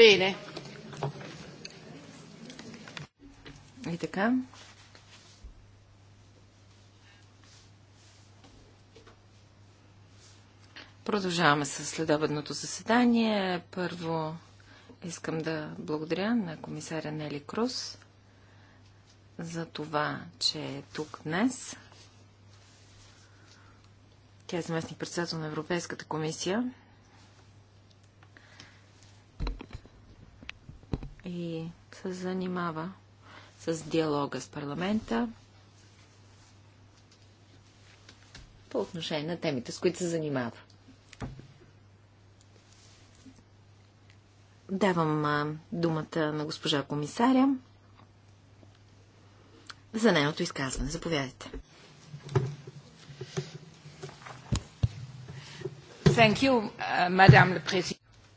Bene. И така. Продължаваме с следобедното заседание. Първо искам да благодаря на комисаря Нели Крус за това, че е тук днес. Тя е заместник председател на Европейската комисия се занимава с диалога с парламента по отношение на темите, с които се занимава. Давам а, думата на госпожа комисаря за нейното изказване. Заповядайте.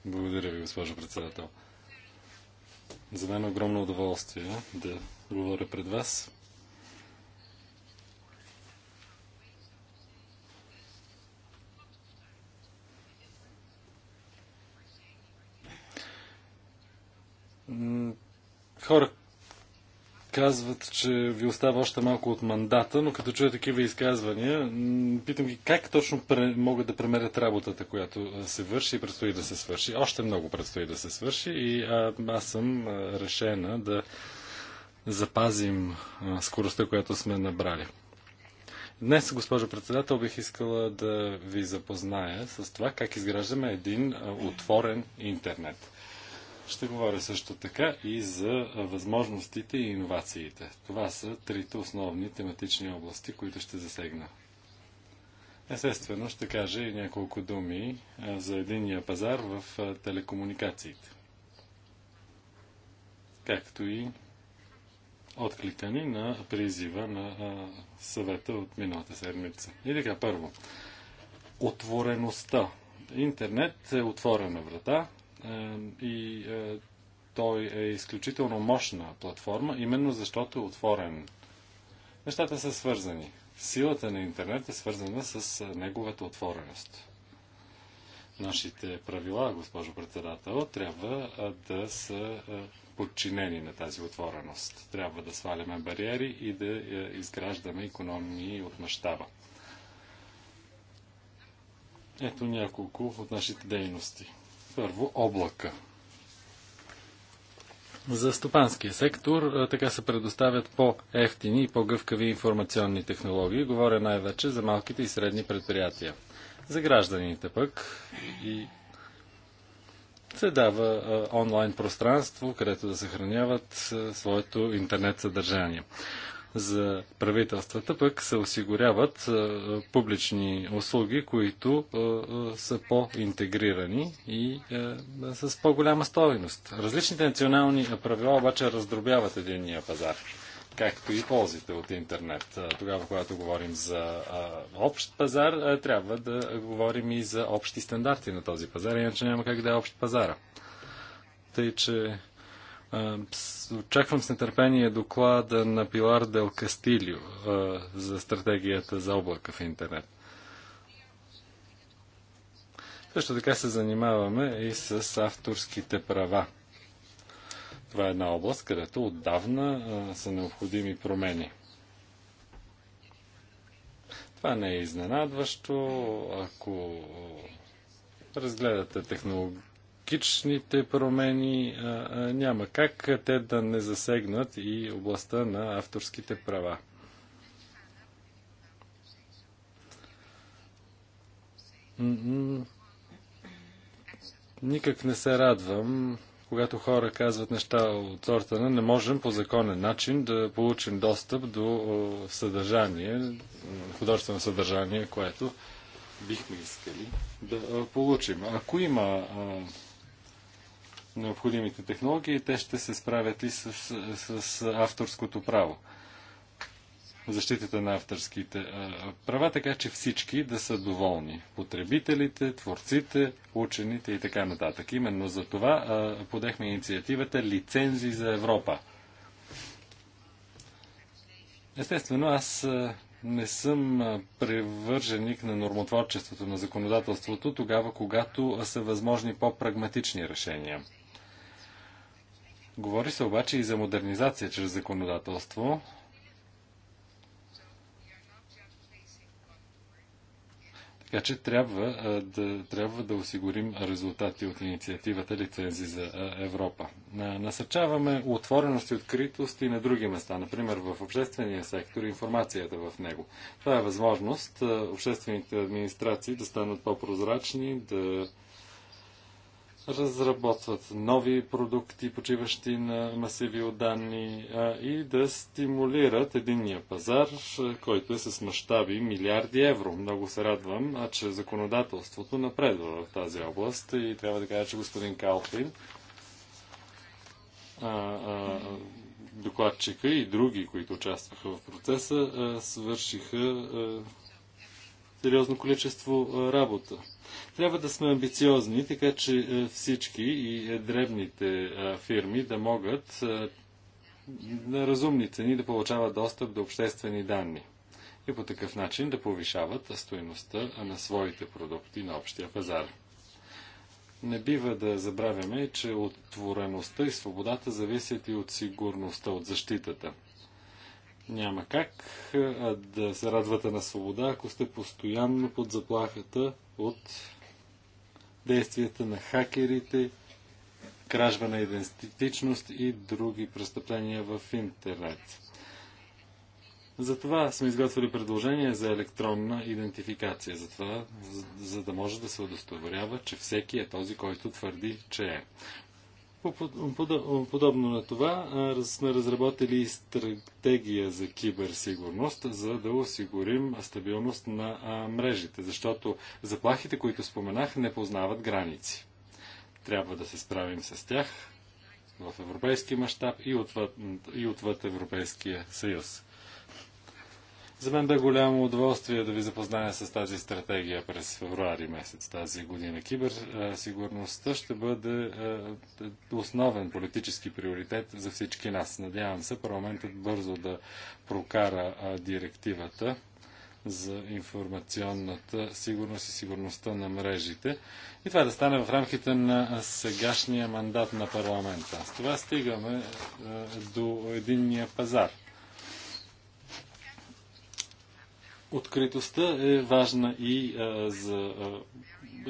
Благодаря ви, госпожо председател. За мен е огромно удоволствие да говоря пред вас. Хора, казват, че ви остава още малко от мандата, но като чуя такива изказвания, питам ги как точно пре, могат да премерят работата, която се върши и предстои да се свърши. Още много предстои да се свърши и а, аз съм решена да запазим а, скоростта, която сме набрали. Днес, госпожо председател, бих искала да ви запозная с това как изграждаме един а, отворен интернет. Ще говоря също така и за възможностите и иновациите. Това са трите основни тематични области, които ще засегна. Естествено, ще кажа и няколко думи за единния пазар в телекомуникациите. Както и откликани на призива на съвета от миналата седмица. И така, първо. Отвореността. Интернет е отворена врата, и е, той е изключително мощна платформа, именно защото е отворен. Нещата са свързани. Силата на интернет е свързана с е, неговата отвореност. Нашите правила, госпожо председател, трябва е, да са подчинени на тази отвореност. Трябва да сваляме бариери и да изграждаме економии от мащаба. Ето няколко от нашите дейности. Първо, облака. За стопанския сектор така се предоставят по-ефтини и по-гъвкави информационни технологии. Говоря най-вече за малките и средни предприятия. За гражданите пък и се дава а, онлайн пространство, където да съхраняват а, своето интернет съдържание за правителствата, пък се осигуряват публични услуги, които са по-интегрирани и с по-голяма стоеност. Различните национални правила обаче раздробяват единния пазар както и ползите от интернет. Тогава, когато говорим за общ пазар, трябва да говорим и за общи стандарти на този пазар, иначе няма как да е общ пазара. Тъй, че Очаквам с нетърпение доклада на Пилар Дел Кастилио за стратегията за облака в интернет. Също така се занимаваме и с авторските права. Това е една област, където отдавна са необходими промени. Това не е изненадващо, ако разгледате технологията климатичните промени няма как те да не засегнат и областта на авторските права. Никак не се радвам, когато хора казват неща от сорта на не можем по законен начин да получим достъп до съдържание, художествено съдържание, което бихме искали да получим. Ако има необходимите технологии, те ще се справят ли с, с, с авторското право? защитата на авторските права, така че всички да са доволни. Потребителите, творците, учените и така нататък. Именно за това подехме инициативата Лицензи за Европа. Естествено, аз не съм превърженик на нормотворчеството, на законодателството, тогава, когато са възможни по-прагматични решения – Говори се обаче и за модернизация чрез законодателство. Така че трябва да, трябва да осигурим резултати от инициативата Лицензи за Европа. насърчаваме отвореност и откритост и на други места, например в обществения сектор и информацията в него. Това е възможност обществените администрации да станат по-прозрачни, да разработват нови продукти, почиващи на масиви от данни и да стимулират единния пазар, който е с мащаби милиарди евро. Много се радвам, а че законодателството напредва в тази област и трябва да кажа, че господин Калфин докладчика и други, които участваха в процеса, свършиха сериозно количество работа. Трябва да сме амбициозни, така че е, всички и е, дребните е, фирми да могат на разумни цени да получават достъп до обществени данни и по такъв начин да повишават стоеността на своите продукти на общия пазар. Не бива да забравяме, че отвореността и свободата зависят и от сигурността, от защитата. Няма как да се радвате на свобода, ако сте постоянно под заплахата от действията на хакерите, кражба на идентичност и други престъпления в интернет. Затова сме изготвили предложение за електронна идентификация, за, това, за, за да може да се удостоверява, че всеки е този, който твърди, че е. Подобно на това сме разработили и стратегия за киберсигурност, за да осигурим стабилност на мрежите, защото заплахите, които споменах, не познават граници. Трябва да се справим с тях в европейски мащаб и отвъд, и отвъд Европейския съюз. За мен бе голямо удоволствие да ви запозная с тази стратегия през февруари месец тази година. Киберсигурността ще бъде е, основен политически приоритет за всички нас. Надявам се парламентът бързо да прокара директивата за информационната сигурност и сигурността на мрежите. И това да стане в рамките на сегашния мандат на парламента. С това стигаме до единния пазар – Откритостта е важна и а, за а,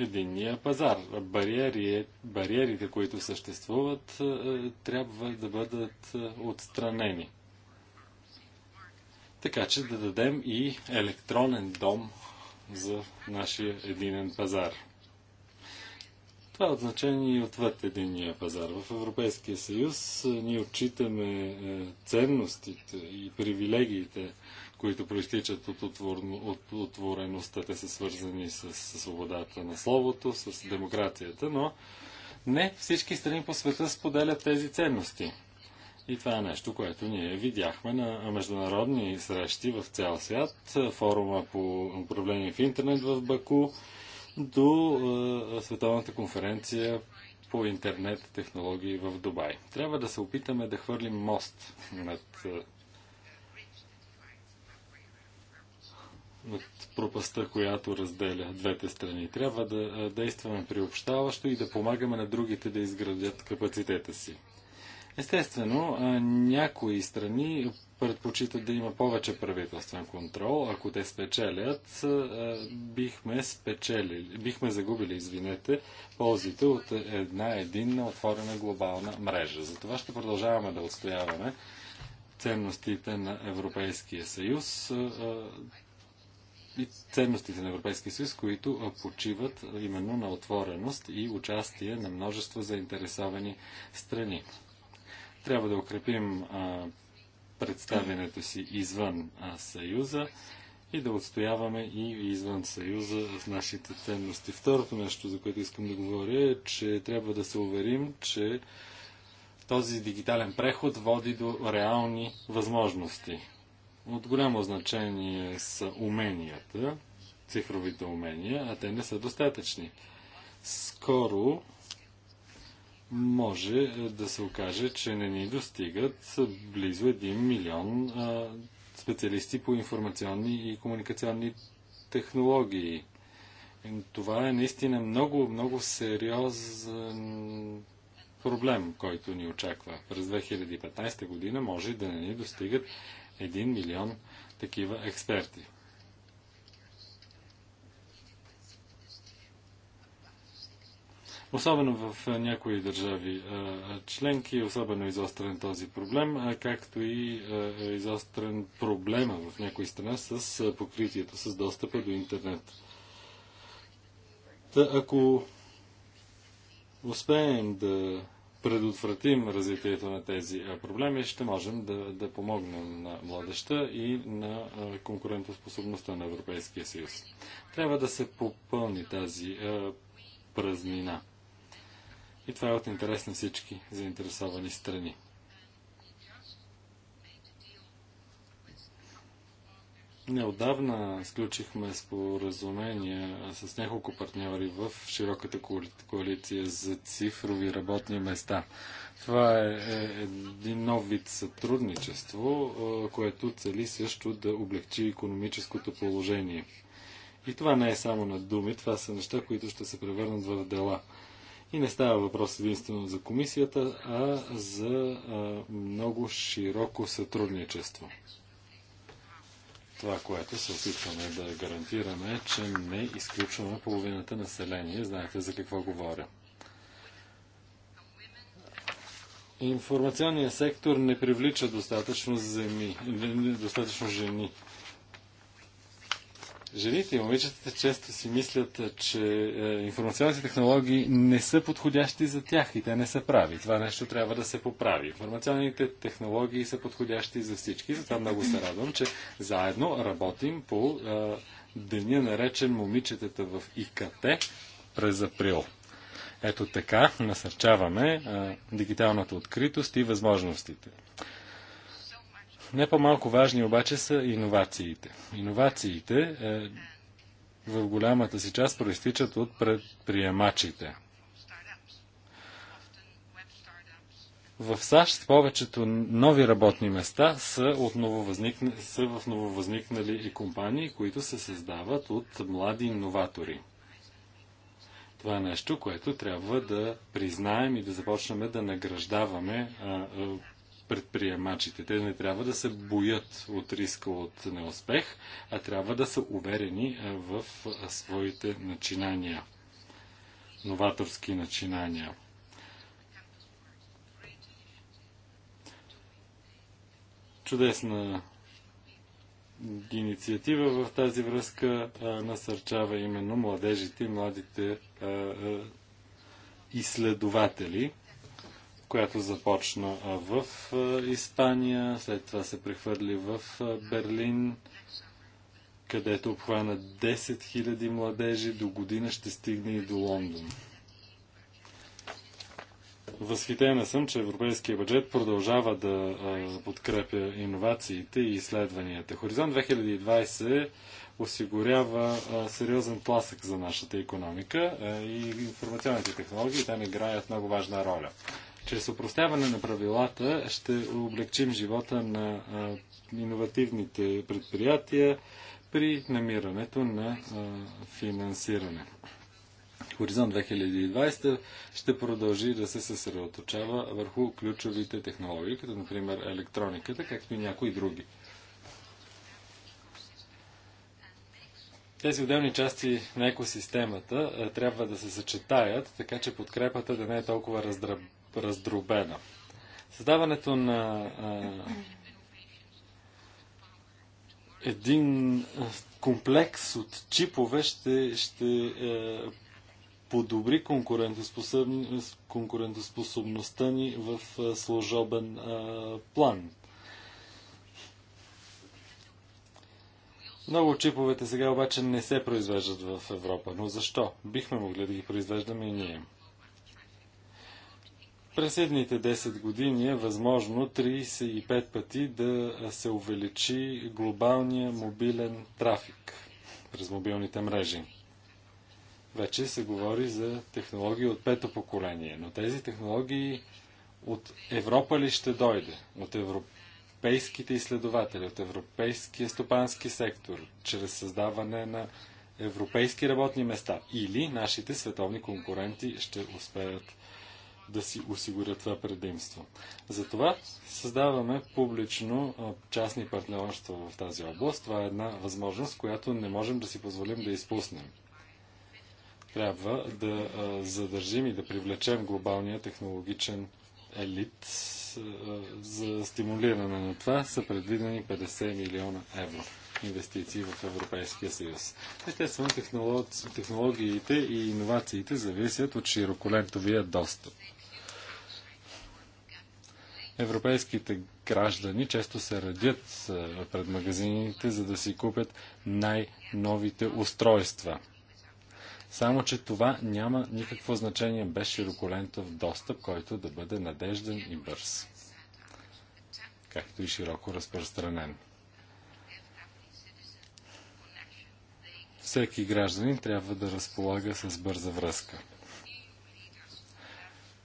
единния пазар. Бариери, е- бариерите, които съществуват, а, трябва да бъдат а, отстранени. Така че да дадем и електронен дом за нашия единен пазар. Това е от значение и отвъд единния пазар. В Европейския съюз ние отчитаме ценностите и привилегиите които проистичат от, отворно, от отвореността. Те са свързани с, с свободата на словото, с демокрацията, но не всички страни по света споделят тези ценности. И това е нещо, което ние видяхме на международни срещи в цял свят, форума по управление в интернет в Баку, до е, Световната конференция по интернет технологии в Дубай. Трябва да се опитаме да хвърлим мост над е, от пропаста, която разделя двете страни. Трябва да действаме приобщаващо и да помагаме на другите да изградят капацитета си. Естествено, някои страни предпочитат да има повече правителствен контрол. Ако те спечелят, бихме спечелили, бихме загубили, извинете, ползите от една единна отворена глобална мрежа. Затова ще продължаваме да отстояваме ценностите на Европейския съюз и ценностите на Европейския съюз, които почиват именно на отвореност и участие на множество заинтересовани страни. Трябва да укрепим представянето си извън Съюза и да отстояваме и извън Съюза в нашите ценности. Второто нещо, за което искам да говоря, е, че трябва да се уверим, че този дигитален преход води до реални възможности от голямо значение са уменията, цифровите умения, а те не са достатъчни. Скоро може е, да се окаже, че не ни достигат близо 1 милион специалисти по информационни и комуникационни технологии. Това е наистина много, много сериозен проблем, който ни очаква. През 2015 година може да не ни достигат 1 милион такива експерти. Особено в някои държави членки, особено изострен този проблем, както и изострен проблема в някои страна с покритието, с достъпа до интернет. Та, ако успеем да предотвратим развитието на тези проблеми, ще можем да, да помогнем на младеща и на конкурентоспособността на Европейския съюз. Трябва да се попълни тази празнина. И това е от интерес на всички заинтересовани страни. Неодавна сключихме споразумения с няколко партньори в широката коалиция за цифрови работни места. Това е, е един нов вид сътрудничество, което цели също да облегчи економическото положение. И това не е само на думи, това са неща, които ще се превърнат в дела. И не става въпрос единствено за комисията, а за много широко сътрудничество. Това, което се опитваме да гарантираме, е, че не изключваме половината население. Знаете за какво говоря. Информационният сектор не привлича достатъчно, земи, достатъчно жени Жените и момичетата често си мислят, че информационните технологии не са подходящи за тях и те не са прави. Това нещо трябва да се поправи. Информационните технологии са подходящи за всички, затова много се радвам, че заедно работим по деня наречен момичетата в ИКТ през април. Ето така насърчаваме дигиталната откритост и възможностите. Не по-малко важни обаче са иновациите. Иновациите е, в голямата си част проистичат от предприемачите. В САЩ повечето нови работни места са, от нововъзникна... са в нововъзникнали и компании, които се създават от млади иноватори. Това е нещо, което трябва да признаем и да започнем да награждаваме а, а, предприемачите. Те не трябва да се боят от риска от неуспех, а трябва да са уверени в своите начинания, новаторски начинания. Чудесна инициатива в тази връзка насърчава именно младежите и младите а, а, изследователи която започна в Испания, след това се прехвърли в Берлин, където обхвана 10 000 младежи, до година ще стигне и до Лондон. Възхитена съм, че европейския бюджет продължава да подкрепя иновациите и изследванията. Хоризонт 2020 осигурява а, сериозен пласък за нашата економика а, и информационните технологии там играят много важна роля. Чрез упростяване на правилата ще облегчим живота на иновативните предприятия при намирането на финансиране. Хоризонт 2020 ще продължи да се съсредоточава върху ключовите технологии, като например електрониката, както и някои други. Тези отделни части на екосистемата трябва да се съчетаят, така че подкрепата да не е толкова раздръб раздробена. Създаването на а, един комплекс от чипове ще, ще а, подобри конкурентоспособността ни в а, служобен а, план. Много чиповете сега обаче не се произвеждат в Европа. Но защо? Бихме могли да ги произвеждаме и ние. През едните 10 години е възможно 35 пъти да се увеличи глобалния мобилен трафик през мобилните мрежи. Вече се говори за технологии от пето поколение, но тези технологии от Европа ли ще дойде? От европейските изследователи, от европейския стопански сектор, чрез създаване на европейски работни места или нашите световни конкуренти ще успеят да си осигурят това предимство. Затова създаваме публично частни партньорства в тази област. Това е една възможност, която не можем да си позволим да изпуснем. Трябва да задържим и да привлечем глобалния технологичен елит за стимулиране на това са предвидени 50 милиона евро инвестиции в Европейския съюз. Естествено, технологиите и иновациите зависят от широколентовия достъп. Европейските граждани често се радят пред магазините, за да си купят най-новите устройства. Само, че това няма никакво значение без широколентов достъп, който да бъде надежден и бърз, както и широко разпространен. Всеки гражданин трябва да разполага с бърза връзка.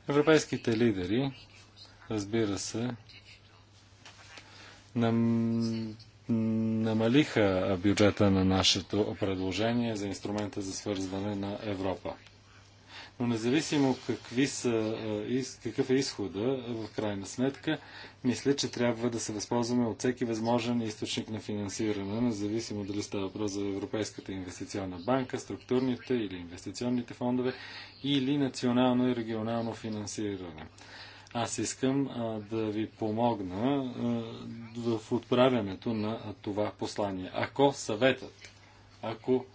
Европейските лидери разбира се, нам... намалиха бюджета на нашето предложение за инструмента за свързване на Европа. Но независимо какви са, е, какъв е изхода, в крайна сметка, мисля, че трябва да се възползваме от всеки възможен източник на финансиране, независимо дали става въпрос за Европейската инвестиционна банка, структурните или инвестиционните фондове или национално и регионално финансиране. Аз искам а, да ви помогна а, в отправянето на а, това послание. Ако съветът, ако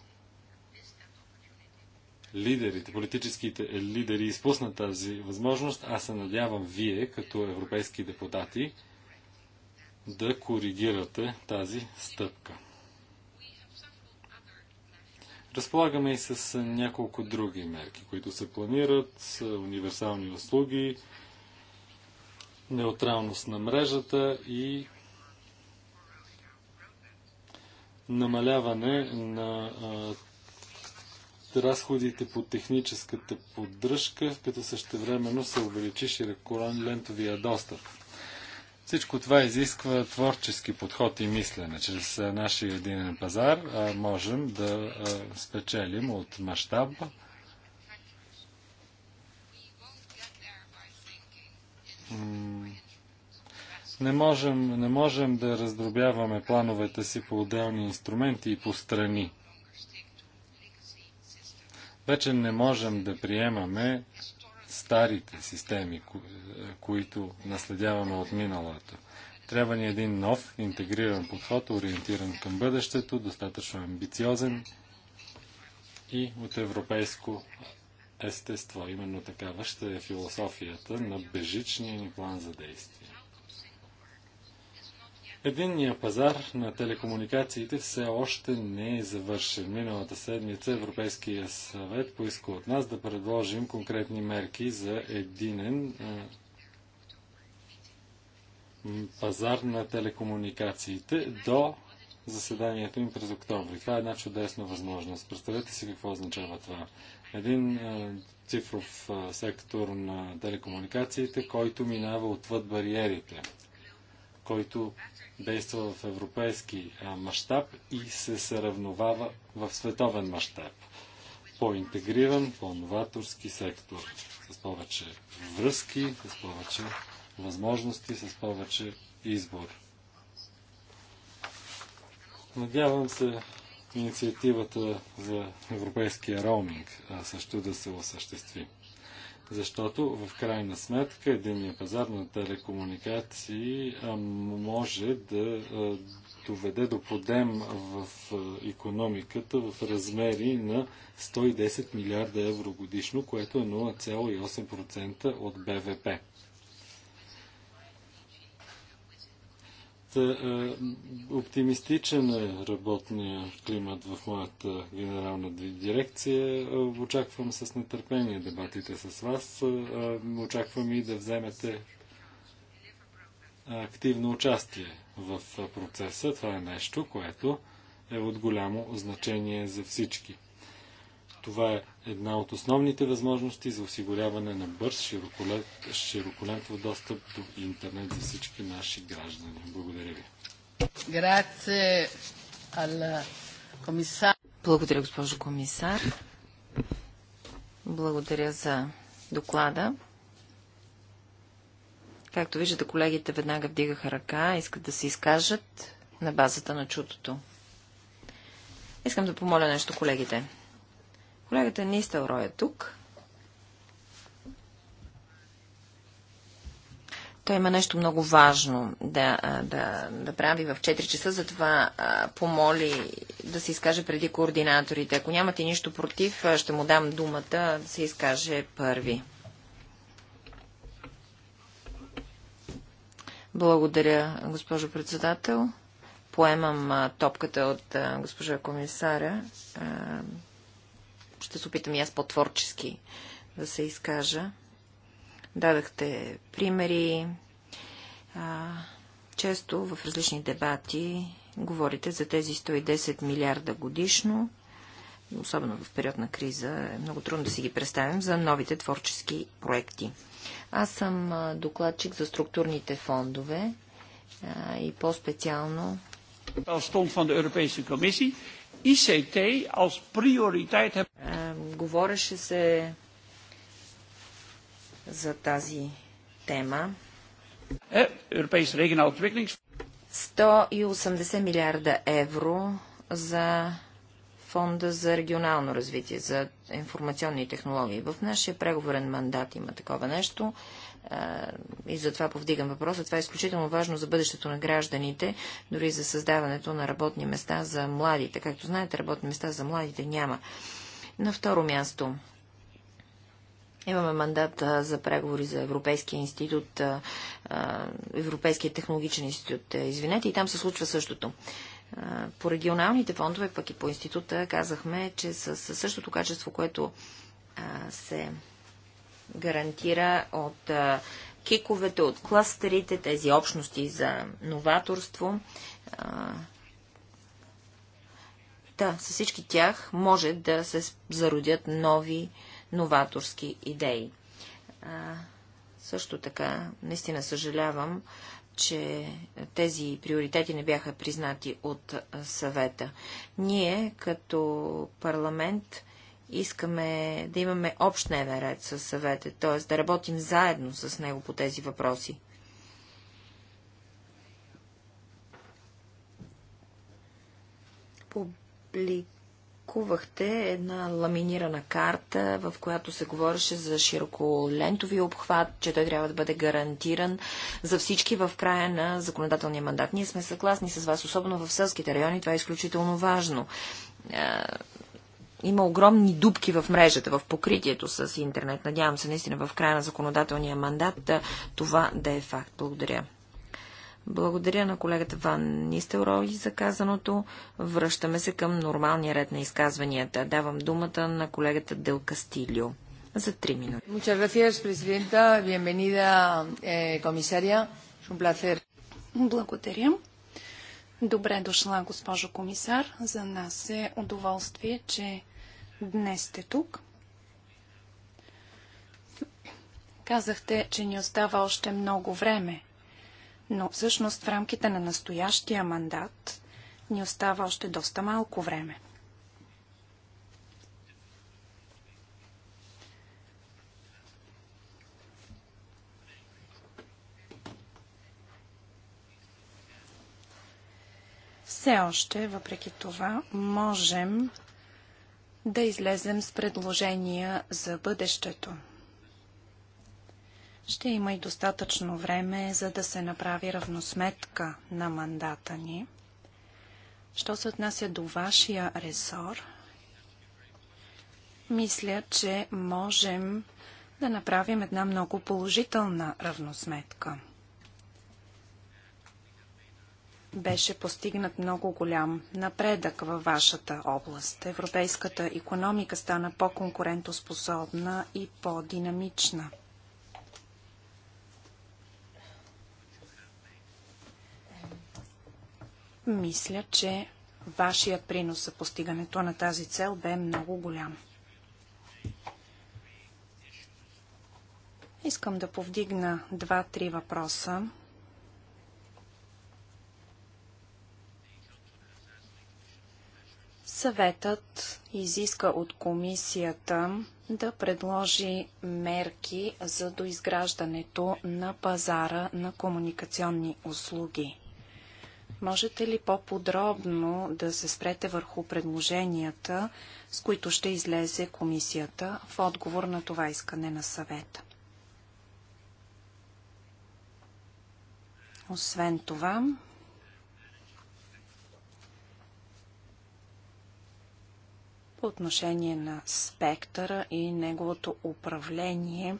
лидерите, политическите лидери изпуснат тази възможност, аз се надявам вие, като европейски депутати, да коригирате тази стъпка. Разполагаме и с няколко други мерки, които се планират, универсални услуги, неутралност на мрежата и намаляване на а, разходите по техническата поддръжка, като същевременно се увеличи широколан лентовия достъп. Всичко това изисква творчески подход и мислене. Чрез нашия единен пазар а, можем да а, спечелим от мащаба не можем, не можем да раздробяваме плановете си по отделни инструменти и по страни. Вече не можем да приемаме старите системи, които наследяваме от миналото. Трябва ни един нов, интегриран подход, ориентиран към бъдещето, достатъчно амбициозен и от европейско естество. Именно такава ще е философията на бежичния ни план за действие. Единният пазар на телекомуникациите все още не е завършен. Миналата седмица Европейския съвет поиска от нас да предложим конкретни мерки за единен пазар на телекомуникациите до заседанието им през октомври. Това е една чудесна възможност. Представете си какво означава това. Един цифров сектор на телекомуникациите, който минава отвъд бариерите, който действа в европейски мащаб и се съравновава в световен мащаб. По-интегриран, по-новаторски сектор, с повече връзки, с повече възможности, с повече избор. Надявам се инициативата за европейския роуминг също да се осъществи. Защото в крайна сметка единния пазар на телекомуникации може да доведе до подем в економиката в размери на 110 милиарда евро годишно, което е 0,8% от БВП. Е, е, оптимистичен е работния климат в моята генерална дирекция. Е, очаквам с нетърпение дебатите с вас. Очаквам и да вземете активно участие в процеса. Това е нещо, което е от голямо значение за всички. Това е една от основните възможности за осигуряване на бърз широколет, широколентов достъп до интернет за всички наши граждани. Благодаря ви. Благодаря, госпожо комисар. Благодаря за доклада. Както виждате, колегите веднага вдигаха ръка, искат да се изкажат на базата на чутото. Искам да помоля нещо колегите. Колегата Нистелро е тук. Той има нещо много важно да, да, да прави в 4 часа, затова а, помоли да се изкаже преди координаторите. Ако нямате нищо против, ще му дам думата да се изкаже първи. Благодаря, госпожо председател. Поемам а, топката от а, госпожа комисаря ще се опитам и аз по-творчески да се изкажа. Дадахте примери. А, често в различни дебати говорите за тези 110 милиарда годишно, особено в период на криза, е много трудно да си ги представим за новите творчески проекти. Аз съм докладчик за структурните фондове а, и по-специално. Стон van de Europese Commissie ICT als prioriteit hebben. Говореше се за тази тема. Е, регионал 180 милиарда евро за фонда за регионално развитие, за информационни технологии. В нашия преговорен мандат има такова нещо и затова повдигам въпроса. Това е изключително важно за бъдещето на гражданите, дори за създаването на работни места за младите. Както знаете, работни места за младите няма. На второ място. Имаме мандат за преговори за Европейския институт, Европейския технологичен институт, е, извинете, и там се случва същото. По регионалните фондове, пък и по института, казахме, че с същото качество, което се гарантира от киковете, от кластерите, тези общности за новаторство. Да, с всички тях може да се зародят нови новаторски идеи. също така, наистина съжалявам, че тези приоритети не бяха признати от съвета. Ние, като парламент, искаме да имаме общ дневен ред с съвета, т.е. да работим заедно с него по тези въпроси. Публикувахте една ламинирана карта, в която се говореше за широколентови обхват, че той трябва да бъде гарантиран за всички в края на законодателния мандат. Ние сме съгласни с вас, особено в селските райони, това е изключително важно е, има огромни дубки в мрежата, в покритието с интернет. Надявам се наистина в края на законодателния мандат това да е факт. Благодаря. Благодаря на колегата Ван Нистелрой за казаното. Връщаме се към нормалния ред на изказванията. Давам думата на колегата Дел Кастилио за 3 минути. Muchas gracias, presidenta. Bienvenida, комисария. Eh, Благодаря. Добре дошла, госпожо комисар. За нас е удоволствие, че днес сте тук. Казахте, че ни остава още много време, но всъщност в рамките на настоящия мандат ни остава още доста малко време. Все още, въпреки това, можем да излезем с предложения за бъдещето. Ще има и достатъчно време, за да се направи равносметка на мандата ни. Що се отнася до вашия ресор, мисля, че можем да направим една много положителна равносметка – беше постигнат много голям напредък във вашата област. Европейската економика стана по-конкурентоспособна и по-динамична. Мисля, че вашият принос за постигането на тази цел бе много голям. Искам да повдигна два-три въпроса, Съветът изиска от комисията да предложи мерки за доизграждането на пазара на комуникационни услуги. Можете ли по-подробно да се спрете върху предложенията, с които ще излезе комисията в отговор на това искане на съвета? Освен това, По отношение на спектъра и неговото управление,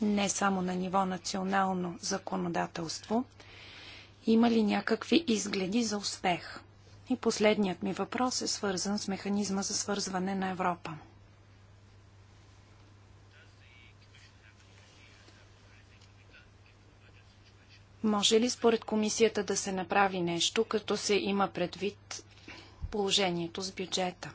не само на ниво национално законодателство, има ли някакви изгледи за успех? И последният ми въпрос е свързан с механизма за свързване на Европа. Може ли според комисията да се направи нещо, като се има предвид положението с бюджета?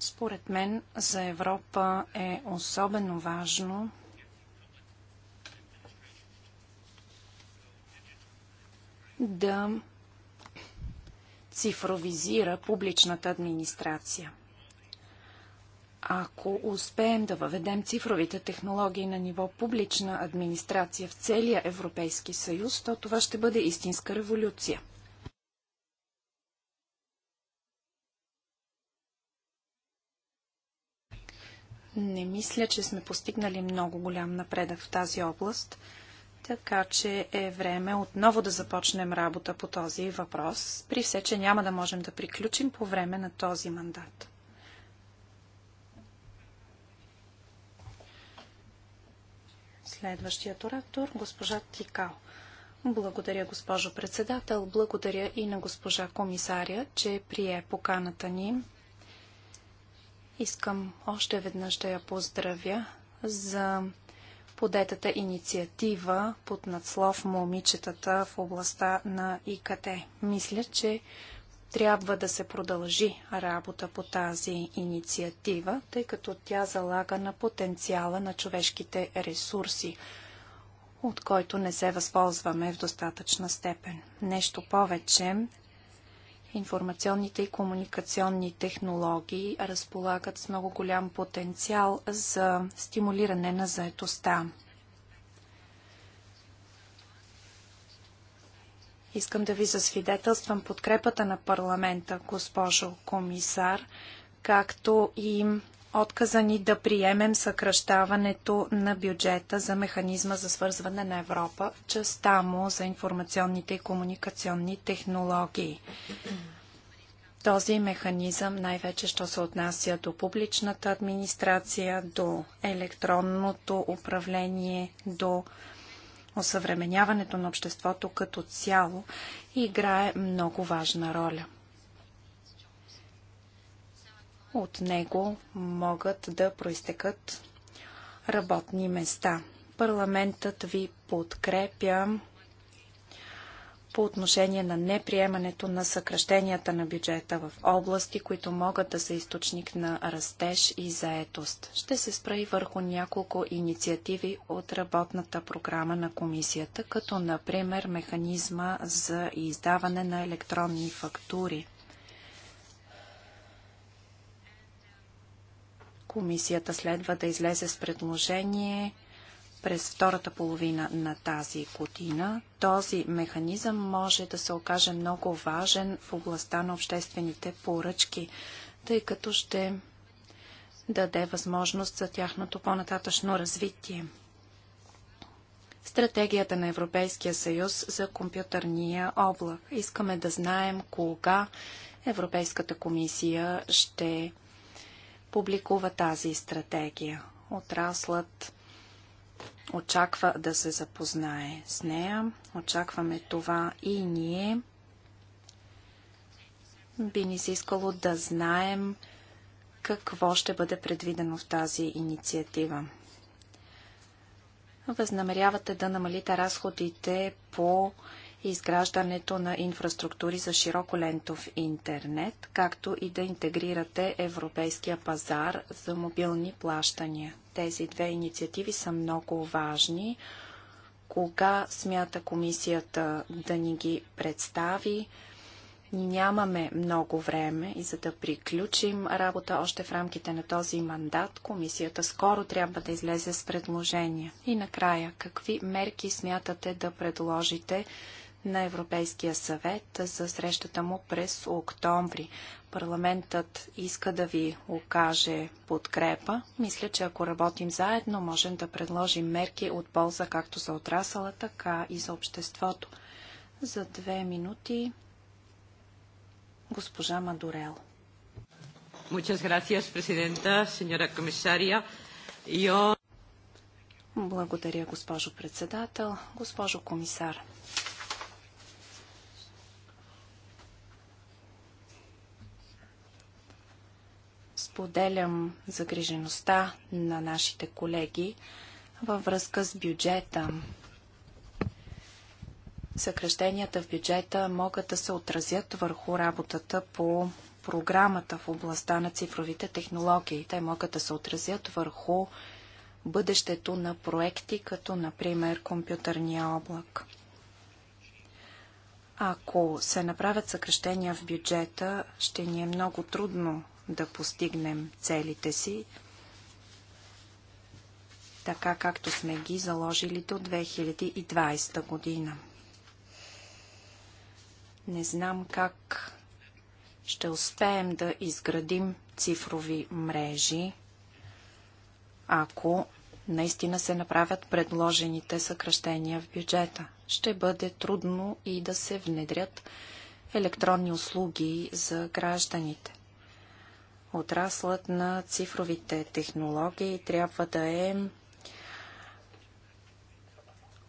Според мен за Европа е особено важно да цифровизира публичната администрация. Ако успеем да въведем цифровите технологии на ниво публична администрация в целия Европейски съюз, то това ще бъде истинска революция – Не мисля, че сме постигнали много голям напредък в тази област, така че е време отново да започнем работа по този въпрос, при все, че няма да можем да приключим по време на този мандат. Следващият оратор, госпожа Тикал. Благодаря, госпожо председател. Благодаря и на госпожа комисаря, че прие поканата ни Искам още веднъж да я поздравя за подетата инициатива под надслов Момичетата в областта на ИКТ. Мисля, че трябва да се продължи работа по тази инициатива, тъй като тя залага на потенциала на човешките ресурси, от който не се възползваме в достатъчна степен. Нещо повече, информационните и комуникационни технологии разполагат с много голям потенциал за стимулиране на заетостта. Искам да ви засвидетелствам подкрепата на парламента, госпожо комисар, както и отказа ни да приемем съкръщаването на бюджета за механизма за свързване на Европа в частта му за информационните и комуникационни технологии. Този механизъм, най-вече, що се отнася до публичната администрация, до електронното управление, до осъвременяването на обществото като цяло, играе много важна роля – от него могат да проистекат работни места. Парламентът ви подкрепя по отношение на неприемането на съкръщенията на бюджета в области, които могат да са източник на растеж и заетост. Ще се спра и върху няколко инициативи от работната програма на комисията, като например механизма за издаване на електронни фактури. Комисията следва да излезе с предложение през втората половина на тази година. Този механизъм може да се окаже много важен в областта на обществените поръчки, тъй като ще даде възможност за тяхното по-нататъчно развитие. Стратегията на Европейския съюз за компютърния облак. Искаме да знаем кога Европейската комисия ще публикува тази стратегия. Отраслът очаква да се запознае с нея. Очакваме това и ние. Би ни се искало да знаем какво ще бъде предвидено в тази инициатива. Възнамерявате да намалите разходите по и изграждането на инфраструктури за широколентов интернет, както и да интегрирате европейския пазар за мобилни плащания. Тези две инициативи са много важни. Кога смята комисията да ни ги представи? Нямаме много време и за да приключим работа още в рамките на този мандат, комисията скоро трябва да излезе с предложения. И накрая, какви мерки смятате да предложите на Европейския съвет за срещата му през октомври. Парламентът иска да ви окаже подкрепа. Мисля, че ако работим заедно, можем да предложим мерки от полза както за отрасъла, така и за обществото. За две минути госпожа Мадурел. Muchas gracias, Presidenta, señora comisaria. Yo... Благодаря, госпожо председател. Госпожо комисар, Споделям загрижеността на нашите колеги във връзка с бюджета. Съкръщенията в бюджета могат да се отразят върху работата по програмата в областта на цифровите технологии. Те могат да се отразят върху бъдещето на проекти, като например компютърния облак. Ако се направят съкръщения в бюджета, ще ни е много трудно да постигнем целите си, така както сме ги заложили до 2020 година. Не знам как ще успеем да изградим цифрови мрежи, ако наистина се направят предложените съкръщения в бюджета. Ще бъде трудно и да се внедрят електронни услуги за гражданите. Отраслът на цифровите технологии трябва да е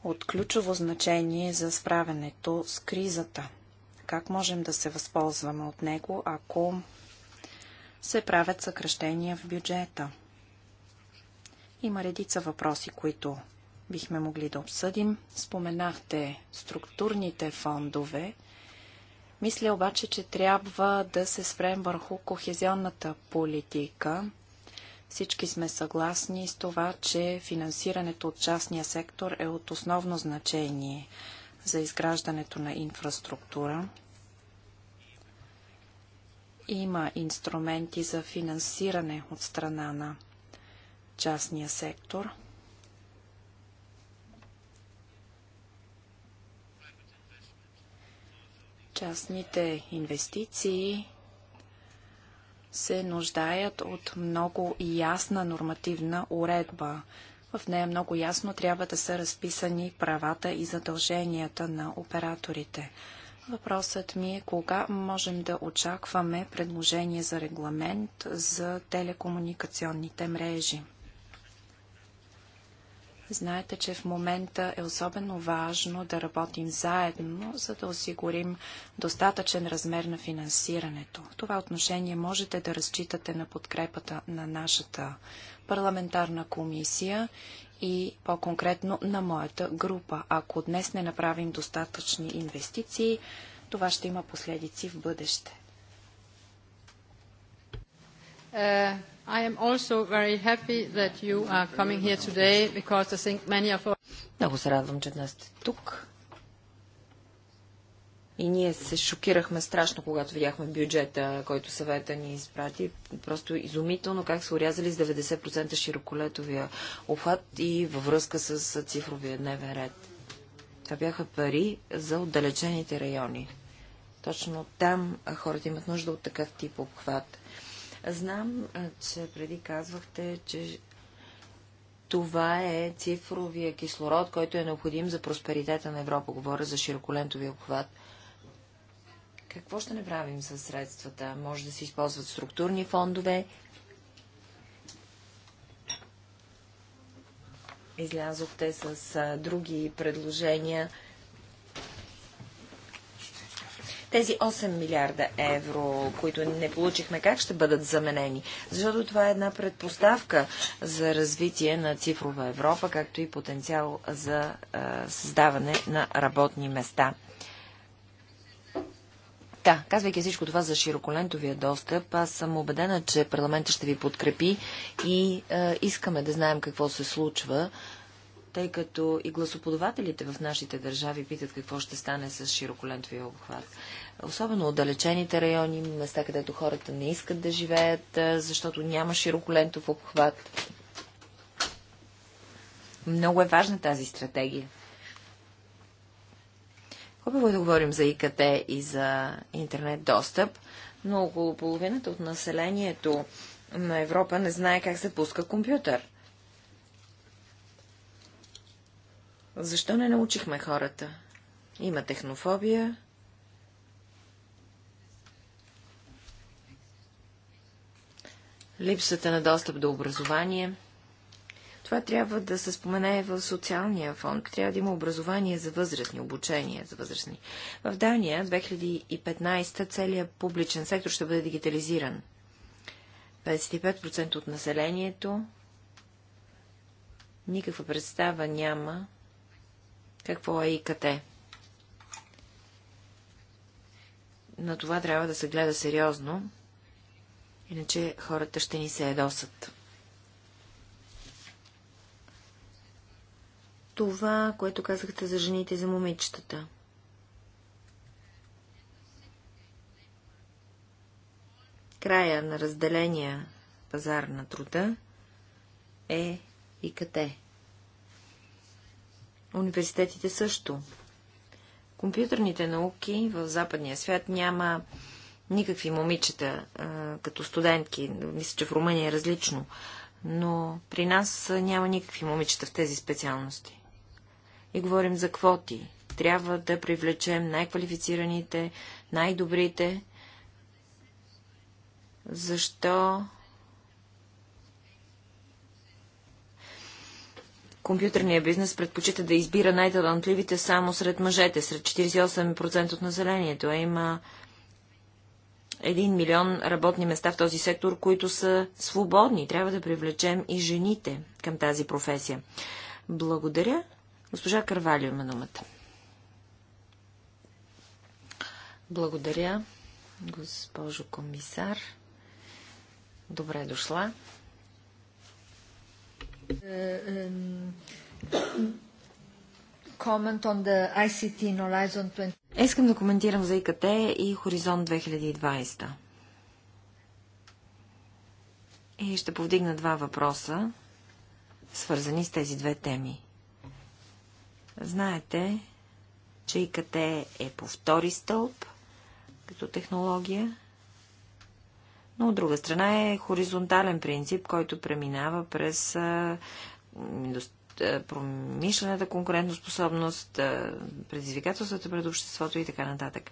от ключово значение за справянето с кризата. Как можем да се възползваме от него, ако се правят съкръщения в бюджета? Има редица въпроси, които бихме могли да обсъдим. Споменахте структурните фондове. Мисля обаче, че трябва да се спрем върху кохезионната политика. Всички сме съгласни с това, че финансирането от частния сектор е от основно значение за изграждането на инфраструктура. Има инструменти за финансиране от страна на частния сектор – Частните инвестиции се нуждаят от много ясна нормативна уредба. В нея много ясно трябва да са разписани правата и задълженията на операторите. Въпросът ми е кога можем да очакваме предложение за регламент за телекомуникационните мрежи. Знаете, че в момента е особено важно да работим заедно, за да осигурим достатъчен размер на финансирането. В това отношение можете да разчитате на подкрепата на нашата парламентарна комисия и по-конкретно на моята група. Ако днес не направим достатъчни инвестиции, това ще има последици в бъдеще. Е, I am also very happy that you are coming here today because I think many of us... Много се радвам, че днес сте тук. И ние се шокирахме страшно, когато видяхме бюджета, който съвета ни изпрати. Просто изумително как са урязали с 90% широколетовия обхват и във връзка с цифровия дневен ред. Това бяха пари за отдалечените райони. Точно там хората имат нужда от такъв тип обхват. Знам, че преди казвахте, че това е цифровия кислород, който е необходим за просперитета на Европа. Говоря за широколентови обхват. Какво ще направим с средствата? Може да се използват структурни фондове. Излязохте с други предложения тези 8 милиарда евро, които не получихме, как ще бъдат заменени? Защото това е една предпоставка за развитие на цифрова Европа, както и потенциал за е, създаване на работни места. Да, казвайки всичко това за широколентовия достъп, аз съм убедена, че парламентът ще ви подкрепи и е, искаме да знаем какво се случва, тъй като и гласоподавателите в нашите държави питат какво ще стане с широколентовия обхват. Особено отдалечените райони, места, където хората не искат да живеят, защото няма широколентов обхват. Много е важна тази стратегия. Хубаво е да говорим за ИКТ и за интернет достъп, но около половината от населението на Европа не знае как се пуска компютър. Защо не научихме хората? Има технофобия. Липсата на достъп до образование. Това трябва да се спомене в социалния фонд. Трябва да има образование за възрастни, обучение за възрастни. В Дания 2015 целият публичен сектор ще бъде дигитализиран. 55% от населението никаква представа няма какво е ИКТ? На това трябва да се гледа сериозно, иначе хората ще ни се едосат. Това, което казахте за жените и за момичетата. Края на разделения пазар на труда е ИКТ. Университетите също. Компютърните науки в западния свят няма никакви момичета като студентки. Мисля, че в Румъния е различно. Но при нас няма никакви момичета в тези специалности. И говорим за квоти. Трябва да привлечем най-квалифицираните, най-добрите. Защо компютърния бизнес предпочита да избира най-талантливите само сред мъжете, сред 48% от населението. А има 1 милион работни места в този сектор, които са свободни. Трябва да привлечем и жените към тази професия. Благодаря. Госпожа Карвалио има думата. Благодаря, госпожо комисар. Добре дошла. Искам да коментирам за ИКТ и Хоризонт 2020. И ще повдигна два въпроса, свързани с тези две теми. Знаете, че ИКТ е по втори стълб като технология но от друга страна е хоризонтален принцип, който преминава през промишлената конкурентоспособност, предизвикателствата пред обществото и така нататък.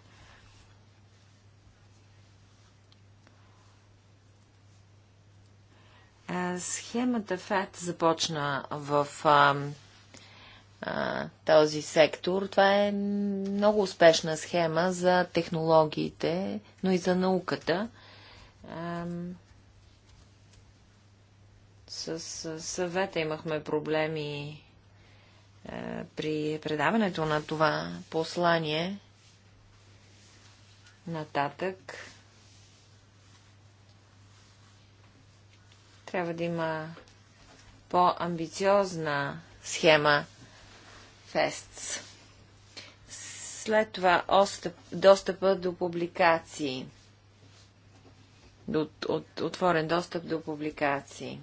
Схемата ФАТ започна в а, а, този сектор. Това е много успешна схема за технологиите, но и за науката. С, съвета имахме проблеми е, при предаването на това послание. Нататък. Трябва да има по-амбициозна схема Фестс. След това достъпа до публикации от, от отворен достъп до публикации.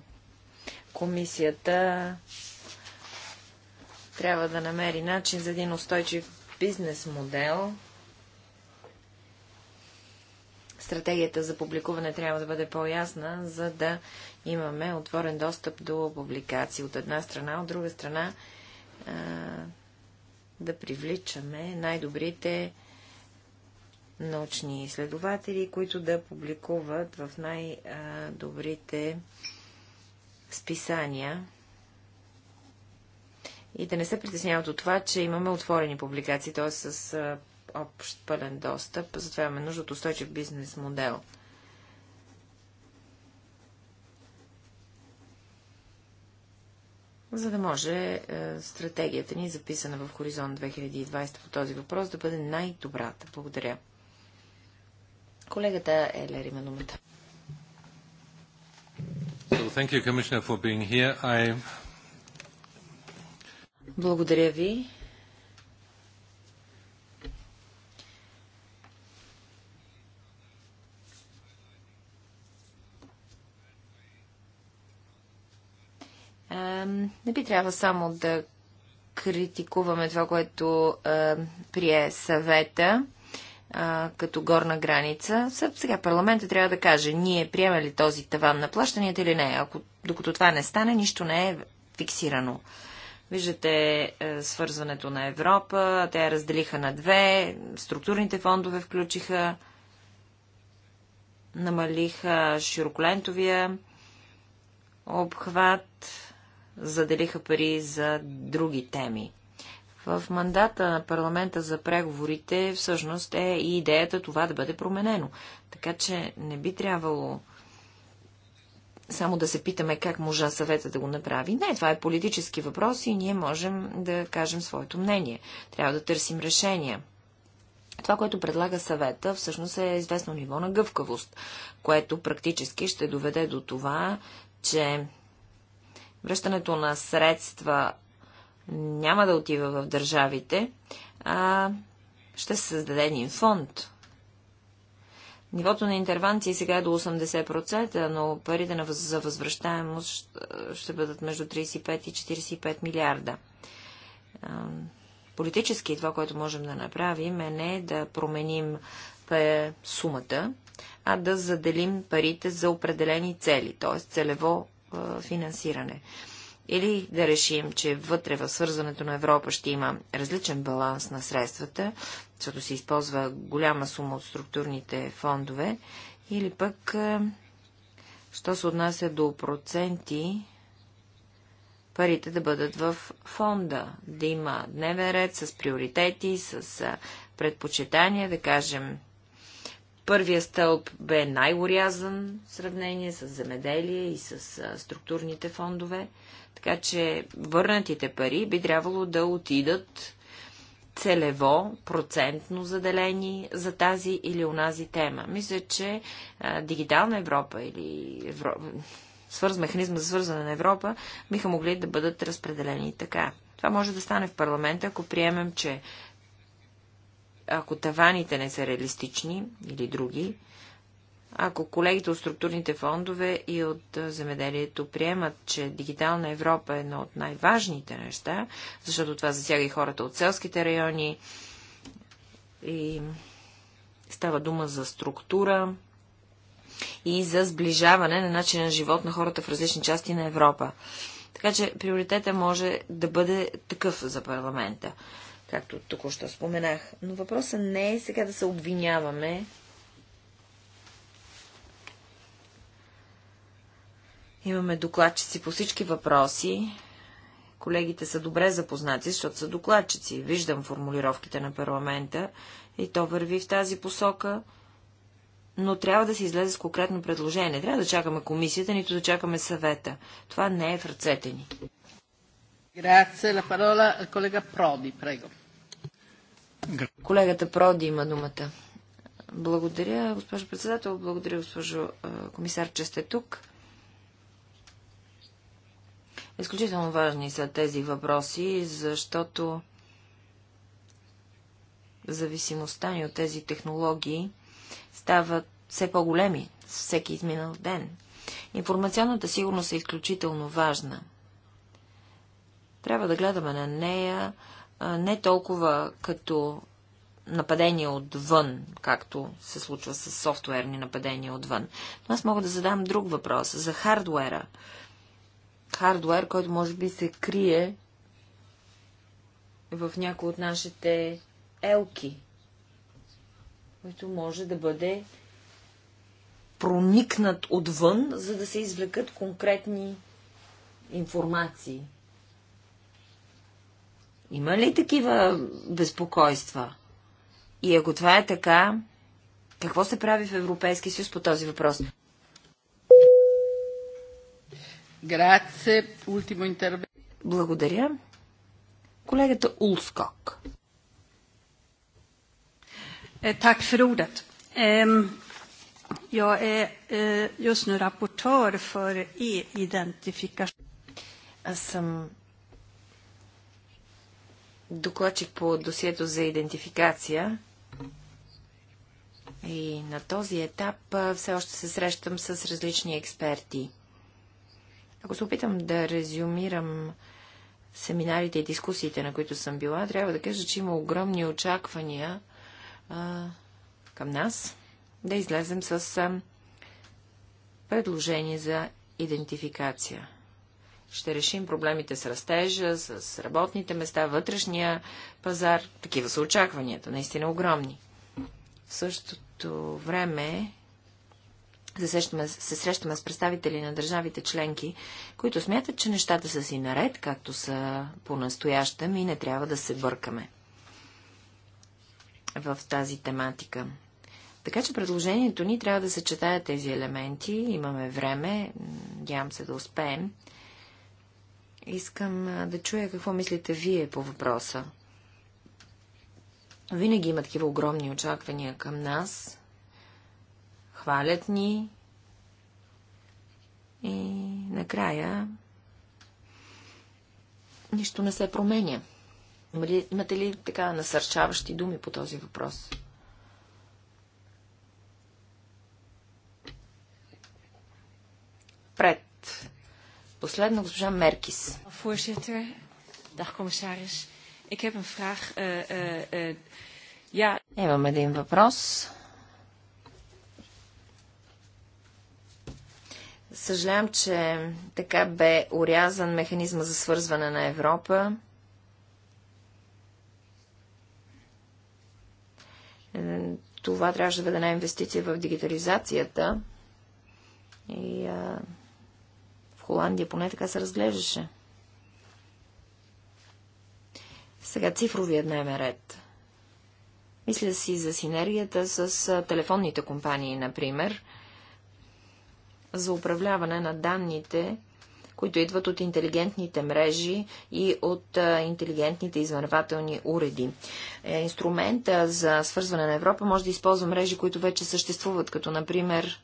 Комисията трябва да намери начин за един устойчив бизнес модел. Стратегията за публикуване трябва да бъде по-ясна, за да имаме отворен достъп до публикации от една страна, от друга страна да привличаме най-добрите научни изследователи, които да публикуват в най-добрите списания и да не се притесняват от това, че имаме отворени публикации, т.е. с общ пълен достъп. Затова имаме нужда от устойчив бизнес модел. за да може е, стратегията ни, записана в Хоризонт 2020 по този въпрос, да бъде най-добрата. Благодаря. Колегата Елер има думата. So, I... Благодаря ви. не би трябва само да критикуваме това, което е, прие съвета а, като горна граница. Сега парламента трябва да каже, ние приема ли този таван на плащанията или не. Ако, докато това не стане, нищо не е фиксирано. Виждате е, свързването на Европа, те я разделиха на две, структурните фондове включиха, намалиха широколентовия обхват, заделиха пари за други теми. В мандата на парламента за преговорите всъщност е и идеята това да бъде променено. Така че не би трябвало само да се питаме как можа съвета да го направи. Не, това е политически въпрос и ние можем да кажем своето мнение. Трябва да търсим решения. Това, което предлага съвета, всъщност е известно ниво на гъвкавост, което практически ще доведе до това, че връщането на средства няма да отива в държавите, а ще се създаде един фонд. Нивото на интервенции сега е до 80%, но парите за възвръщаемост ще бъдат между 35 и 45 милиарда. Политически това, което можем да направим е не да променим сумата, а да заделим парите за определени цели, т.е. целево финансиране. Или да решим, че вътре в свързването на Европа ще има различен баланс на средствата, защото се използва голяма сума от структурните фондове, или пък, е, що се отнася до проценти, парите да бъдат в фонда, да има дневен ред с приоритети, с е, предпочитания, да кажем Първия стълб бе най-урязан в сравнение с земеделие и с структурните фондове, така че върнатите пари би трябвало да отидат целево, процентно заделени за тази или онази тема. Мисля, че а, Дигитална Европа или Евро... свърз, механизма за свързване на Европа биха могли да бъдат разпределени така. Това може да стане в парламента, ако приемем, че ако таваните не са реалистични или други, ако колегите от структурните фондове и от земеделието приемат, че дигитална Европа е едно от най-важните неща, защото това засяга и хората от селските райони, и става дума за структура и за сближаване на начина на живот на хората в различни части на Европа. Така че приоритета може да бъде такъв за парламента както току-що споменах. Но въпросът не е сега да се обвиняваме. Имаме докладчици по всички въпроси. Колегите са добре запознати, защото са докладчици. Виждам формулировките на парламента и то върви в тази посока но трябва да се излезе с конкретно предложение. Не трябва да чакаме комисията, нито да чакаме съвета. Това не е в ръцете ни. Grazie. La parola al collega Prodi, prego. Колегата Проди има думата. Благодаря, госпожо председател. Благодаря, госпожо комисар, че сте тук. Изключително важни са тези въпроси, защото зависимостта ни от тези технологии стават все по-големи с всеки изминал ден. Информационната сигурност е изключително важна. Трябва да гледаме на нея не толкова като нападение отвън, както се случва с софтуерни нападения отвън. Но аз мога да задам друг въпрос за хардуера. Хардуер, който може би се крие в някои от нашите елки, който може да бъде проникнат отвън, за да се извлекат конкретни информации. Има ли такива безпокойства? И ако това е така, какво се прави в Европейския съюз по този въпрос? Благодаря. Колегата Улскок. Е, так för ordet. Jag är just nu rapportör för e-identifikation. Аз съм докладчик по досието за идентификация. И на този етап все още се срещам с различни експерти. Ако се опитам да резюмирам семинарите и дискусиите, на които съм била, трябва да кажа, че има огромни очаквания а, към нас да излезем с а, предложение за идентификация ще решим проблемите с растежа, с работните места, вътрешния пазар. Такива са очакванията, наистина огромни. В същото време се срещаме, с представители на държавите членки, които смятат, че нещата са си наред, както са по-настоящем и не трябва да се бъркаме в тази тематика. Така че предложението ни трябва да съчетая тези елементи. Имаме време, надявам се да успеем. Искам да чуя какво мислите вие по въпроса. Винаги има такива огромни очаквания към нас. Хвалят ни. И накрая нищо не се променя. Имате ли така насърчаващи думи по този въпрос? Пред Последно госпожа Меркис. Voorzitter, dag commissaris. Ik heb een vraag. Eh, eh, eh, ja. Имам един въпрос. Съжалявам, че така бе урязан механизма за свързване на Европа. Това трябваше да бъде една инвестиция в дигитализацията. И а, Холандия поне така се разглеждаше. Сега цифровия дневен ред. Мисля си за синергията с телефонните компании, например, за управляване на данните, които идват от интелигентните мрежи и от интелигентните измервателни уреди. Е, инструмента за свързване на Европа може да използва мрежи, които вече съществуват, като например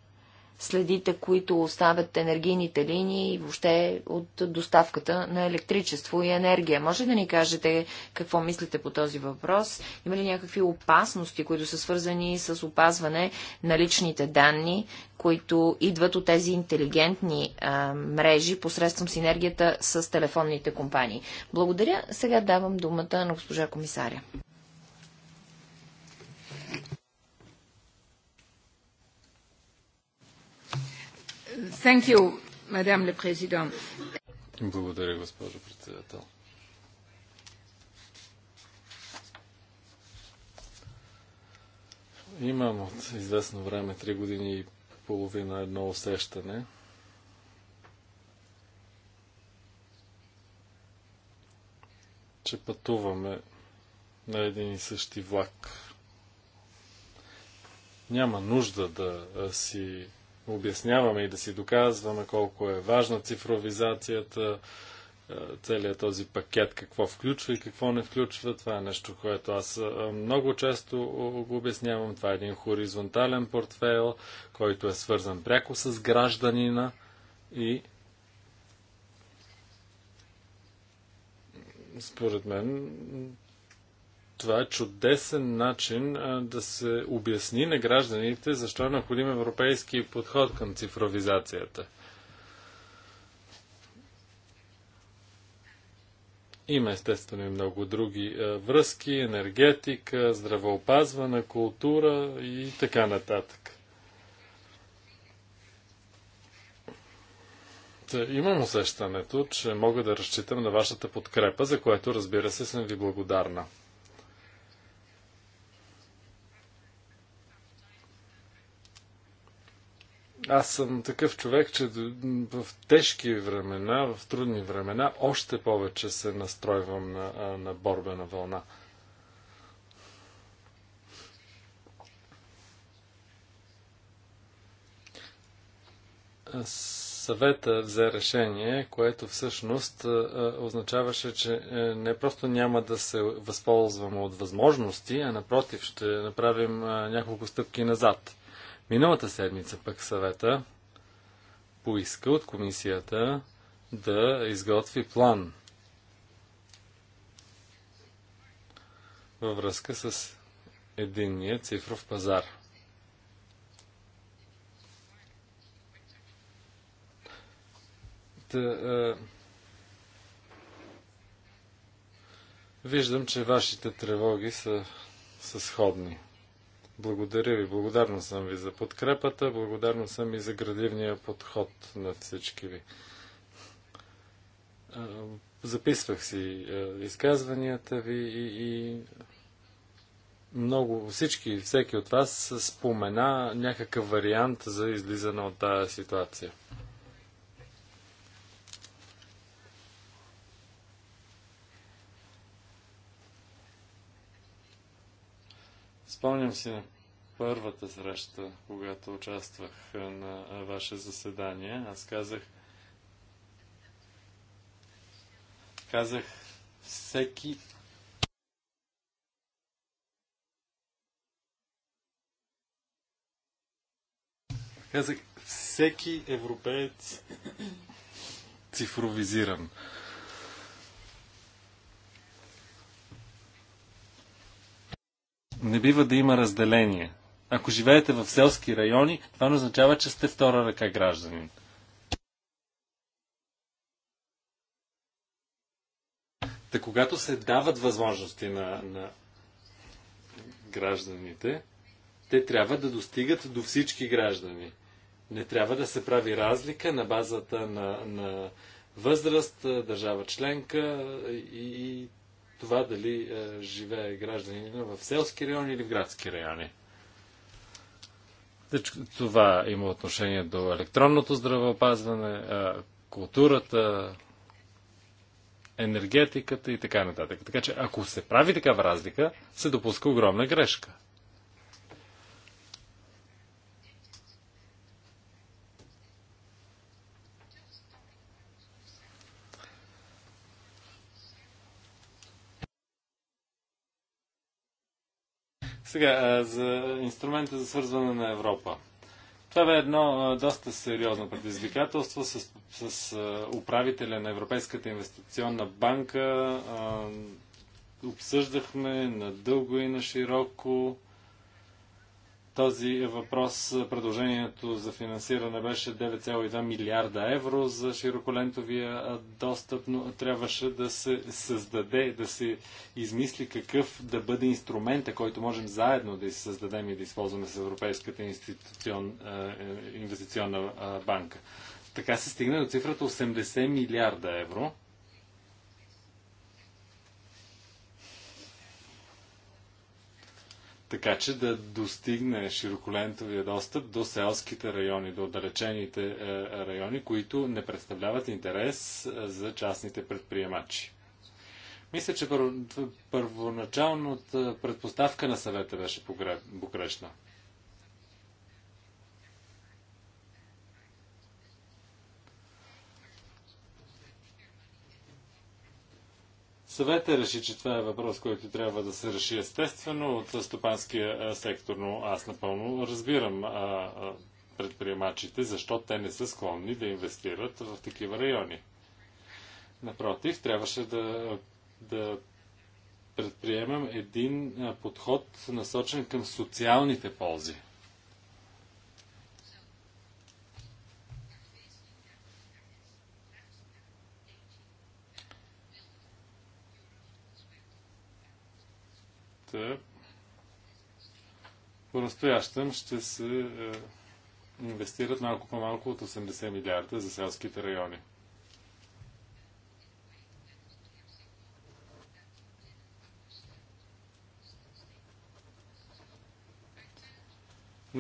следите, които оставят енергийните линии и въобще от доставката на електричество и енергия. Може да ни кажете какво мислите по този въпрос? Има ли някакви опасности, които са свързани с опазване на личните данни, които идват от тези интелигентни а, мрежи посредством синергията с телефонните компании? Благодаря. Сега давам думата на госпожа комисаря. Благодаря, госпожо председател. Имам от известно време, три години и половина, едно усещане. че пътуваме на един и същи влак. Няма нужда да си обясняваме и да си доказваме колко е важна цифровизацията, е, целият този пакет, какво включва и какво не включва. Това е нещо, което аз е, много често го обяснявам. Това е един хоризонтален портфейл, който е свързан пряко с гражданина и според мен това е чудесен начин да се обясни на гражданите защо е необходим европейски подход към цифровизацията. Има естествено и много други връзки, енергетика, здравеопазване, култура и така нататък. имам усещането, че мога да разчитам на вашата подкрепа, за което разбира се съм ви благодарна. Аз съм такъв човек, че в тежки времена, в трудни времена, още повече се настройвам на, на на вълна. съвета взе решение, което всъщност означаваше, че е, не просто няма да се възползваме от възможности, а напротив ще направим няколко стъпки назад. Миналата седмица пък съвета поиска от комисията да изготви план във връзка с единния цифров пазар. Та, е... виждам, че вашите тревоги са, са сходни. Благодаря ви. Благодарна съм ви за подкрепата. Благодарна съм и за градивния подход на всички ви. Записвах си изказванията ви и, и много, всички, всеки от вас спомена някакъв вариант за излизане от тази ситуация. Спомням си на първата среща, когато участвах на ваше заседание, аз казах, казах всеки казах всеки европеец цифровизиран. Не бива да има разделение. Ако живеете в селски райони, това не означава, че сте втора ръка гражданин. Та когато се дават възможности на, на гражданите, те трябва да достигат до всички граждани. Не трябва да се прави разлика на базата на, на възраст, държава членка и, и това дали е, живее гражданина в селски райони или в градски райони. Това има отношение до електронното здравеопазване, е, културата, енергетиката и така нататък. Така че ако се прави такава разлика, се допуска огромна грешка. Сега, за инструмента за свързване на Европа. Това бе едно доста сериозно предизвикателство с, с управителя на Европейската инвестиционна банка. Обсъждахме надълго и на широко този въпрос предложението за финансиране беше 9,2 милиарда евро за широколентовия достъп, но трябваше да се създаде, да се измисли какъв да бъде инструмента, който можем заедно да създадем и да използваме с Европейската институцион, инвестиционна банка. Така се стигна до цифрата 80 милиарда евро така че да достигне широколентовия достъп до селските райони, до отдалечените е, райони, които не представляват интерес е, за частните предприемачи. Мисля, че първоначалната предпоставка на съвета беше погрешна. Съвета реши, че това е въпрос, който трябва да се реши естествено от стопанския сектор, но аз напълно разбирам предприемачите, защо те не са склонни да инвестират в такива райони. Напротив, трябваше да, да предприемем един подход насочен към социалните ползи – нещата по-настоящем ще се е, инвестират малко по-малко от 80 милиарда за селските райони.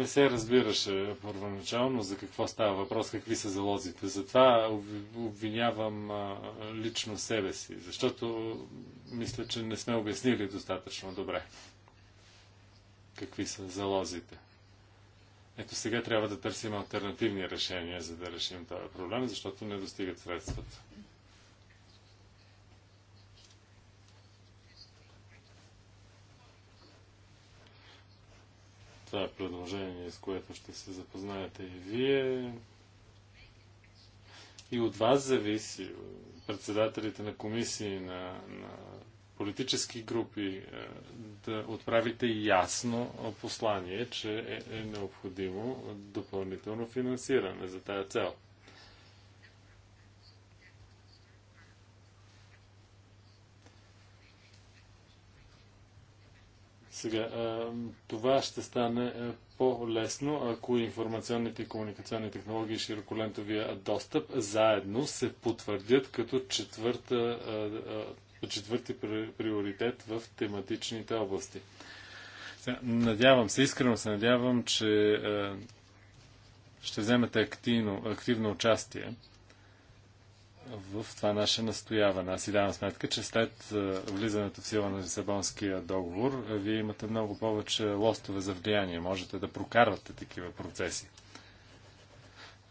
не се разбираше първоначално за какво става въпрос, какви са залозите. Затова обвинявам лично себе си, защото мисля, че не сме обяснили достатъчно добре какви са залозите. Ето сега трябва да търсим альтернативни решения, за да решим този проблем, защото не достигат средствата. Това е предложение, с което ще се запознаете и вие. И от вас зависи, председателите на комисии, на, на политически групи, е, да отправите ясно послание, че е, е необходимо допълнително финансиране за тая цел. Сега, това ще стане по-лесно, ако информационните и комуникационни технологии и широколентовия достъп заедно се потвърдят като четвърта, четвърти приоритет в тематичните области. Надявам се, искрено се надявам, че ще вземете активно, активно участие в това наше настояване. Аз си давам сметка, че след е, влизането в сила на Лисабонския договор, е, вие имате много повече лостове за влияние. Можете да прокарвате такива процеси.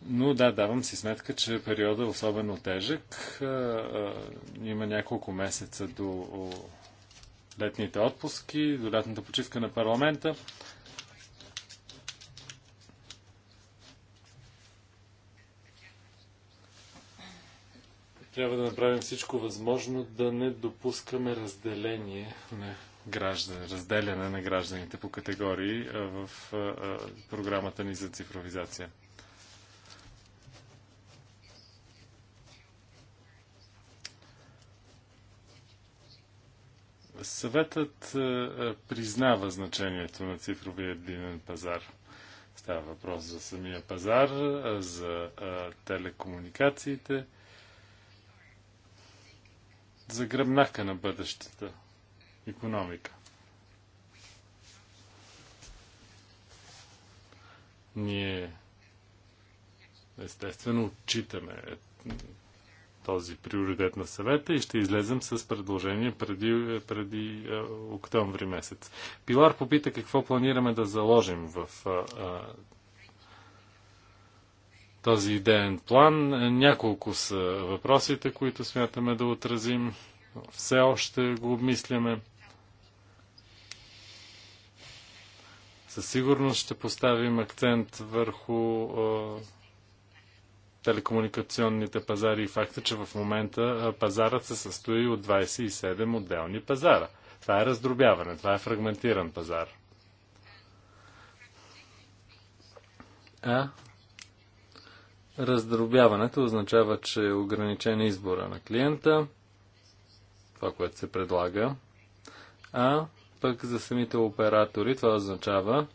Но да, давам си сметка, че периода е особено тежък. Е, има няколко месеца до летните отпуски, до лятната почивка на парламента. трябва да направим всичко възможно да не допускаме разделение на граждан, разделяне на гражданите по категории в програмата ни за цифровизация. Съветът признава значението на цифровия единен пазар. Става въпрос за самия пазар, за телекомуникациите – за гръбнака на бъдещата економика. Ние естествено отчитаме този приоритет на съвета и ще излезем с предложение преди, преди а, октомври месец. Пилар попита какво планираме да заложим в а, а, този идеен план. Няколко са въпросите, които смятаме да отразим. Все още го обмисляме. Със сигурност ще поставим акцент върху телекомуникационните пазари и факта, че в момента пазарът се състои от 27 отделни пазара. Това е раздробяване, това е фрагментиран пазар. А Раздробяването означава, че е ограничен избора на клиента, това, което се предлага, а пък за самите оператори това означава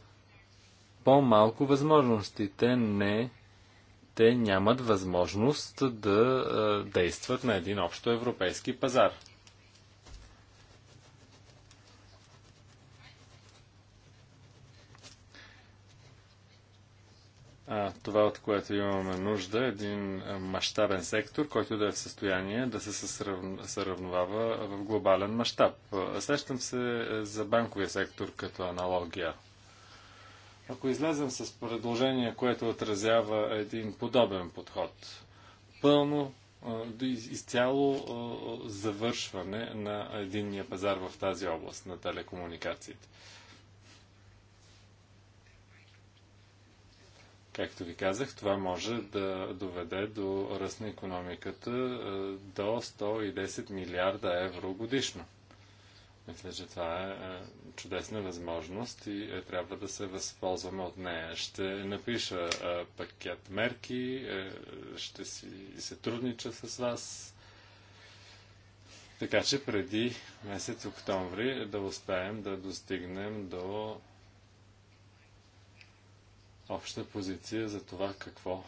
по-малко възможности. Те не те нямат възможност да действат на един общо европейски пазар. а, това, от което имаме нужда, е един мащабен сектор, който да е в състояние да се съравновава в глобален мащаб. Сещам се е, за банковия сектор като аналогия. Ако излезем с предложение, което отразява един подобен подход, пълно изцяло завършване на единния пазар в тази област на телекомуникациите. Както ви казах, това може да доведе до ръст на економиката е, до 110 милиарда евро годишно. Мисля, че това е, е чудесна възможност и е, трябва да се възползваме от нея. Ще напиша пакет мерки, ще си се труднича с вас. Така че преди месец октомври да успеем да достигнем до обща позиция за това какво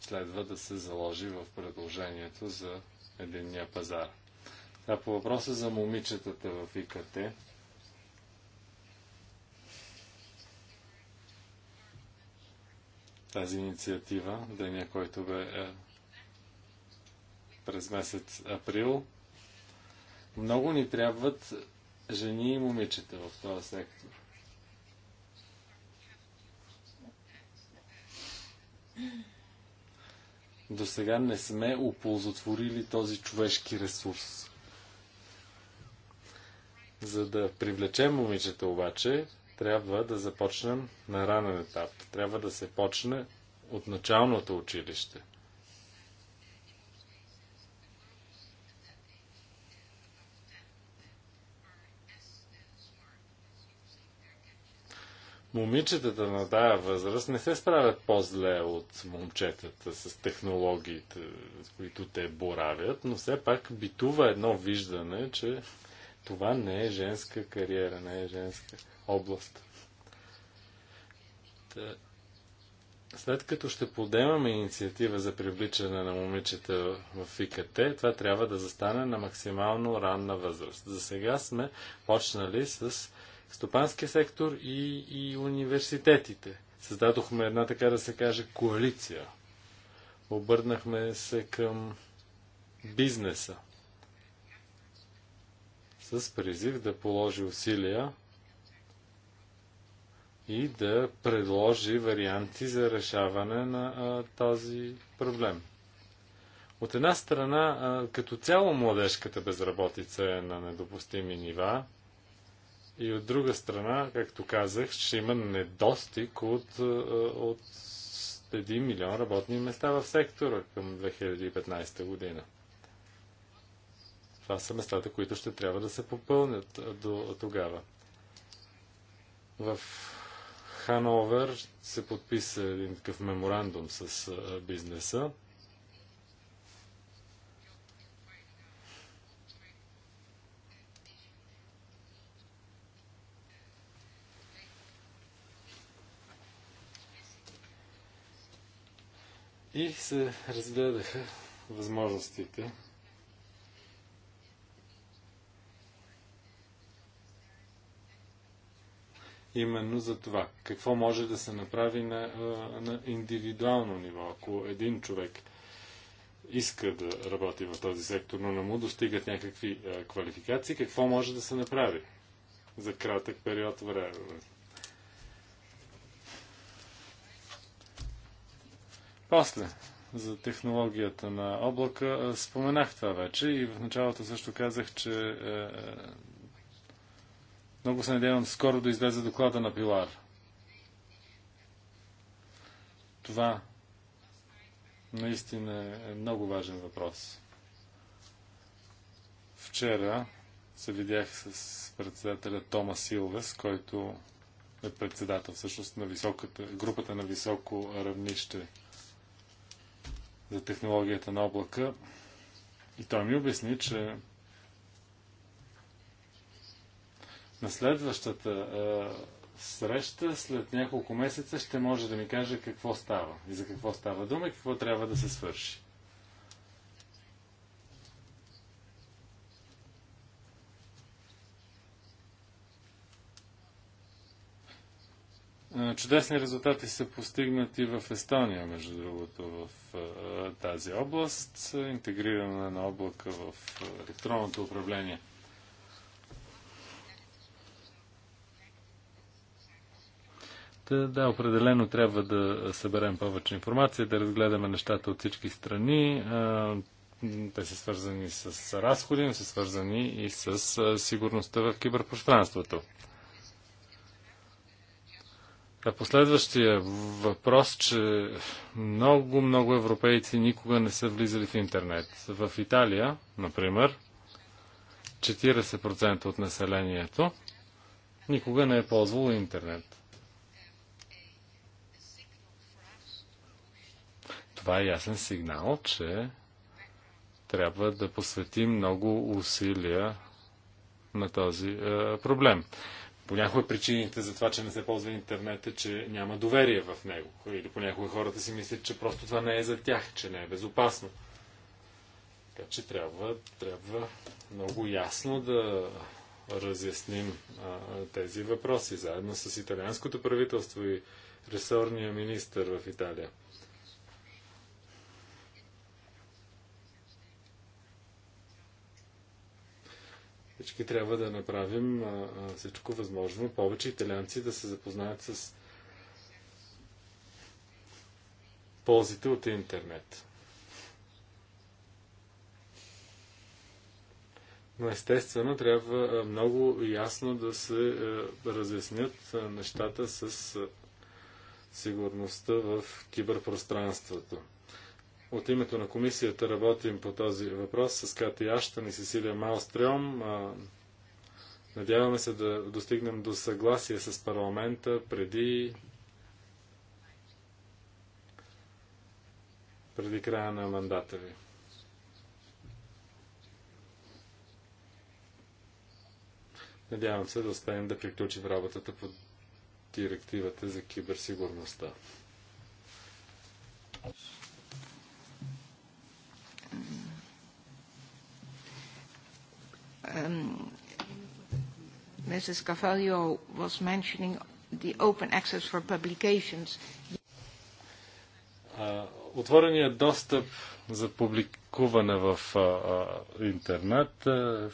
следва да се заложи в предложението за единния пазар. А по въпроса за момичетата в ИКТ, тази инициатива, деня, който бе е, през месец април, много ни трябват жени и момичета в този сектор. До сега не сме оползотворили този човешки ресурс. За да привлечем момичета обаче, трябва да започнем на ранен етап. Трябва да се почне от началното училище – момичетата на тая възраст не се справят по-зле от момчетата с технологиите, с които те боравят, но все пак битува едно виждане, че това не е женска кариера, не е женска област. Та, след като ще подемаме инициатива за привличане на момичета в ИКТ, това трябва да застане на максимално ранна възраст. За сега сме почнали с стопанския сектор и, и университетите. Създадохме една, така да се каже, коалиция. Обърнахме се към бизнеса с призив да положи усилия и да предложи варианти за решаване на а, този проблем. От една страна, а, като цяло младежката безработица е на недопустими нива, и от друга страна, както казах, ще има недостиг от, е, от 1 милион работни места в сектора към 2015 година. Това са местата, които ще трябва да се попълнят е, до тогава. В Хановер се подписа един такъв меморандум с е, бизнеса И се разгледаха възможностите именно за това. Какво може да се направи на, на индивидуално ниво, ако един човек иска да работи в този сектор, но не му достигат някакви а, квалификации, какво може да се направи за кратък период време? После, за технологията на облака, споменах това вече и в началото също казах, че е, е, много се надявам скоро да излезе доклада на Пилар. Това наистина е много важен въпрос. Вчера се видях с председателя Тома Силвес, който е председател всъщност на високата, групата на високо равнище за технологията на облака. И той ми обясни, че на следващата а, среща, след няколко месеца, ще може да ми каже какво става и за какво става дума и какво трябва да се свърши. Е, чудесни резултати са постигнати в Естония, между другото, в е, тази област, интегриране на облака в е, електронното управление. Да, да, определено трябва да съберем повече информация, да разгледаме нещата от всички страни. Те са свързани с разходи, но са свързани и с сигурността в киберпространството. А последващия въпрос, че много, много европейци никога не са влизали в интернет. В Италия, например, 40% от населението никога не е ползвало интернет. Това е ясен сигнал, че трябва да посветим много усилия на този е, проблем. Понякога е причините за това, че не се ползва интернет е, че няма доверие в него. Или понякога хората си мислят, че просто това не е за тях, че не е безопасно. Така че трябва, трябва много ясно да разясним а, тези въпроси, заедно с италианското правителство и ресорния министр в Италия. Всички трябва да направим всичко възможно. Повече италианци да се запознаят с ползите от интернет. Но естествено трябва много ясно да се разяснят нещата с сигурността в киберпространството. От името на комисията работим по този въпрос с Кати Аштан и Сесилия Малстрем. Надяваме се да достигнем до съгласие с парламента преди преди края на мандата ви. Надявам се да успеем да приключим работата по директивата за киберсигурността. Mrs. Cavallo was mentioning the open access for publications. Отвореният достъп за публикуване в интернет в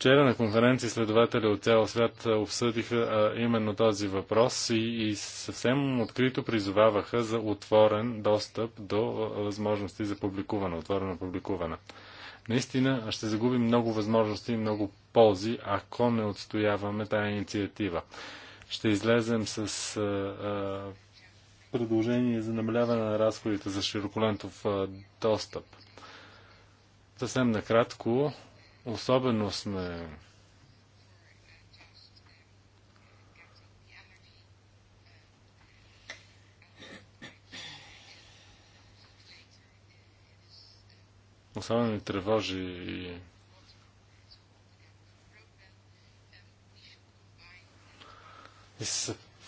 Вчера на конференции следователи от цял свят обсъдиха именно този въпрос и, и съвсем открито призоваваха за отворен достъп до възможности за публикуване, отворено публикуване. Наистина ще загубим много възможности и много ползи, ако не отстояваме тая инициатива. Ще излезем с а, а, предложение за намаляване на разходите за широколентов достъп. Съвсем накратко, особено сме Особено ни тревожи и и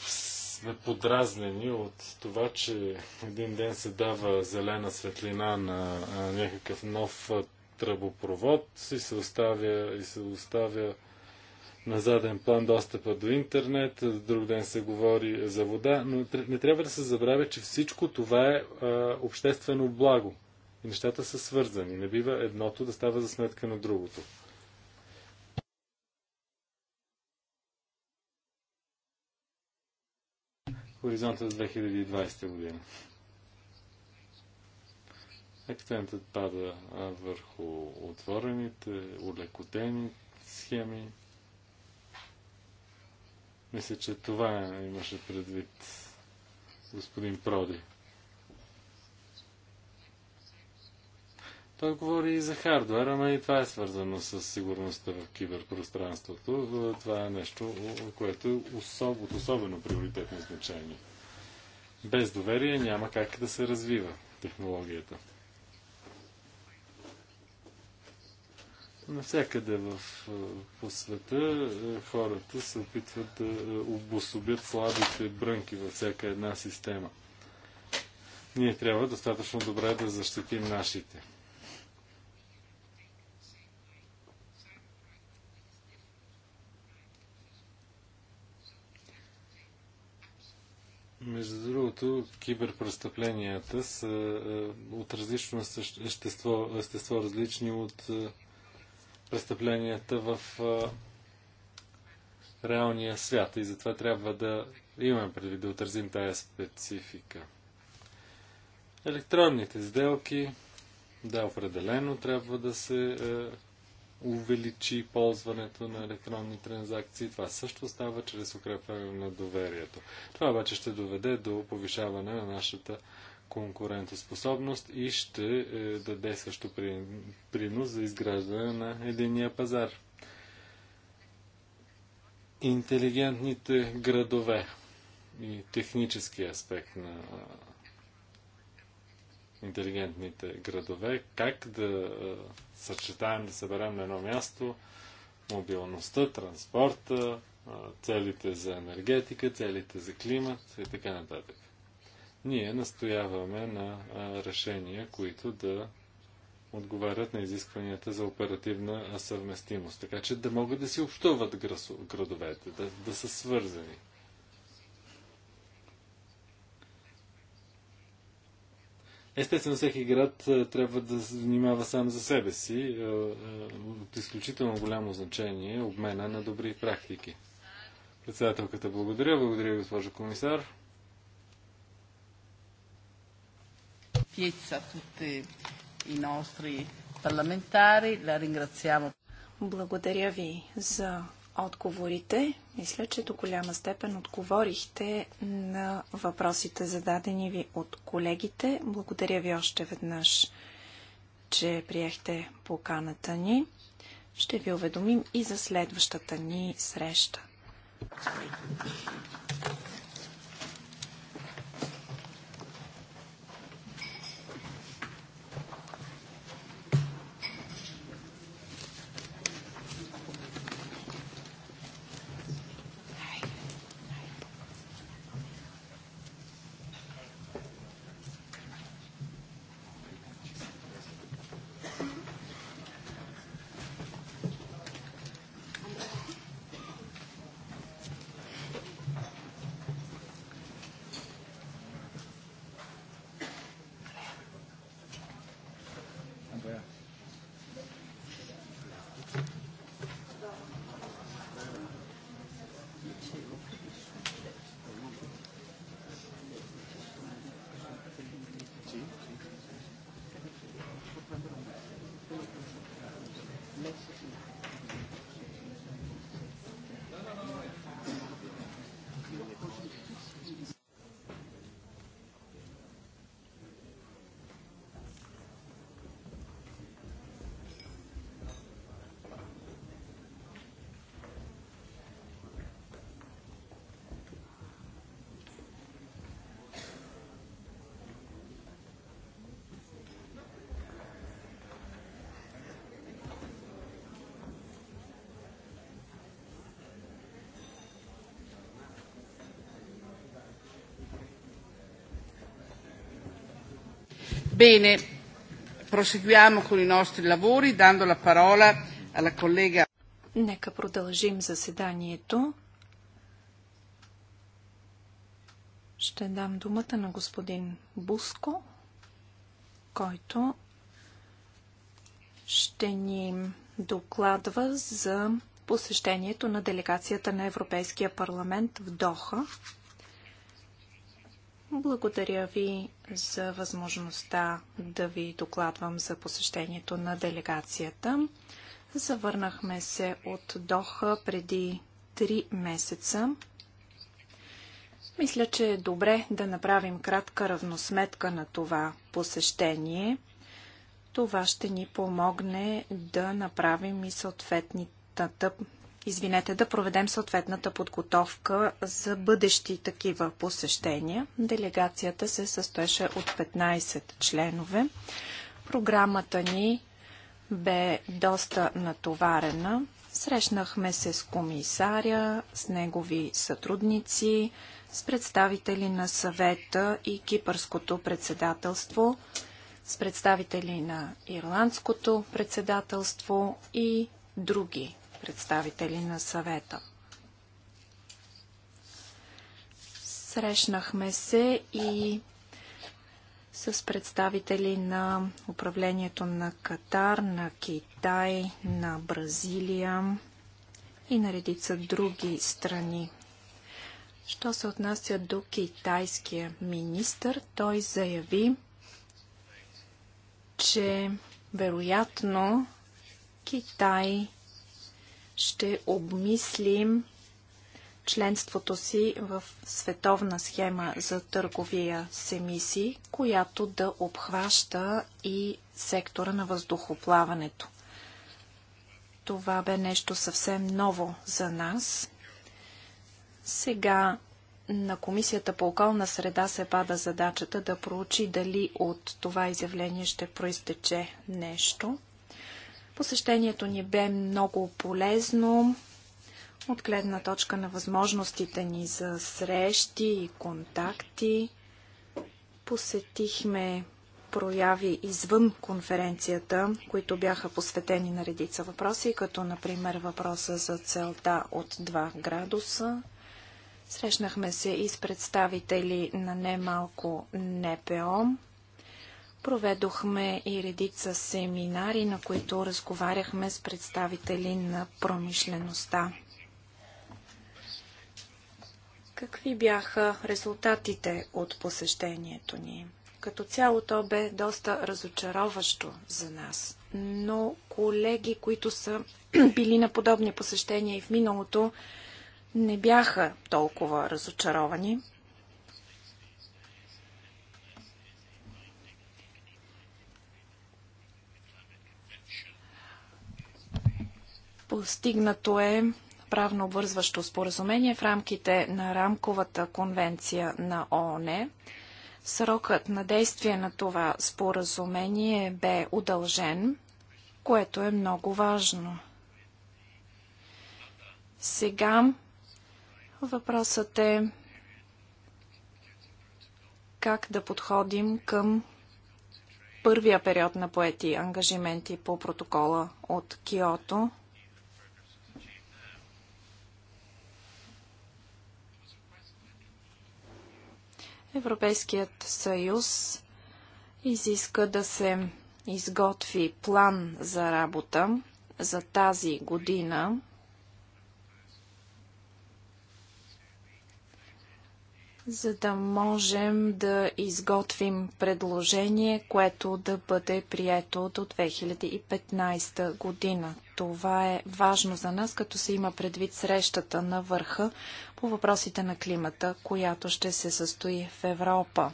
сме подразнени от това, че един ден се дава зелена светлина на някакъв нов тръбопровод и се оставя, и се оставя на заден план достъпа до интернет, друг ден се говори за вода, но не трябва да се забравя, че всичко това е а, обществено благо. И нещата са свързани. Не бива едното да става за сметка на другото. Хоризонта за 2020 година. Акцентът пада върху отворените, улекотени схеми. Мисля, че това имаше предвид господин Проди. Той говори и за хардвер, ама и това е свързано с сигурността в киберпространството. Това е нещо, което е особ, от особено приоритетно значение. Без доверие няма как да се развива технологията. Навсякъде в, по света хората се опитват да обособят слабите брънки във всяка една система. Ние трябва достатъчно добре да защитим нашите. Между другото, киберпрестъпленията са от различно естество, естество различни от престъпленията в реалния свят и затова трябва да имаме предвид да отразим тая специфика. Електронните сделки, да, определено трябва да се е, увеличи ползването на електронни транзакции. Това също става чрез укрепване на доверието. Това обаче ще доведе до повишаване на нашата конкурентоспособност и ще е, даде също принос за изграждане на единия пазар. Интелигентните градове и технически аспект на интелигентните градове, как да е, съчетаем, да съберем на едно място мобилността, транспорта, е, целите за енергетика, целите за климат и така нататък. Ние настояваме на решения, които да отговарят на изискванията за оперативна съвместимост, така че да могат да си общуват градовете, да, да са свързани. Естествено, всеки град трябва да внимава сам за себе си. от изключително голямо значение е обмена на добри практики. Председателката благодаря. Благодаря, госпожо комисар. piezza tutti i nostri parlamentari. La ringraziamo. Благодаря ви за отговорите. Мисля, че до голяма степен отговорихте на въпросите зададени ви от колегите. Благодаря ви още веднъж, че приехте поканата ни. Ще ви уведомим и за следващата ни среща. Bene, proseguiamo con i nostri lavori, dando la parola alla collega. Нека продължим заседанието. Ще дам думата на господин Буско, който ще ни докладва за посещението на делегацията на Европейския парламент в Доха благодаря ви за възможността да ви докладвам за посещението на делегацията. Завърнахме се от Доха преди 3 месеца. Мисля, че е добре да направим кратка равносметка на това посещение. Това ще ни помогне да направим и съответната извинете, да проведем съответната подготовка за бъдещи такива посещения. Делегацията се състоеше от 15 членове. Програмата ни бе доста натоварена. Срещнахме се с комисаря, с негови сътрудници, с представители на съвета и кипърското председателство, с представители на ирландското председателство и други представители на съвета. Срещнахме се и с представители на управлението на Катар, на Китай, на Бразилия и на редица други страни. Що се отнася до китайския министр, той заяви, че вероятно Китай ще обмислим членството си в световна схема за търговия с емисии, която да обхваща и сектора на въздухоплаването. Това бе нещо съвсем ново за нас. Сега на Комисията по околна среда се пада задачата да проучи дали от това изявление ще проистече нещо – Посещението ни бе много полезно от гледна точка на възможностите ни за срещи и контакти. Посетихме прояви извън конференцията, които бяха посветени на редица въпроси, като например въпроса за целта от 2 градуса. Срещнахме се и с представители на немалко НПО. Проведохме и редица семинари, на които разговаряхме с представители на промишлеността. Какви бяха резултатите от посещението ни? Като цяло то бе доста разочароващо за нас, но колеги, които са били на подобни посещения и в миналото, не бяха толкова разочаровани. Постигнато е правно обвързващо споразумение в рамките на рамковата конвенция на ООН. Срокът на действие на това споразумение бе удължен, което е много важно. Сега въпросът е как да подходим към първия период на поети ангажименти по протокола от Киото – Европейският съюз изиска да се изготви план за работа за тази година за да можем да изготвим предложение, което да бъде прието до 2015 година. Това е важно за нас, като се има предвид срещата на върха по въпросите на климата, която ще се състои в Европа.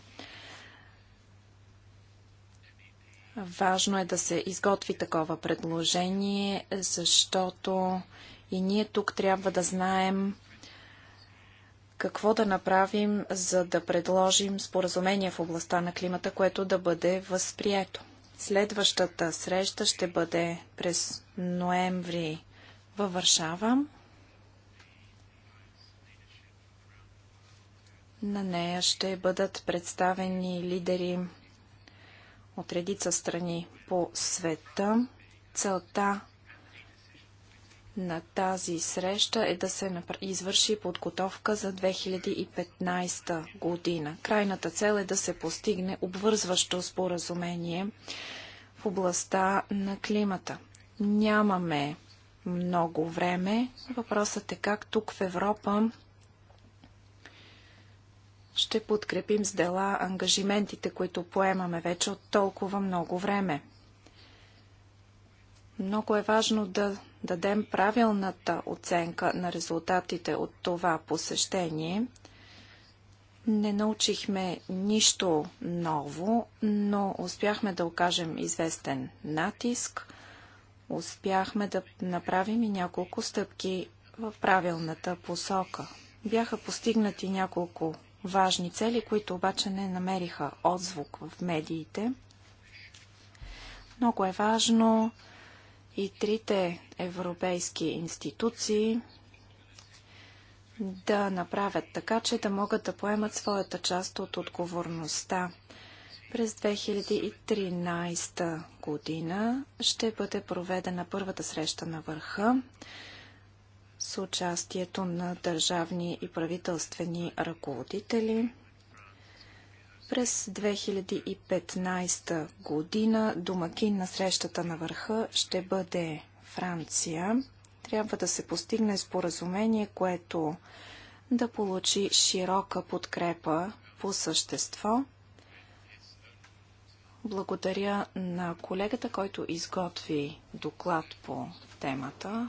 Важно е да се изготви такова предложение, защото и ние тук трябва да знаем какво да направим, за да предложим споразумение в областта на климата, което да бъде възприето. Следващата среща ще бъде през ноември във Варшава. На нея ще бъдат представени лидери от редица страни по света. Целта на тази среща е да се извърши подготовка за 2015 година. Крайната цел е да се постигне обвързващо споразумение в областта на климата. Нямаме много време. Въпросът е как тук в Европа ще подкрепим с дела ангажиментите, които поемаме вече от толкова много време. Много е важно да дадем правилната оценка на резултатите от това посещение. Не научихме нищо ново, но успяхме да окажем известен натиск. Успяхме да направим и няколко стъпки в правилната посока. Бяха постигнати няколко важни цели, които обаче не намериха отзвук в медиите. Много е важно и трите европейски институции да направят така, че да могат да поемат своята част от отговорността. През 2013 година ще бъде проведена първата среща на върха с участието на държавни и правителствени ръководители – през 2015 година домакин на срещата на върха ще бъде Франция. Трябва да се постигне споразумение, което да получи широка подкрепа по същество. Благодаря на колегата, който изготви доклад по темата.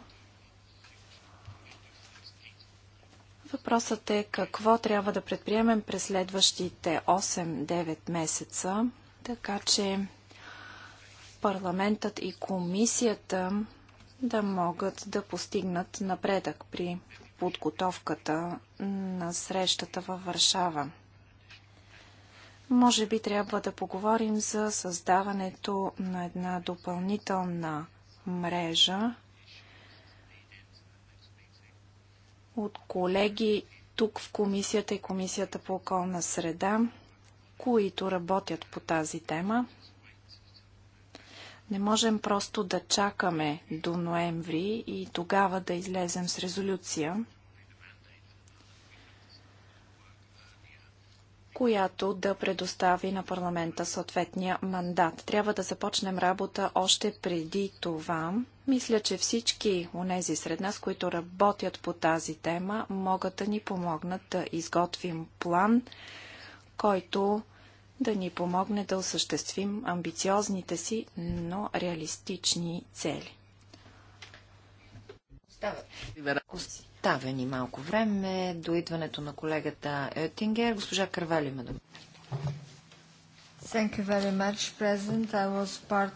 Въпросът е какво трябва да предприемем през следващите 8-9 месеца, така че парламентът и комисията да могат да постигнат напредък при подготовката на срещата във Варшава. Може би трябва да поговорим за създаването на една допълнителна мрежа, от колеги тук в комисията и комисията по околна среда, които работят по тази тема. Не можем просто да чакаме до ноември и тогава да излезем с резолюция, която да предостави на парламента съответния мандат. Трябва да започнем работа още преди това, мисля, че всички онези сред нас, които работят по тази тема, могат да ни помогнат да изготвим план, който да ни помогне да осъществим амбициозните си, но реалистични цели. Оставя ни малко време до идването на колегата Етингер. Госпожа Карвали има дума. Thank you very much, President. I was part...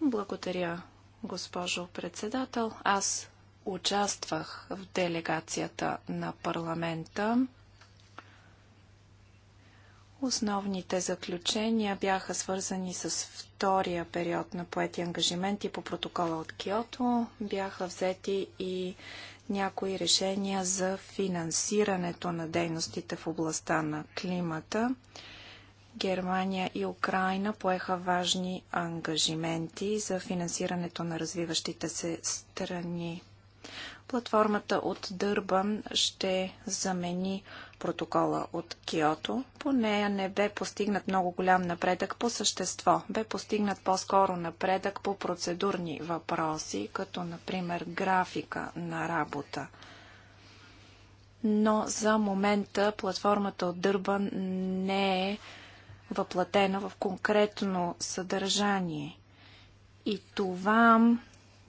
Благодаря, госпожо председател. Аз участвах в делегацията на парламента. Основните заключения бяха свързани с втория период на поети ангажименти по протокола от Киото. Бяха взети и някои решения за финансирането на дейностите в областта на климата. Германия и Украина поеха важни ангажименти за финансирането на развиващите се страни. Платформата от Дърбан ще замени протокола от Киото. По нея не бе постигнат много голям напредък по същество. Бе постигнат по-скоро напредък по процедурни въпроси, като например графика на работа. Но за момента платформата от Дърбан не е въплатена в конкретно съдържание. И това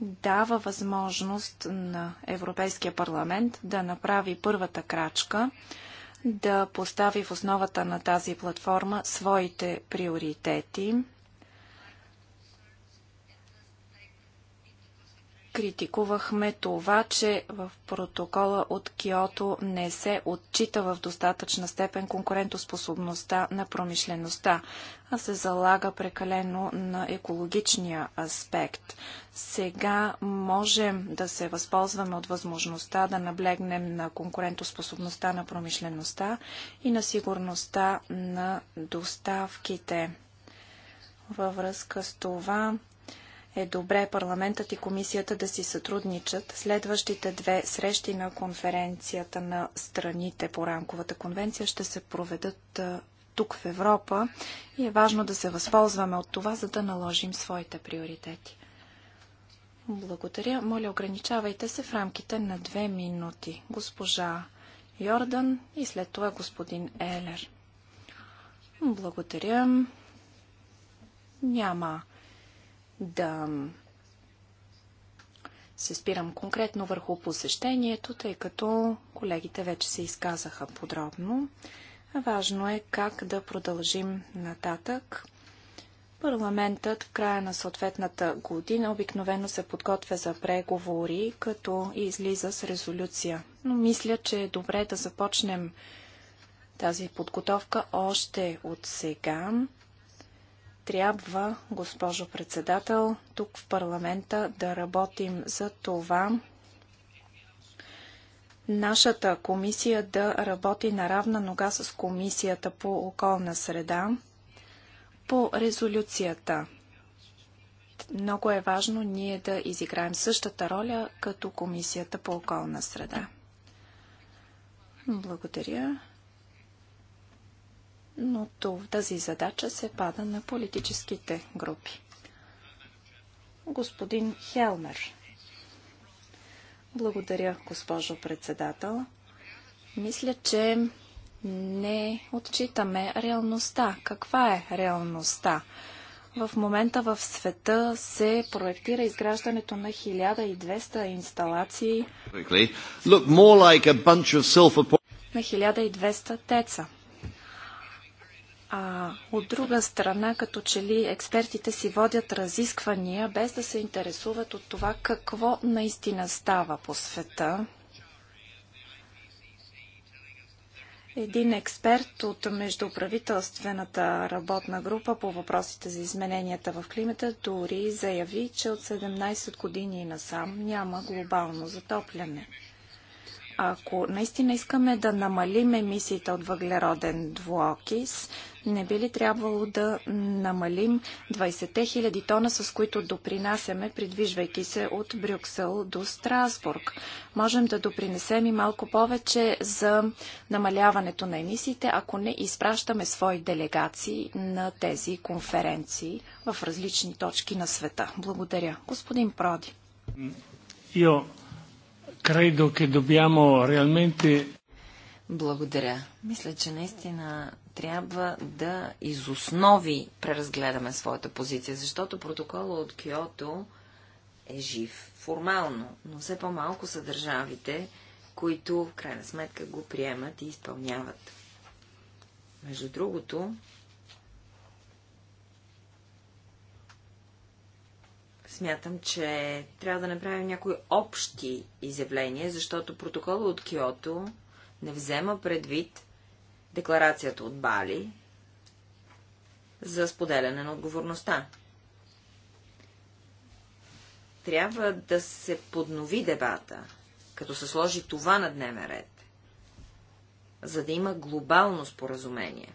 дава възможност на Европейския парламент да направи първата крачка, да постави в основата на тази платформа своите приоритети, Критикувахме това, че в протокола от Киото не се отчита в достатъчна степен конкурентоспособността на промишлеността, а се залага прекалено на екологичния аспект. Сега можем да се възползваме от възможността да наблегнем на конкурентоспособността на промишлеността и на сигурността на доставките. Във връзка с това, е добре парламентът и комисията да си сътрудничат. Следващите две срещи на конференцията на страните по рамковата конвенция ще се проведат тук в Европа и е важно да се възползваме от това, за да наложим своите приоритети. Благодаря. Моля, ограничавайте се в рамките на две минути. Госпожа Йордан и след това господин Елер. Благодаря. Няма да се спирам конкретно върху посещението, тъй като колегите вече се изказаха подробно. Важно е как да продължим нататък. Парламентът в края на съответната година обикновено се подготвя за преговори, като излиза с резолюция. Но мисля, че е добре да започнем тази подготовка още от сега. Трябва, госпожо председател, тук в парламента да работим за това нашата комисия да работи на равна нога с комисията по околна среда по резолюцията. Много е важно ние да изиграем същата роля като комисията по околна среда. Благодаря но тази задача се пада на политическите групи. Господин Хелмер. Благодаря, госпожо председател. Мисля, че не отчитаме реалността. Каква е реалността? В момента в света се проектира изграждането на 1200 инсталации на 1200 теца. А от друга страна, като че ли експертите си водят разисквания, без да се интересуват от това какво наистина става по света. Един експерт от Междуправителствената работна група по въпросите за измененията в климата дори заяви, че от 17 години насам няма глобално затопляне. Ако наистина искаме да намалим емисиите от въглероден двуокис, не би ли трябвало да намалим 20 000 тона, с които допринасяме, придвижвайки се от Брюксел до Страсбург? Можем да допринесем и малко повече за намаляването на емисиите, ако не изпращаме свои делегации на тези конференции в различни точки на света. Благодаря. Господин Проди. Credo che dobbiamo realmente благодаря. Мисля, че наистина трябва да из основи преразгледаме своята позиция, защото протокола от Киото е жив формално, но все по-малко са държавите, които в крайна сметка го приемат и изпълняват. Между другото, Смятам, че трябва да направим някои общи изявления, защото протокола от Киото не взема предвид декларацията от Бали за споделяне на отговорността. Трябва да се поднови дебата, като се сложи това на дневен ред, за да има глобално споразумение.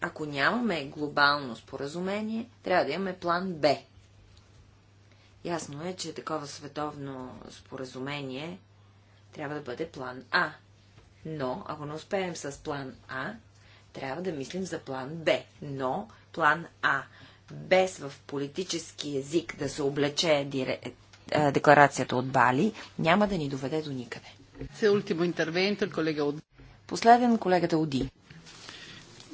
Ако нямаме глобално споразумение, трябва да имаме план Б. Ясно е, че такова световно споразумение трябва да бъде план А. Но, ако не успеем с план А, трябва да мислим за план Б. Но план А, без в политически език да се облече дире... Е, е, декларацията от Бали, няма да ни доведе до никъде. Последен колегата Оди.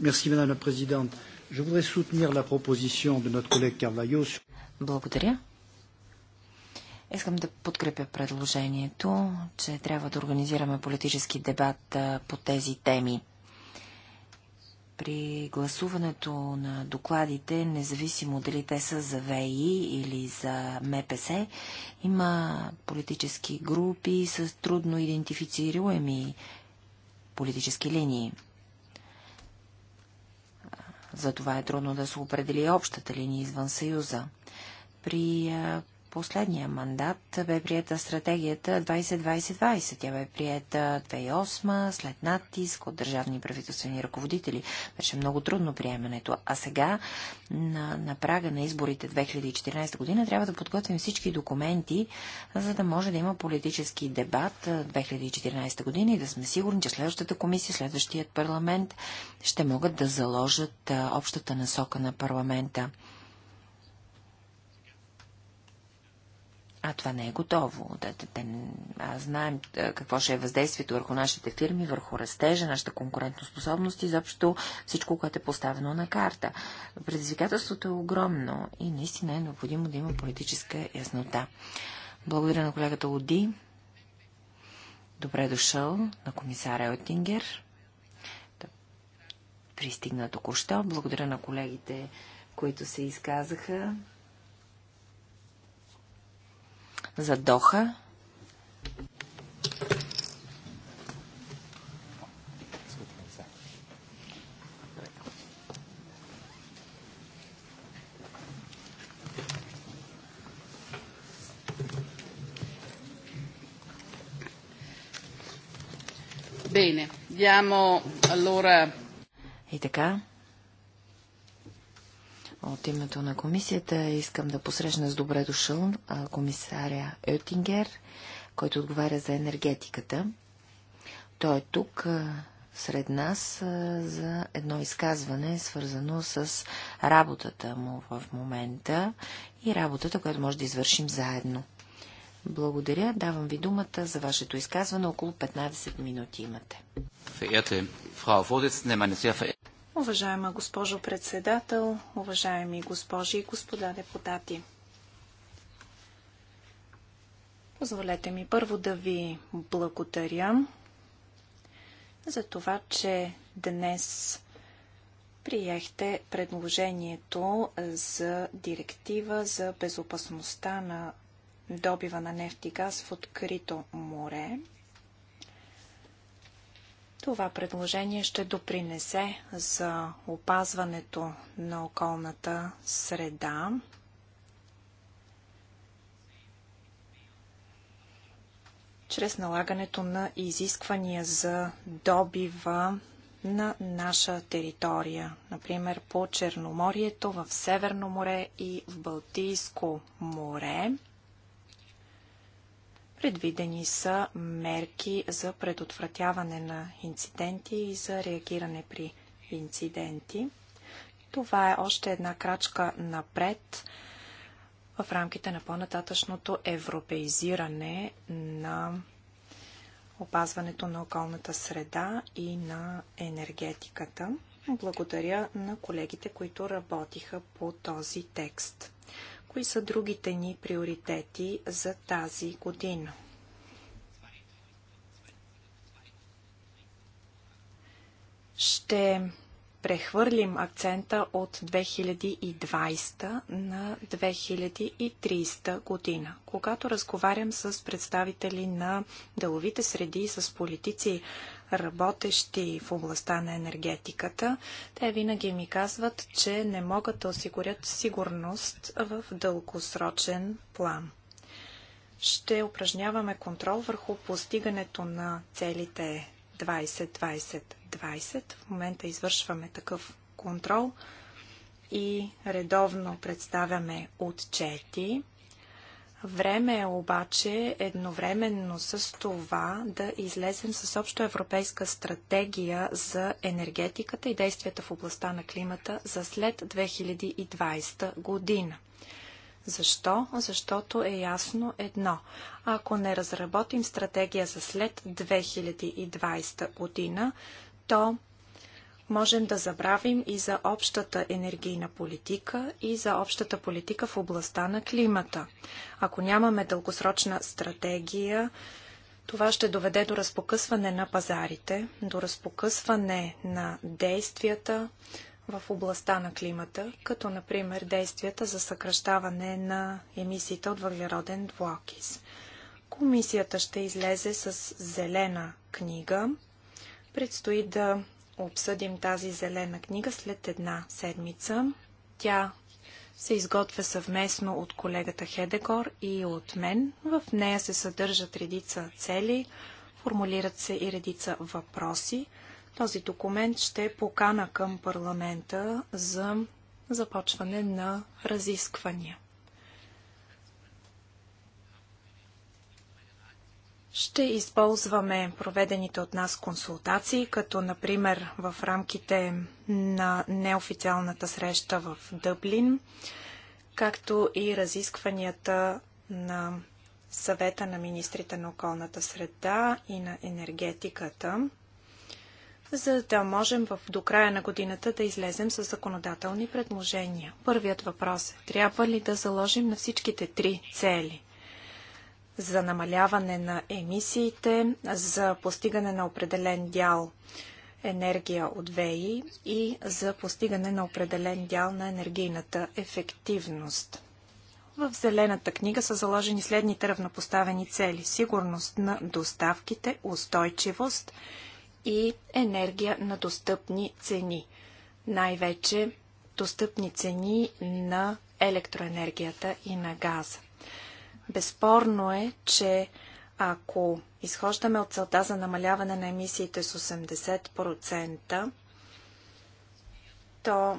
Мерси, мадам президент. Je voudrais soutenir la proposition de notre collègue Carvalho. Благодаря. Искам да подкрепя предложението, че трябва да организираме политически дебат по тези теми. При гласуването на докладите, независимо дали те са за ВИ или за МПС, има политически групи с трудно идентифицируеми политически линии. Затова е трудно да се определи общата линия извън Съюза. При последния мандат бе прията стратегията 2020 20 Тя бе прията 2008 след натиск от държавни правителствени ръководители. Беше много трудно приемането. А сега, на, на прага на изборите 2014 година, трябва да подготвим всички документи, за да може да има политически дебат 2014 година и да сме сигурни, че следващата комисия, следващият парламент ще могат да заложат общата насока на парламента. А това не е готово. Да, да, да, а знаем какво ще е въздействието върху нашите фирми, върху растежа, нашата конкурентоспособност и заобщо всичко, което е поставено на карта. Предизвикателството е огромно и наистина е необходимо да има политическа яснота. Благодаря на колегата Луди. Добре дошъл на комисаря Елтингер. Да пристигна току-що. Благодаря на колегите, които се изказаха за Доха. Bene, diamo allora. И така, от името на комисията искам да посрещна с добре дошъл комисаря Оттингер, който отговаря за енергетиката. Той е тук сред нас за едно изказване, свързано с работата му в момента и работата, която може да извършим заедно. Благодаря. Давам ви думата за вашето изказване. Около 15 минути имате. Уважаема госпожо председател, уважаеми госпожи и господа депутати. Позволете ми първо да ви благодаря за това, че днес приехте предложението за директива за безопасността на добива на нефт и газ в открито море. Това предложение ще допринесе за опазването на околната среда. чрез налагането на изисквания за добива на наша територия. Например, по Черноморието, в Северно море и в Балтийско море – Предвидени са мерки за предотвратяване на инциденти и за реагиране при инциденти. Това е още една крачка напред в рамките на по-нататъчното европеизиране на опазването на околната среда и на енергетиката. Благодаря на колегите, които работиха по този текст. Кои са другите ни приоритети за тази година? Ще прехвърлим акцента от 2020 на 2030 година. Когато разговарям с представители на деловите среди, с политици работещи в областта на енергетиката, те винаги ми казват, че не могат да осигурят сигурност в дългосрочен план. Ще упражняваме контрол върху постигането на целите 20-20-20. В момента извършваме такъв контрол и редовно представяме отчети. Време е обаче едновременно с това да излезем с общо европейска стратегия за енергетиката и действията в областта на климата за след 2020 година. Защо? Защото е ясно едно. Ако не разработим стратегия за след 2020 година, то можем да забравим и за общата енергийна политика и за общата политика в областта на климата. Ако нямаме дългосрочна стратегия, това ще доведе до разпокъсване на пазарите, до разпокъсване на действията в областта на климата, като например действията за съкръщаване на емисиите от въглероден двуокис. Комисията ще излезе с зелена книга. Предстои да обсъдим тази зелена книга след една седмица. Тя се изготвя съвместно от колегата Хедегор и от мен. В нея се съдържат редица цели, формулират се и редица въпроси. Този документ ще покана към парламента за започване на разисквания. Ще използваме проведените от нас консултации, като например в рамките на неофициалната среща в Дъблин, както и разискванията на съвета на министрите на околната среда и на енергетиката, за да можем в, до края на годината да излезем с законодателни предложения. Първият въпрос е, трябва ли да заложим на всичките три цели – за намаляване на емисиите, за постигане на определен дял енергия от ВЕИ и за постигане на определен дял на енергийната ефективност. В Зелената книга са заложени следните равнопоставени цели – сигурност на доставките, устойчивост и енергия на достъпни цени. Най-вече достъпни цени на електроенергията и на газа. Безспорно е, че ако изхождаме от целта за намаляване на емисиите с 80%, то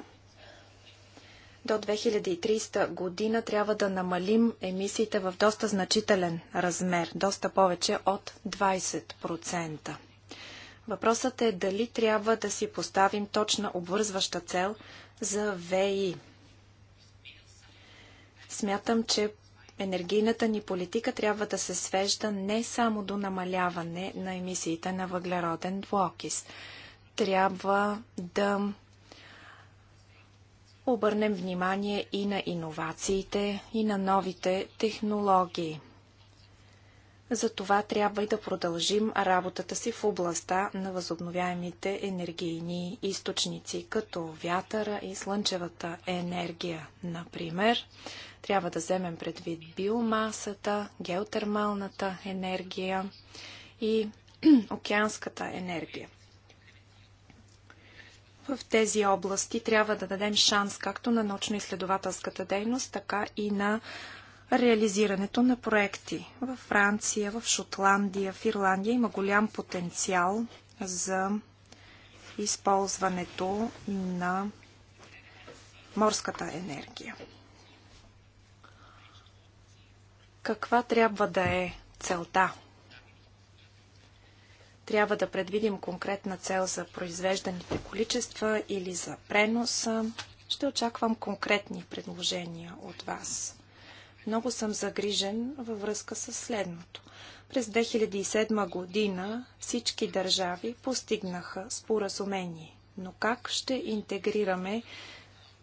до 2030 година трябва да намалим емисиите в доста значителен размер, доста повече от 20%. Въпросът е дали трябва да си поставим точна обвързваща цел за ВИ. Смятам, че енергийната ни политика трябва да се свежда не само до намаляване на емисиите на въглероден двуокис. Трябва да обърнем внимание и на иновациите, и на новите технологии. Затова трябва и да продължим работата си в областта на възобновяемите енергийни източници, като вятъра и слънчевата енергия, например. Трябва да вземем предвид биомасата, геотермалната енергия и океанската енергия. В тези области трябва да дадем шанс както на научно-изследователската дейност, така и на реализирането на проекти. В Франция, в Шотландия, в Ирландия има голям потенциал за използването на морската енергия. Каква трябва да е целта? Трябва да предвидим конкретна цел за произвежданите количества или за преноса. Ще очаквам конкретни предложения от вас. Много съм загрижен във връзка с следното. През 2007 година всички държави постигнаха споразумение. Но как ще интегрираме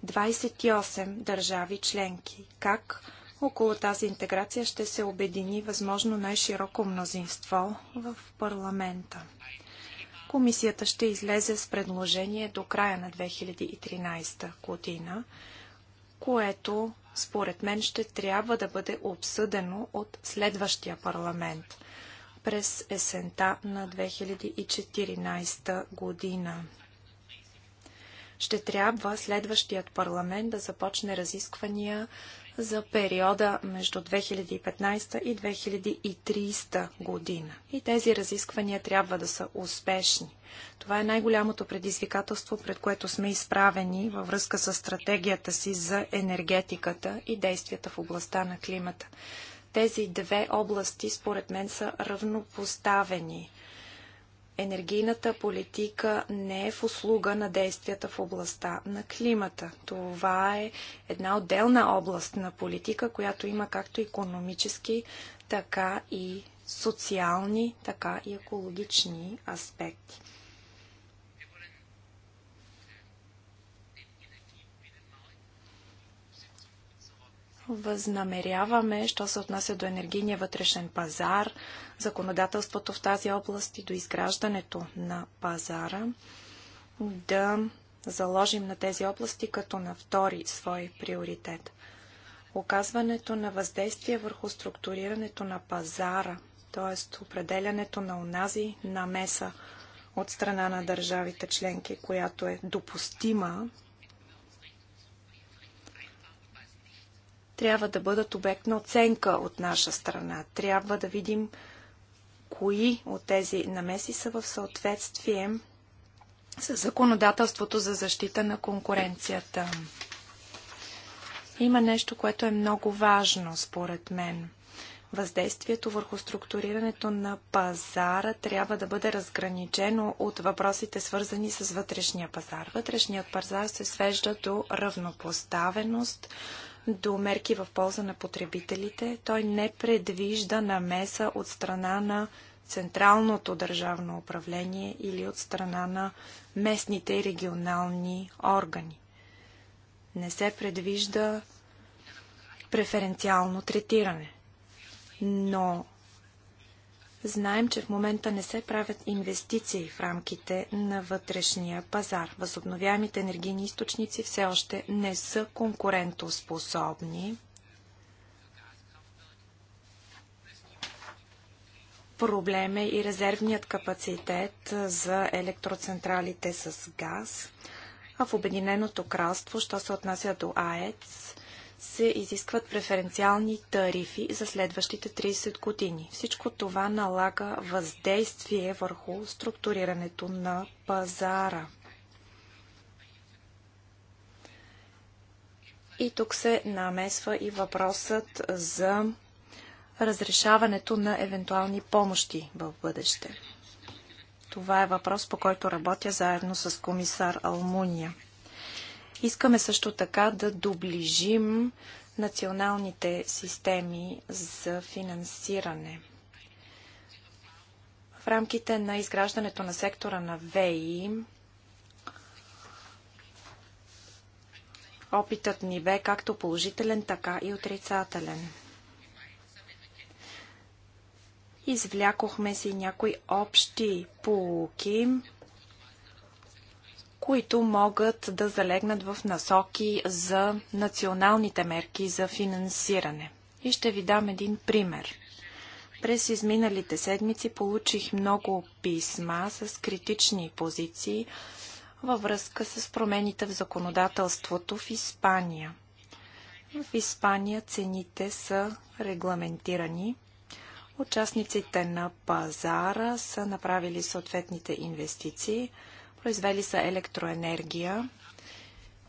28 държави членки? Как около тази интеграция ще се обедини възможно най-широко мнозинство в парламента. Комисията ще излезе с предложение до края на 2013 година, което според мен ще трябва да бъде обсъдено от следващия парламент през есента на 2014 година. Ще трябва следващият парламент да започне разисквания за периода между 2015 и 2030 година. И тези разисквания трябва да са успешни. Това е най-голямото предизвикателство, пред което сме изправени във връзка с стратегията си за енергетиката и действията в областта на климата. Тези две области, според мен, са равнопоставени енергийната политика не е в услуга на действията в областта на климата. Това е една отделна област на политика, която има както економически, така и социални, така и екологични аспекти. възнамеряваме, що се отнася до енергийния вътрешен пазар, законодателството в тази област и до изграждането на пазара, да заложим на тези области като на втори свой приоритет. Оказването на въздействие върху структурирането на пазара, т.е. определянето на унази намеса от страна на държавите членки, която е допустима трябва да бъдат обект на оценка от наша страна. Трябва да видим кои от тези намеси са в съответствие с законодателството за защита на конкуренцията. Има нещо, което е много важно, според мен. Въздействието върху структурирането на пазара трябва да бъде разграничено от въпросите, свързани с вътрешния пазар. Вътрешният пазар се свежда до равнопоставеност, до мерки в полза на потребителите. Той не предвижда намеса от страна на централното държавно управление или от страна на местните и регионални органи. Не се предвижда преференциално третиране. Но Знаем, че в момента не се правят инвестиции в рамките на вътрешния пазар. Възобновяемите енергийни източници все още не са конкурентоспособни. Проблем е и резервният капацитет за електроцентралите с газ. А в Обединеното кралство, що се отнася до АЕЦ, се изискват преференциални тарифи за следващите 30 години. Всичко това налага въздействие върху структурирането на пазара. И тук се намесва и въпросът за разрешаването на евентуални помощи в бъдеще. Това е въпрос, по който работя заедно с комисар Алмуния. Искаме също така да доближим националните системи за финансиране. В рамките на изграждането на сектора на ВЕИ опитът ни бе както положителен, така и отрицателен. Извлякохме си някои общи полуки, които могат да залегнат в насоки за националните мерки за финансиране. И ще ви дам един пример. През изминалите седмици получих много писма с критични позиции във връзка с промените в законодателството в Испания. В Испания цените са регламентирани. Участниците на пазара са направили съответните инвестиции – Произвели са електроенергия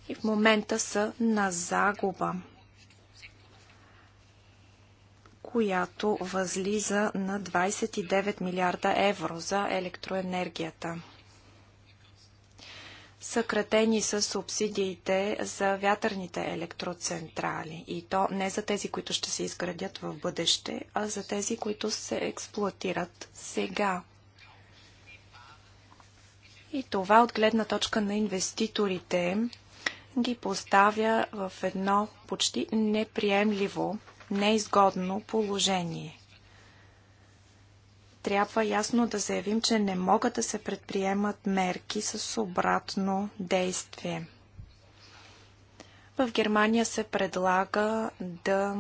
и в момента са на загуба, която възлиза на 29 милиарда евро за електроенергията. Съкратени са субсидиите за вятърните електроцентрали и то не за тези, които ще се изградят в бъдеще, а за тези, които се експлуатират сега. И това от гледна точка на инвеститорите ги поставя в едно почти неприемливо, неизгодно положение. Трябва ясно да заявим, че не могат да се предприемат мерки с обратно действие. В Германия се предлага да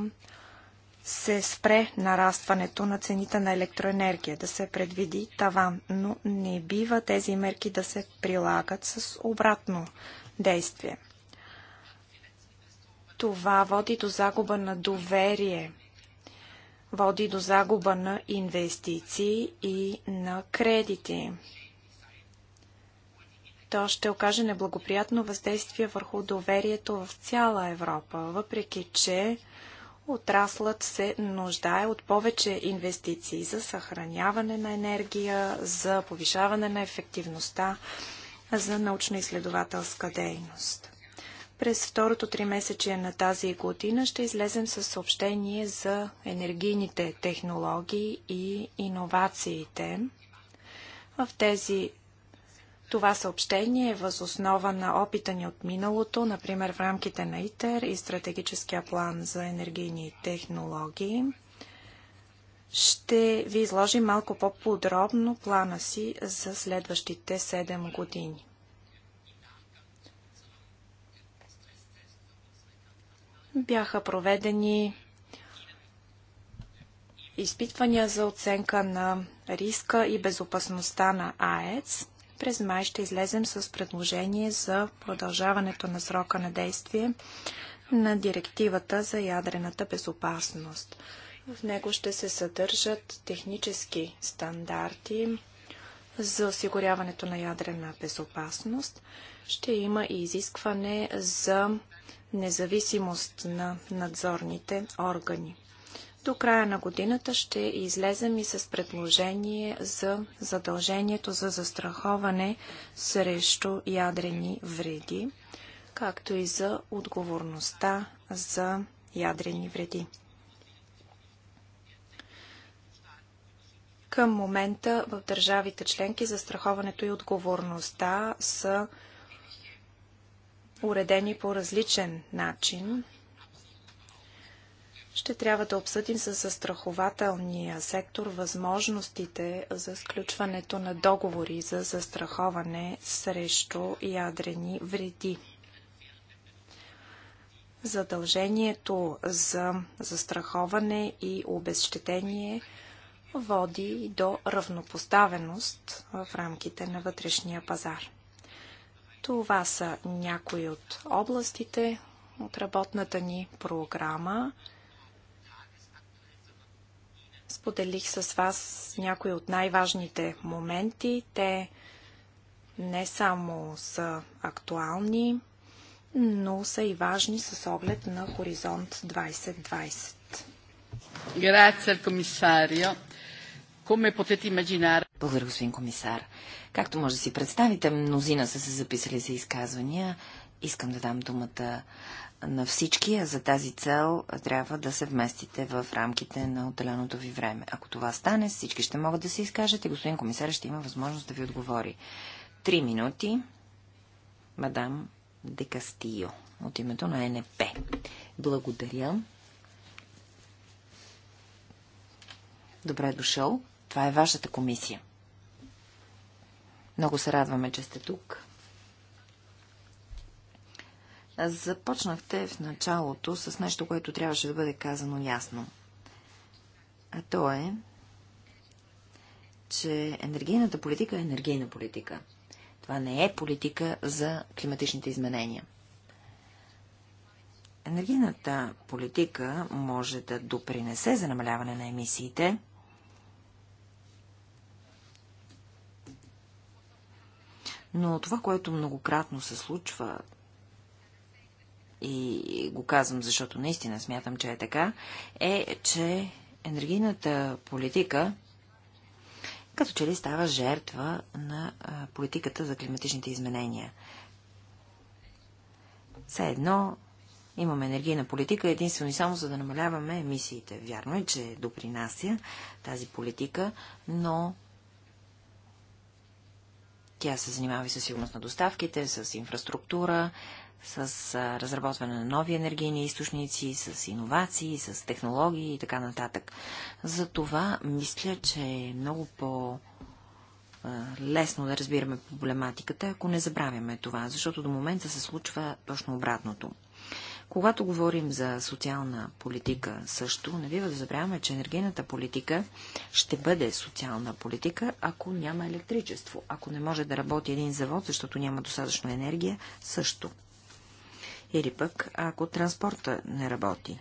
се спре нарастването на цените на електроенергия, да се предвиди таван, но не бива тези мерки да се прилагат с обратно действие. Това води до загуба на доверие, води до загуба на инвестиции и на кредити. То ще окаже неблагоприятно въздействие върху доверието в цяла Европа, въпреки че Отраслът се нуждае от повече инвестиции за съхраняване на енергия, за повишаване на ефективността, за научно-изследователска дейност. През второто три месече на тази година ще излезем с съобщение за енергийните технологии и иновациите. В тези това съобщение е възоснова на опита ни от миналото, например в рамките на ИТЕР и стратегическия план за енергийни технологии. Ще ви изложим малко по-подробно плана си за следващите 7 години. Бяха проведени изпитвания за оценка на риска и безопасността на АЕЦ. През май ще излезем с предложение за продължаването на срока на действие на директивата за ядрената безопасност. В него ще се съдържат технически стандарти за осигуряването на ядрена безопасност. Ще има и изискване за независимост на надзорните органи. До края на годината ще излезем и с предложение за задължението за застраховане срещу ядрени вреди, както и за отговорността за ядрени вреди. Към момента в държавите членки застраховането и отговорността са уредени по различен начин ще трябва да обсъдим с застрахователния сектор възможностите за сключването на договори за застраховане срещу ядрени вреди. Задължението за застраховане и обезщетение води до равнопоставеност в рамките на вътрешния пазар. Това са някои от областите от работната ни програма. Споделих с вас някои от най-важните моменти. Те не само са актуални, но са и важни с оглед на Хоризонт 2020. Грация, комисарио. Благодаря, господин комисар. Както може да си представите, мнозина са се записали за изказвания. Искам да дам думата на всички, а за тази цел трябва да се вместите в рамките на отделеното ви време. Ако това стане, всички ще могат да се изкажат и господин комисар ще има възможност да ви отговори. Три минути, мадам Декастио, от името на НП. Благодаря. Добре е дошъл. Това е вашата комисия. Много се радваме, че сте тук. Започнахте в началото с нещо, което трябваше да бъде казано ясно. А то е, че енергийната политика е енергийна политика. Това не е политика за климатичните изменения. Енергийната политика може да допринесе за намаляване на емисиите, но това, което многократно се случва и го казвам, защото наистина смятам, че е така, е, че енергийната политика като че ли става жертва на политиката за климатичните изменения. Все едно имаме енергийна политика единствено и само за да намаляваме емисиите. Вярно е, че допринася тази политика, но тя се занимава и със сигурност на доставките, с инфраструктура, с разработване на нови енергийни източници, с иновации, с технологии и така нататък. За това мисля, че е много по- лесно да разбираме проблематиката, ако не забравяме това, защото до момента се случва точно обратното. Когато говорим за социална политика също, не бива да забравяме, че енергийната политика ще бъде социална политика, ако няма електричество. Ако не може да работи един завод, защото няма достатъчно енергия, също или пък ако транспорта не работи.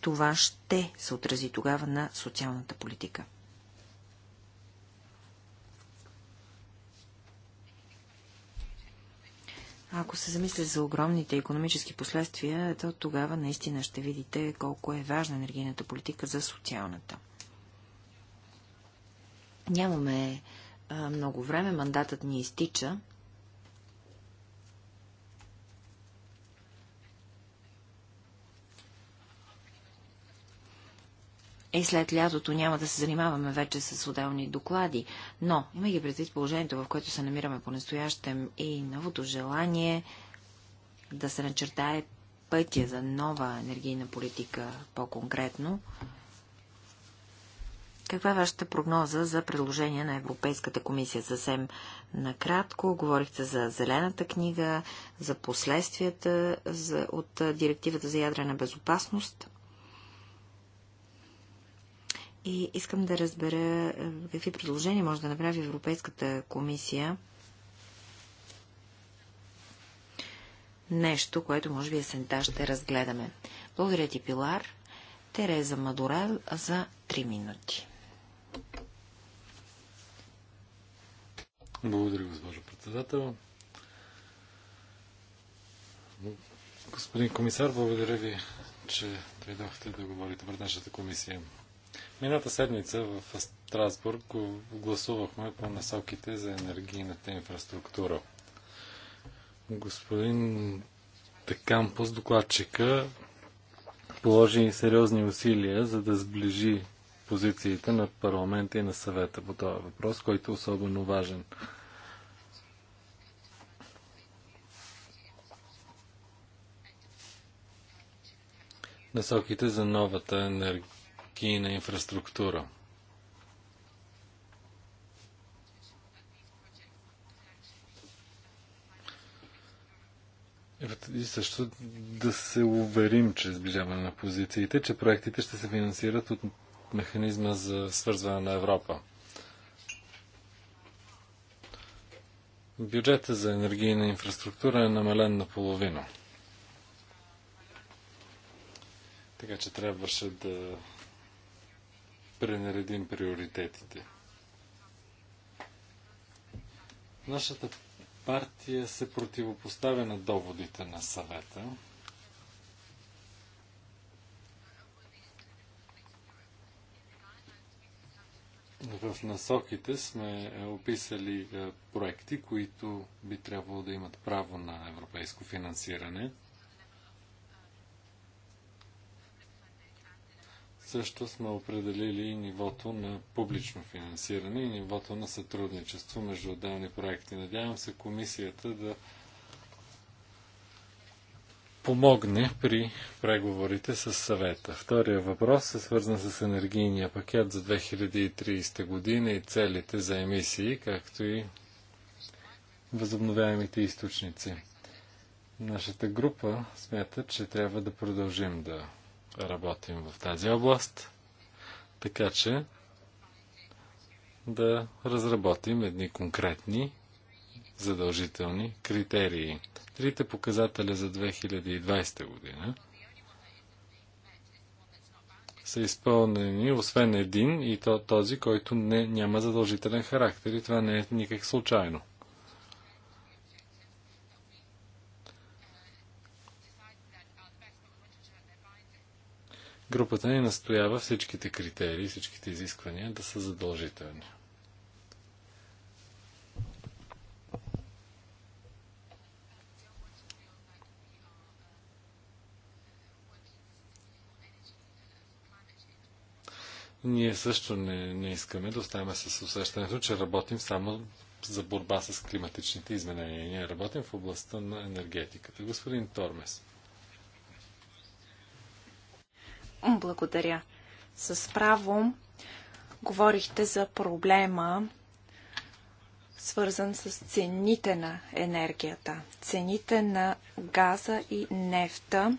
Това ще се отрази тогава на социалната политика. Ако се замисля за огромните економически последствия, то тогава наистина ще видите колко е важна енергийната политика за социалната. Нямаме а, много време, мандатът ни изтича. Е, след лятото няма да се занимаваме вече с отделни доклади. Но, има ги предвид положението, в което се намираме по-настоящем и новото желание да се начертае пътя за нова енергийна политика по-конкретно, каква е вашата прогноза за предложение на Европейската комисия? Съвсем накратко говорихте за зелената книга, за последствията за, от директивата за ядрена безопасност – и искам да разбера е, какви предложения може да направи Европейската комисия. Нещо, което може би есента ще разгледаме. Благодаря ти, Пилар. Тереза Мадорел за 3 минути. Благодаря, госпожо председател. Господин комисар, благодаря ви, че дойдохте да говорите пред нашата комисия. Мината седмица в Страсбург гласувахме по насоките за енергийната инфраструктура. Господин Текампус, докладчика, положи сериозни усилия, за да сближи позициите на парламента и на съвета по този въпрос, който е особено важен. Насоките за новата енергия енергийна инфраструктура. И също да се уверим, че сближаване на позициите, че проектите ще се финансират от механизма за свързване на Европа. Бюджета за енергийна инфраструктура е намален на половина. Така че трябваше да пренаредим приоритетите. Нашата партия се противопоставя на доводите на съвета. В насоките сме е, описали е, проекти, които би трябвало да имат право на европейско финансиране – също сме определили нивото на публично финансиране и нивото на сътрудничество между отделни проекти. Надявам се комисията да помогне при преговорите с съвета. Втория въпрос е свързан с енергийния пакет за 2030 година и целите за емисии, както и възобновяемите източници. Нашата група смята, че трябва да продължим да работим в тази област, така че да разработим едни конкретни задължителни критерии. Трите показателя за 2020 година са изпълнени, освен един, и то този, който не, няма задължителен характер. И това не е никак случайно. Групата ни настоява всичките критерии, всичките изисквания да са задължителни. Ние също не, не искаме да оставаме с усещането, че работим само за борба с климатичните изменения. Ние работим в областта на енергетиката. Господин Тормес. Благодаря. С право говорихте за проблема, свързан с цените на енергията. Цените на газа и нефта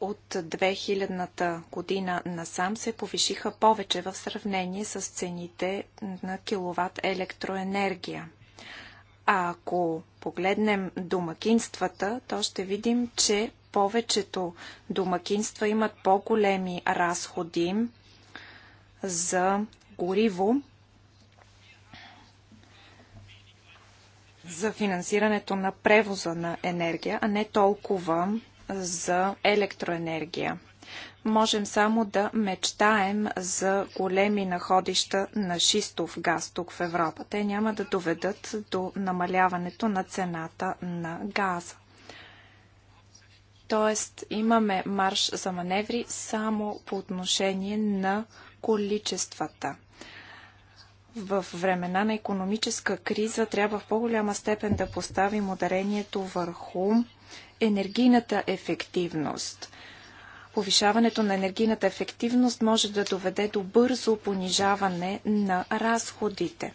от 2000-та година насам се повишиха повече в сравнение с цените на киловатт електроенергия. А ако погледнем домакинствата, то ще видим, че повечето домакинства имат по-големи разходи за гориво, за финансирането на превоза на енергия, а не толкова за електроенергия. Можем само да мечтаем за големи находища на шистов газ тук в Европа. Те няма да доведат до намаляването на цената на газа. Тоест имаме марш за маневри само по отношение на количествата. В времена на економическа криза трябва в по-голяма степен да поставим ударението върху енергийната ефективност. Повишаването на енергийната ефективност може да доведе до бързо понижаване на разходите.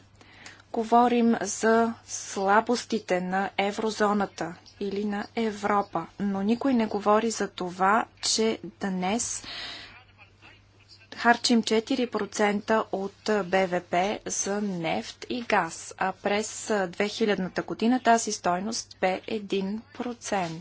Говорим за слабостите на еврозоната, или на Европа. Но никой не говори за това, че днес харчим 4% от БВП за нефт и газ, а през 2000-та година тази стойност бе 1%.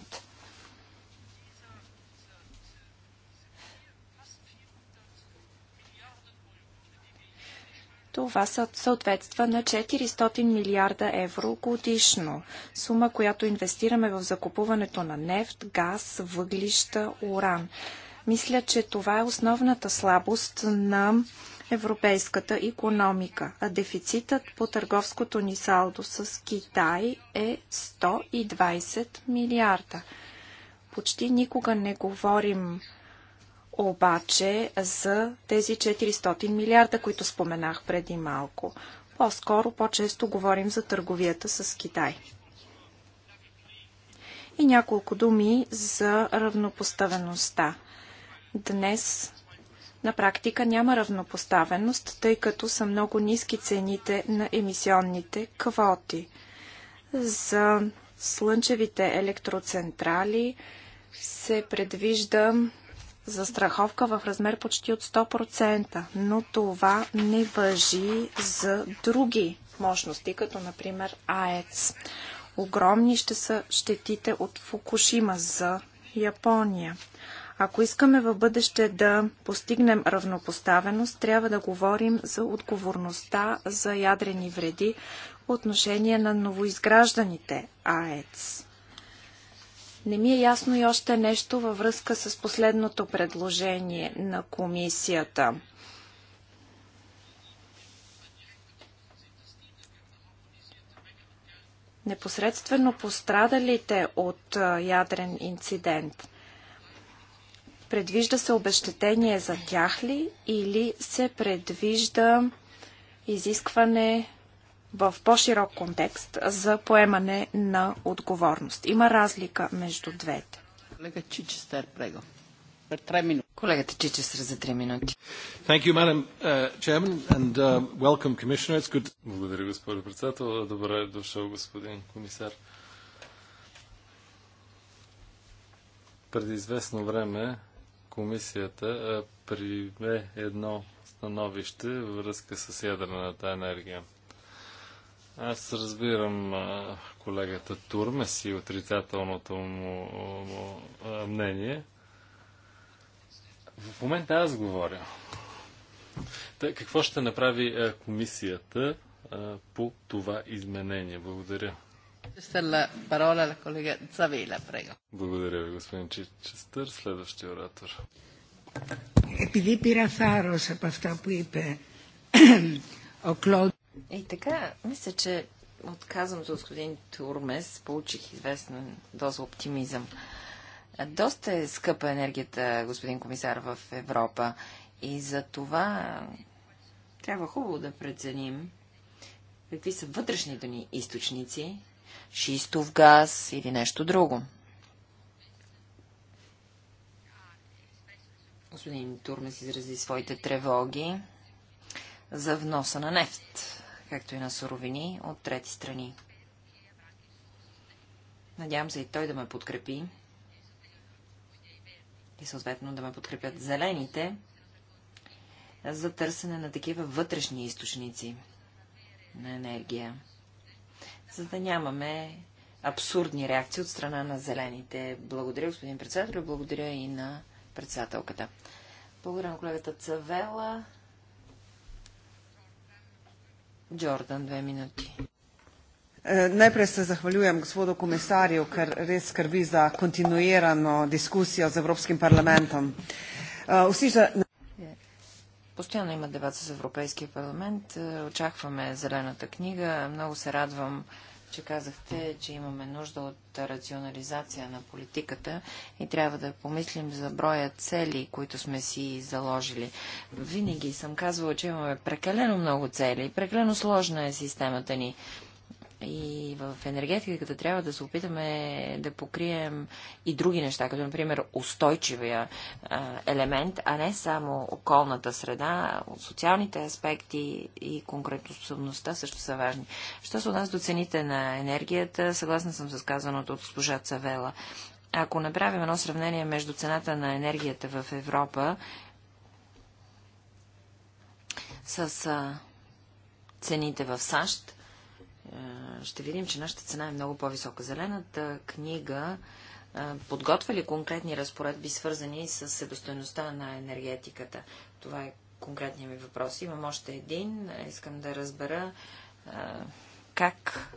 Това съответства на 400 милиарда евро годишно. Сума, която инвестираме в закупуването на нефт, газ, въглища, уран. Мисля, че това е основната слабост на европейската економика, а дефицитът по търговското ни салдо с Китай е 120 милиарда. Почти никога не говорим обаче за тези 400 милиарда, които споменах преди малко. По-скоро, по-често говорим за търговията с Китай. И няколко думи за равнопоставеността. Днес на практика няма равнопоставеност, тъй като са много ниски цените на емисионните квоти. За слънчевите електроцентрали се предвижда застраховка в размер почти от 100%, но това не въжи за други мощности, като например АЕЦ. Огромни ще са щетите от Фукушима за Япония. Ако искаме в бъдеще да постигнем равнопоставеност, трябва да говорим за отговорността за ядрени вреди по отношение на новоизгражданите АЕЦ. Не ми е ясно и още нещо във връзка с последното предложение на комисията. непосредствено пострадалите от ядрен инцидент. Предвижда се обещетение за тях ли или се предвижда изискване в по-широк контекст за поемане на отговорност. Има разлика между двете. Колега Чичестер, прего. Колегата Чичестер за 3 минути. Благодаря, господин председател. Добре е дошъл, господин комисар. Преди известно време комисията uh, прие едно становище във връзка с ядрената енергия. Аз разбирам колегата Турмес и отрицателното му, мнение. В момента аз говоря. какво ще направи комисията по това изменение? Благодаря. Благодаря ви, господин Чичестър. Следващия оратор. Επειδή πήρα θάρρος από αυτά που είπε ο Κλόντ и така, мисля, че отказвам за господин Турмес получих известна доза оптимизъм. Доста е скъпа енергията, господин комисар, в Европа. И за това трябва хубаво да преценим какви са вътрешните ни източници, шистов газ или нещо друго. Господин Турмес изрази своите тревоги за вноса на нефт както и на суровини от трети страни. Надявам се и той да ме подкрепи и съответно да ме подкрепят зелените за търсене на такива вътрешни източници на енергия, за да нямаме абсурдни реакции от страна на зелените. Благодаря, господин председател, благодаря и на председателката. Благодаря на колегата Цавела. Джордан, две минути. Najprej se zahvaljujem gospodu komisarju, ker res skrbi za kontinuirano diskusijo z Evropskim parlamentom. Vsi že... Постоянно има дебат с Европейския парламент. Очакваме зелената книга. Много се радвам, че казахте, че имаме нужда от рационализация на политиката и трябва да помислим за броя цели, които сме си заложили. Винаги съм казвала, че имаме прекалено много цели, прекалено сложна е системата ни. И в енергетиката трябва да се опитаме да покрием и други неща, като например устойчивия елемент, а не само околната среда, социалните аспекти и конкретоспособността също са важни. Що се отнася до цените на енергията, съгласна съм с казаното от госпожа Цавела. Ако направим едно сравнение между цената на енергията в Европа с цените в САЩ, е, ще видим, че нашата цена е много по-висока. Зелената книга е, подготвя ли конкретни разпоредби, свързани с себестоеността на енергетиката? Това е конкретният ми въпрос. Имам още един. Искам да разбера е, как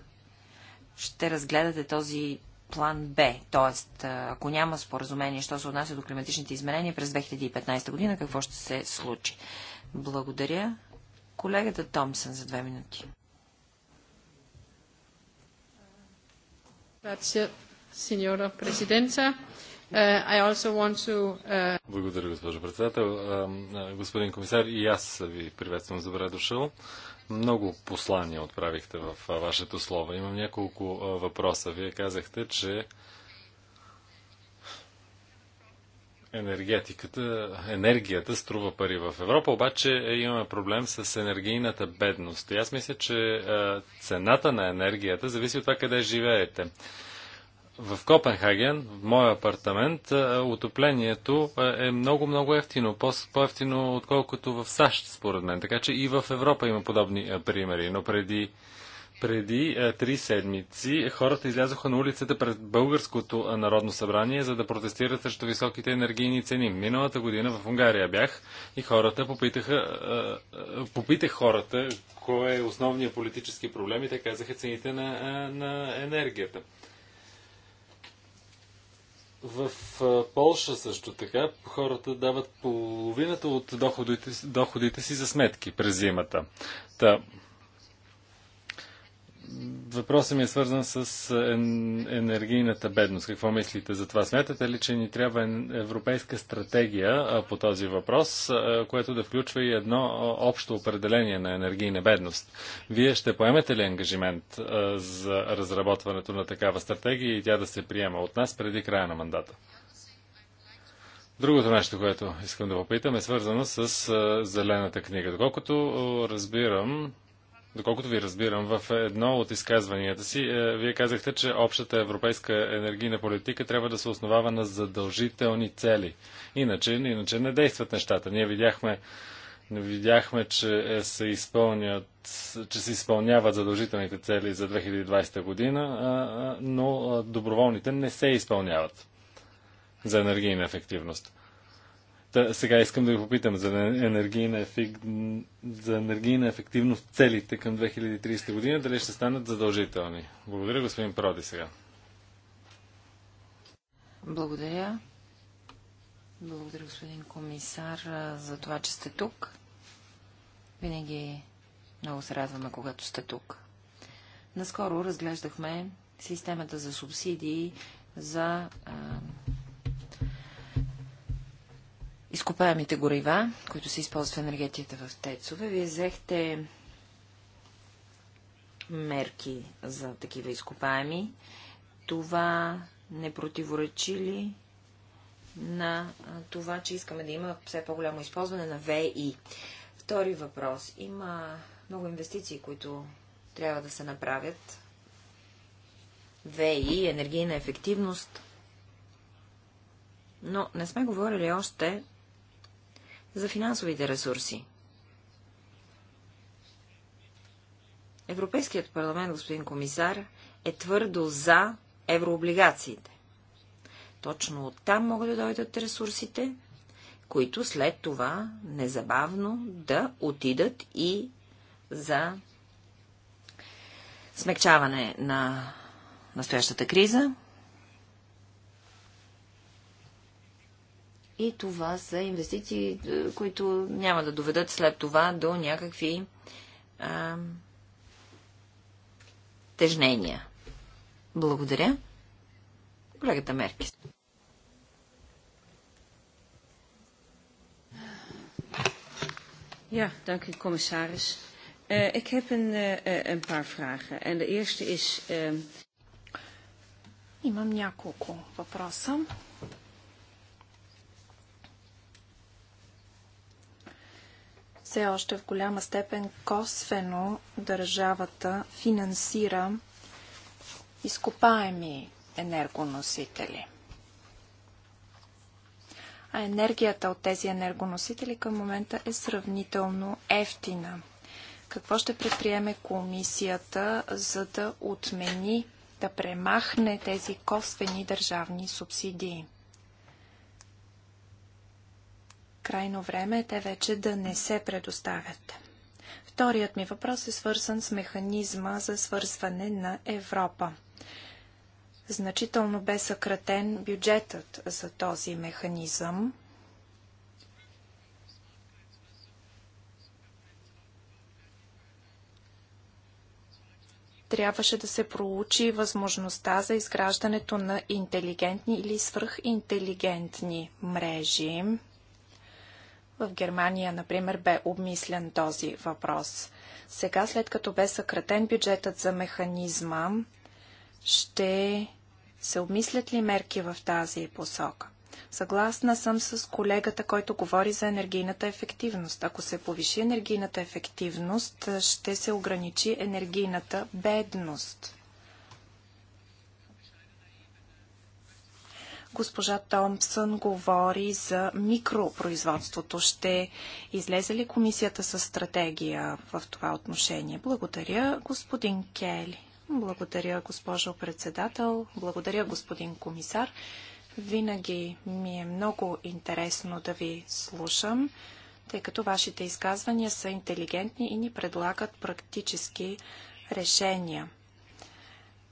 ще разгледате този план Б, т.е. ако няма споразумение, що се отнася до климатичните изменения през 2015 година, какво ще се случи? Благодаря. Колегата Томсън за две минути. Uh, uh, Благодаря, госпожо председател. Господин комисар, и аз ви приветствам за добре дошъл. Много послания отправихте в вашето слово. Имам няколко въпроса. Вие казахте, че енергетиката, енергията струва пари в Европа, обаче имаме проблем с енергийната бедност. И аз мисля, че цената на енергията зависи от това къде живеете. В Копенхаген, в моя апартамент, отоплението е много-много ефтино, по-ефтино отколкото в САЩ, според мен. Така че и в Европа има подобни примери. Но преди преди е, три седмици хората излязоха на улицата пред Българското е, народно събрание, за да протестират срещу високите енергийни цени. Миналата година в Унгария бях и хората попитаха, е, попитах хората кой е основният политически проблем и те казаха цените на, на енергията. В Полша също така хората дават половината от доходите, доходите си за сметки през зимата. Та, въпросът ми е свързан с е, енергийната бедност. Какво мислите за това? Смятате ли, че ни трябва европейска стратегия по този въпрос, което да включва и едно общо определение на енергийна бедност? Вие ще поемете ли ангажимент за разработването на такава стратегия и тя да се приема от нас преди края на мандата? Другото нещо, което искам да попитам е свързано с Зелената книга. Доколкото разбирам, Доколкото ви разбирам, в едно от изказванията си, е, вие казахте, че общата европейска енергийна политика трябва да се основава на задължителни цели. Иначе, иначе не действат нещата. Ние видяхме, видяхме че, е, се изпълнят, че се изпълняват задължителните цели за 2020 година, но доброволните не се изпълняват за енергийна ефективност. Та, сега искам да ви попитам за енергийна, ефик... за енергийна ефективност целите към 2030 година, дали ще станат задължителни. Благодаря, господин Проди, сега. Благодаря. Благодаря, господин комисар, за това, че сте тук. Винаги много се радваме, когато сте тук. Наскоро разглеждахме системата за субсидии за а, изкопаемите горива, които се използва енергетията в тецове. Вие взехте мерки за такива изкопаеми. Това не противоречи ли на това, че искаме да има все по-голямо използване на ВИ? Втори въпрос. Има много инвестиции, които трябва да се направят. ВИ, енергийна ефективност. Но не сме говорили още за финансовите ресурси. Европейският парламент, господин комисар, е твърдо за еврооблигациите. Точно оттам могат да дойдат ресурсите, които след това незабавно да отидат и за смягчаване на настоящата криза И това са инвестиции, е, които няма да доведат след това до някакви а, тежнения. Благодаря. Колегата Мерки. Ja, dank u commissaris. Uh, ik heb een, uh, een paar vragen. En de eerste is... Uh... Ik heb een paar vragen. все още в голяма степен косвено държавата финансира изкопаеми енергоносители. А енергията от тези енергоносители към момента е сравнително ефтина. Какво ще предприеме комисията, за да отмени, да премахне тези косвени държавни субсидии? Крайно време е те вече да не се предоставят. Вторият ми въпрос е свързан с механизма за свързване на Европа. Значително бе съкратен бюджетът за този механизъм. трябваше да се проучи възможността за изграждането на интелигентни или свръхинтелигентни мрежи. В Германия, например, бе обмислен този въпрос. Сега, след като бе съкратен бюджетът за механизма, ще се обмислят ли мерки в тази посока? Съгласна съм с колегата, който говори за енергийната ефективност. Ако се повиши енергийната ефективност, ще се ограничи енергийната бедност. Госпожа Томпсън говори за микропроизводството. Ще излезе ли комисията с стратегия в това отношение? Благодаря, господин Кели. Благодаря, госпожо председател. Благодаря, господин комисар. Винаги ми е много интересно да ви слушам, тъй като вашите изказвания са интелигентни и ни предлагат практически решения.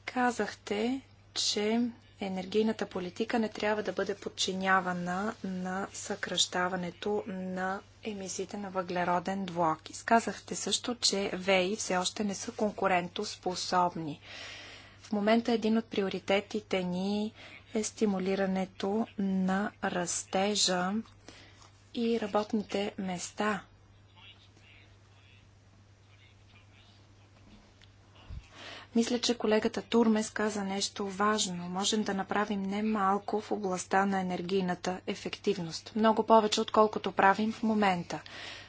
Казахте, че енергийната политика не трябва да бъде подчинявана на съкръщаването на емисиите на въглероден блок. Изказахте също, че ВЕИ все още не са конкурентоспособни. В момента един от приоритетите ни е стимулирането на растежа и работните места Мисля, че колегата Турмес каза нещо важно. Можем да направим не малко в областта на енергийната ефективност. Много повече, отколкото правим в момента.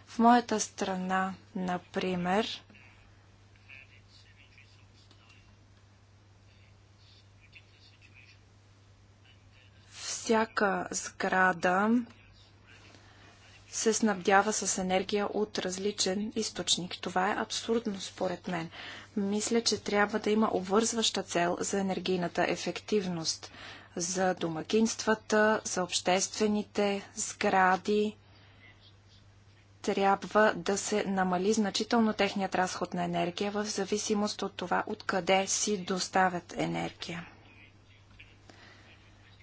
В моята страна, например, всяка сграда се снабдява с енергия от различен източник. Това е абсурдно според мен мисля, че трябва да има обвързваща цел за енергийната ефективност за домакинствата, за обществените сгради. Трябва да се намали значително техният разход на енергия в зависимост от това откъде си доставят енергия.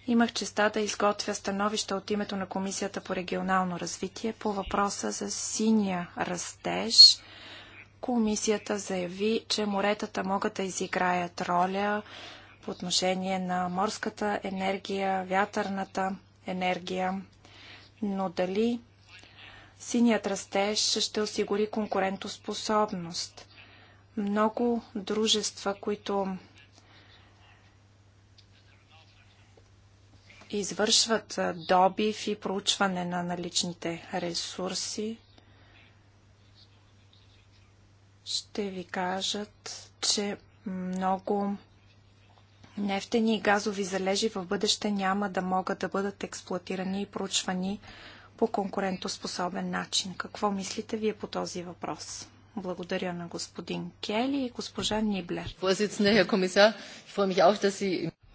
Имах честа да изготвя становища от името на Комисията по регионално развитие по въпроса за синия растеж – Комисията заяви, че моретата могат да изиграят роля по отношение на морската енергия, вятърната енергия, но дали синият растеж ще осигури конкурентоспособност? Много дружества, които извършват добив и проучване на наличните ресурси, ще ви кажат, че много нефтени и газови залежи в бъдеще няма да могат да бъдат експлуатирани и проучвани по конкурентоспособен начин. Какво мислите вие по този въпрос? Благодаря на господин Кели и госпожа Ниблер.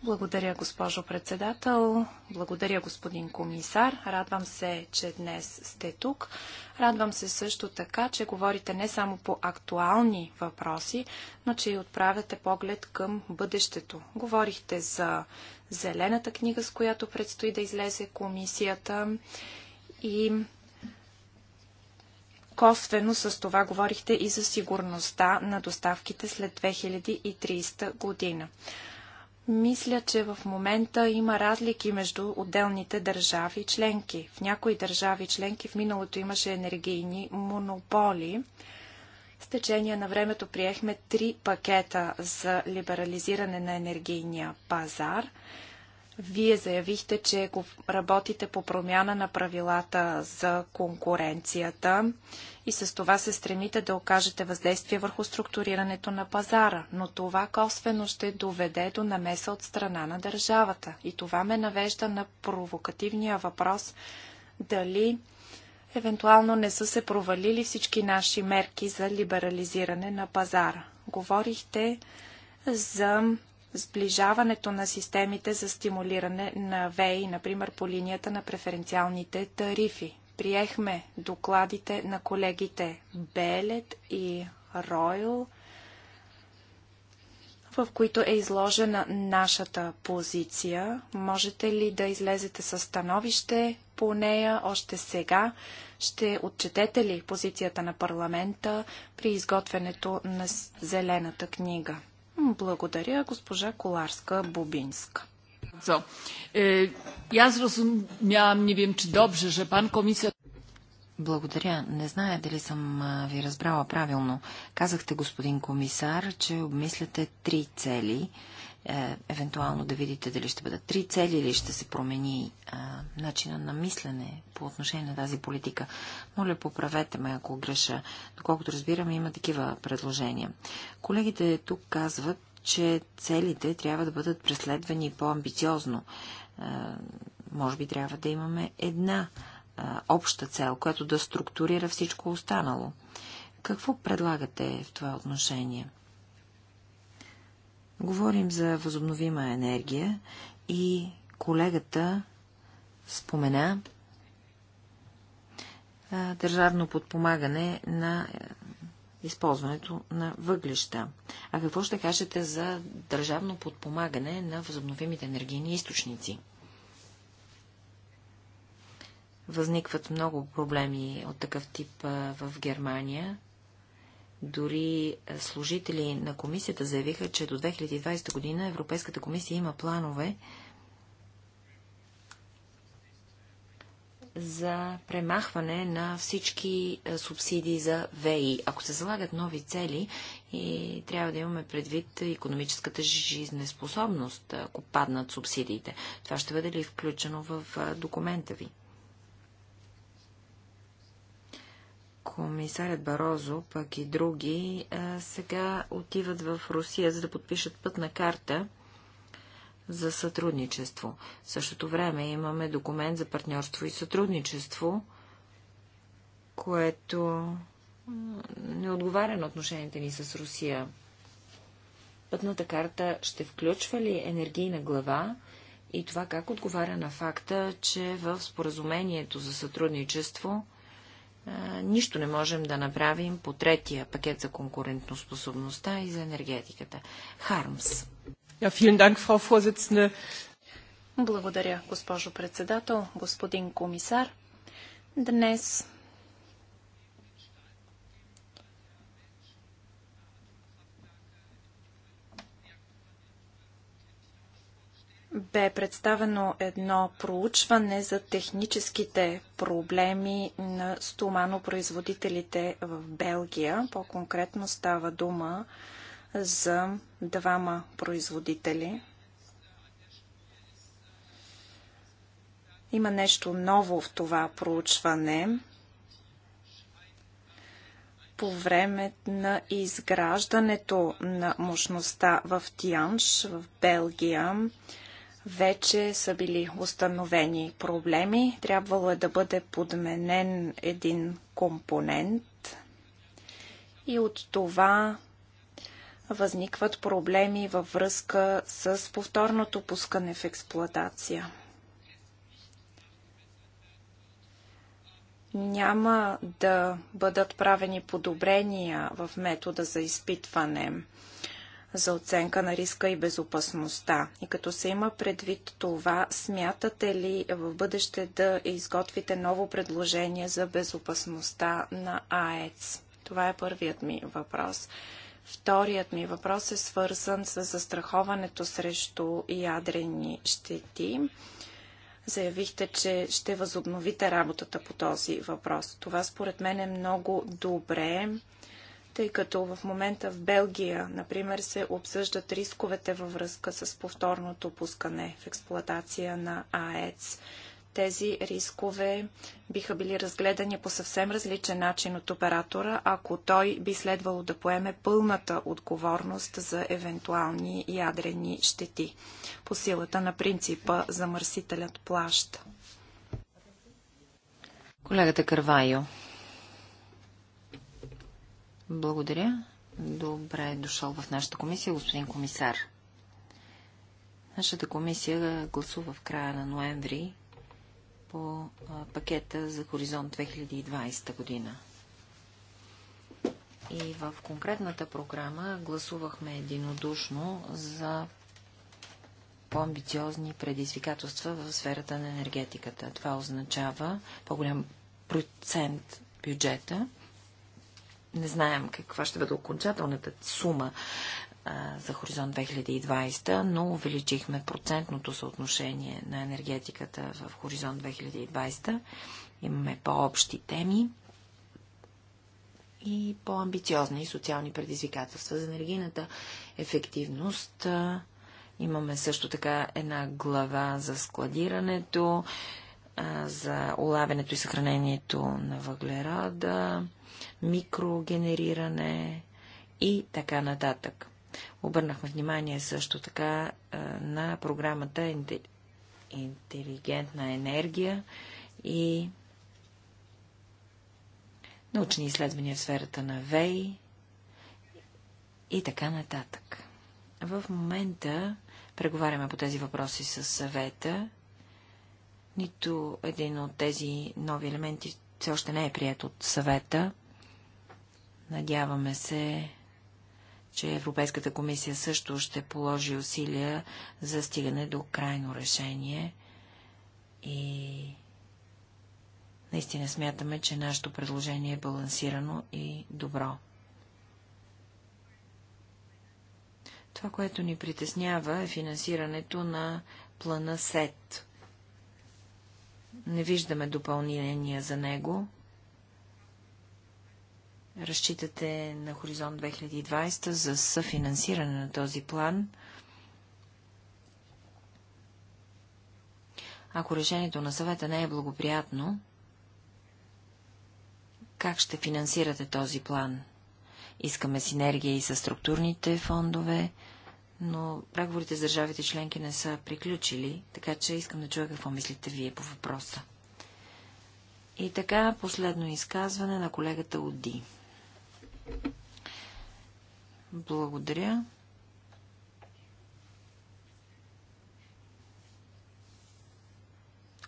Благодаря, госпожо председател. Благодаря, господин комисар. Радвам се, че днес сте тук. Радвам се също така, че говорите не само по актуални въпроси, но че и отправяте поглед към бъдещето. Говорихте за зелената книга, с която предстои да излезе комисията и косвено с това говорихте и за сигурността на доставките след 2030 година. Мисля, че в момента има разлики между отделните държави членки. В някои държави членки в миналото имаше енергийни монополи. С течение на времето приехме три пакета за либерализиране на енергийния пазар – вие заявихте, че работите по промяна на правилата за конкуренцията и с това се стремите да окажете въздействие върху структурирането на пазара, но това косвено ще доведе до намеса от страна на държавата. И това ме навежда на провокативния въпрос дали евентуално не са се провалили всички наши мерки за либерализиране на пазара. Говорихте за сближаването на системите за стимулиране на ВЕИ, например по линията на преференциалните тарифи. Приехме докладите на колегите Белет и Ройл, в които е изложена нашата позиция. Можете ли да излезете със становище по нея още сега? Ще отчетете ли позицията на парламента при изготвянето на зелената книга? Благодаря, госпожа Коларска-Бубинска. Co? Ja е, zrozumiałam, nie wiem czy dobrze, że pan komisarz... Благодаря. Не знае дали съм ви разбрала правилно. Казахте, господин комисар, че обмисляте три цели е, евентуално да видите дали ще бъдат три цели или ще се промени е, начина на мислене по отношение на тази политика. Моля, поправете ме, ако греша. Доколкото разбираме, има такива предложения. Колегите тук казват, че целите трябва да бъдат преследвани по-амбициозно. Е, може би трябва да имаме една е, обща цел, която да структурира всичко останало. Какво предлагате в това отношение? Говорим за възобновима енергия и колегата спомена държавно подпомагане на е, използването на въглища. А какво ще кажете за държавно подпомагане на възобновимите енергийни източници? Възникват много проблеми от такъв тип в Германия. Дори е, служители на комисията заявиха, че до 2020 година Европейската комисия има планове за премахване на всички е, субсидии за ВИ. Ако се залагат нови цели, и трябва да имаме предвид економическата жизнеспособност, е, ако паднат субсидиите. Това ще бъде ли включено в документа ви? комисарят Барозо, пък и други, сега отиват в Русия, за да подпишат пътна карта за сътрудничество. В същото време имаме документ за партньорство и сътрудничество, което не отговаря на отношенията ни с Русия. Пътната карта ще включва ли енергийна глава и това как отговаря на факта, че в споразумението за сътрудничество нищо не можем да направим по третия пакет за конкурентоспособността и за енергетиката. Хармс. Благодаря, госпожо председател, господин комисар. Днес бе представено едно проучване за техническите проблеми на стоманопроизводителите в Белгия. По-конкретно става дума за двама производители. Има нещо ново в това проучване по време на изграждането на мощността в Тианш в Белгия, вече са били установени проблеми. Трябвало е да бъде подменен един компонент и от това възникват проблеми във връзка с повторното пускане в експлоатация. Няма да бъдат правени подобрения в метода за изпитване за оценка на риска и безопасността. И като се има предвид това, смятате ли в бъдеще да изготвите ново предложение за безопасността на АЕЦ? Това е първият ми въпрос. Вторият ми въпрос е свързан с застраховането срещу ядрени щети. Заявихте, че ще възобновите работата по този въпрос. Това според мен е много добре тъй като в момента в Белгия, например, се обсъждат рисковете във връзка с повторното пускане в експлоатация на АЕЦ. Тези рискове биха били разгледани по съвсем различен начин от оператора, ако той би следвало да поеме пълната отговорност за евентуални ядрени щети по силата на принципа замърсителят плаща. Колегата Карвайо. Благодаря. Добре е дошъл в нашата комисия, господин комисар. Нашата комисия гласува в края на ноември по пакета за Хоризонт 2020 година. И в конкретната програма гласувахме единодушно за по-амбициозни предизвикателства в сферата на енергетиката. Това означава по-голям процент бюджета не знаем каква ще бъде окончателната сума за Хоризонт 2020, но увеличихме процентното съотношение на енергетиката в Хоризонт 2020. Имаме по-общи теми и по-амбициозни социални предизвикателства за енергийната ефективност. Имаме също така една глава за складирането, за улавянето и съхранението на въглерода, микрогенериране и така нататък. Обърнахме внимание също така на програмата Интелигентна енергия и научни изследвания в сферата на ВЕЙ и така нататък. В момента преговаряме по тези въпроси с съвета. Нито един от тези нови елементи все още не е прият от съвета. Надяваме се, че Европейската комисия също ще положи усилия за стигане до крайно решение и наистина смятаме, че нашето предложение е балансирано и добро. Това, което ни притеснява е финансирането на плана СЕТ. Не виждаме допълнения за него, разчитате на Хоризонт 2020 за съфинансиране на този план? Ако решението на съвета не е благоприятно, как ще финансирате този план? Искаме синергия и с структурните фондове, но преговорите с държавите членки не са приключили, така че искам да чуя какво мислите вие по въпроса. И така, последно изказване на колегата Оди. Благодаря.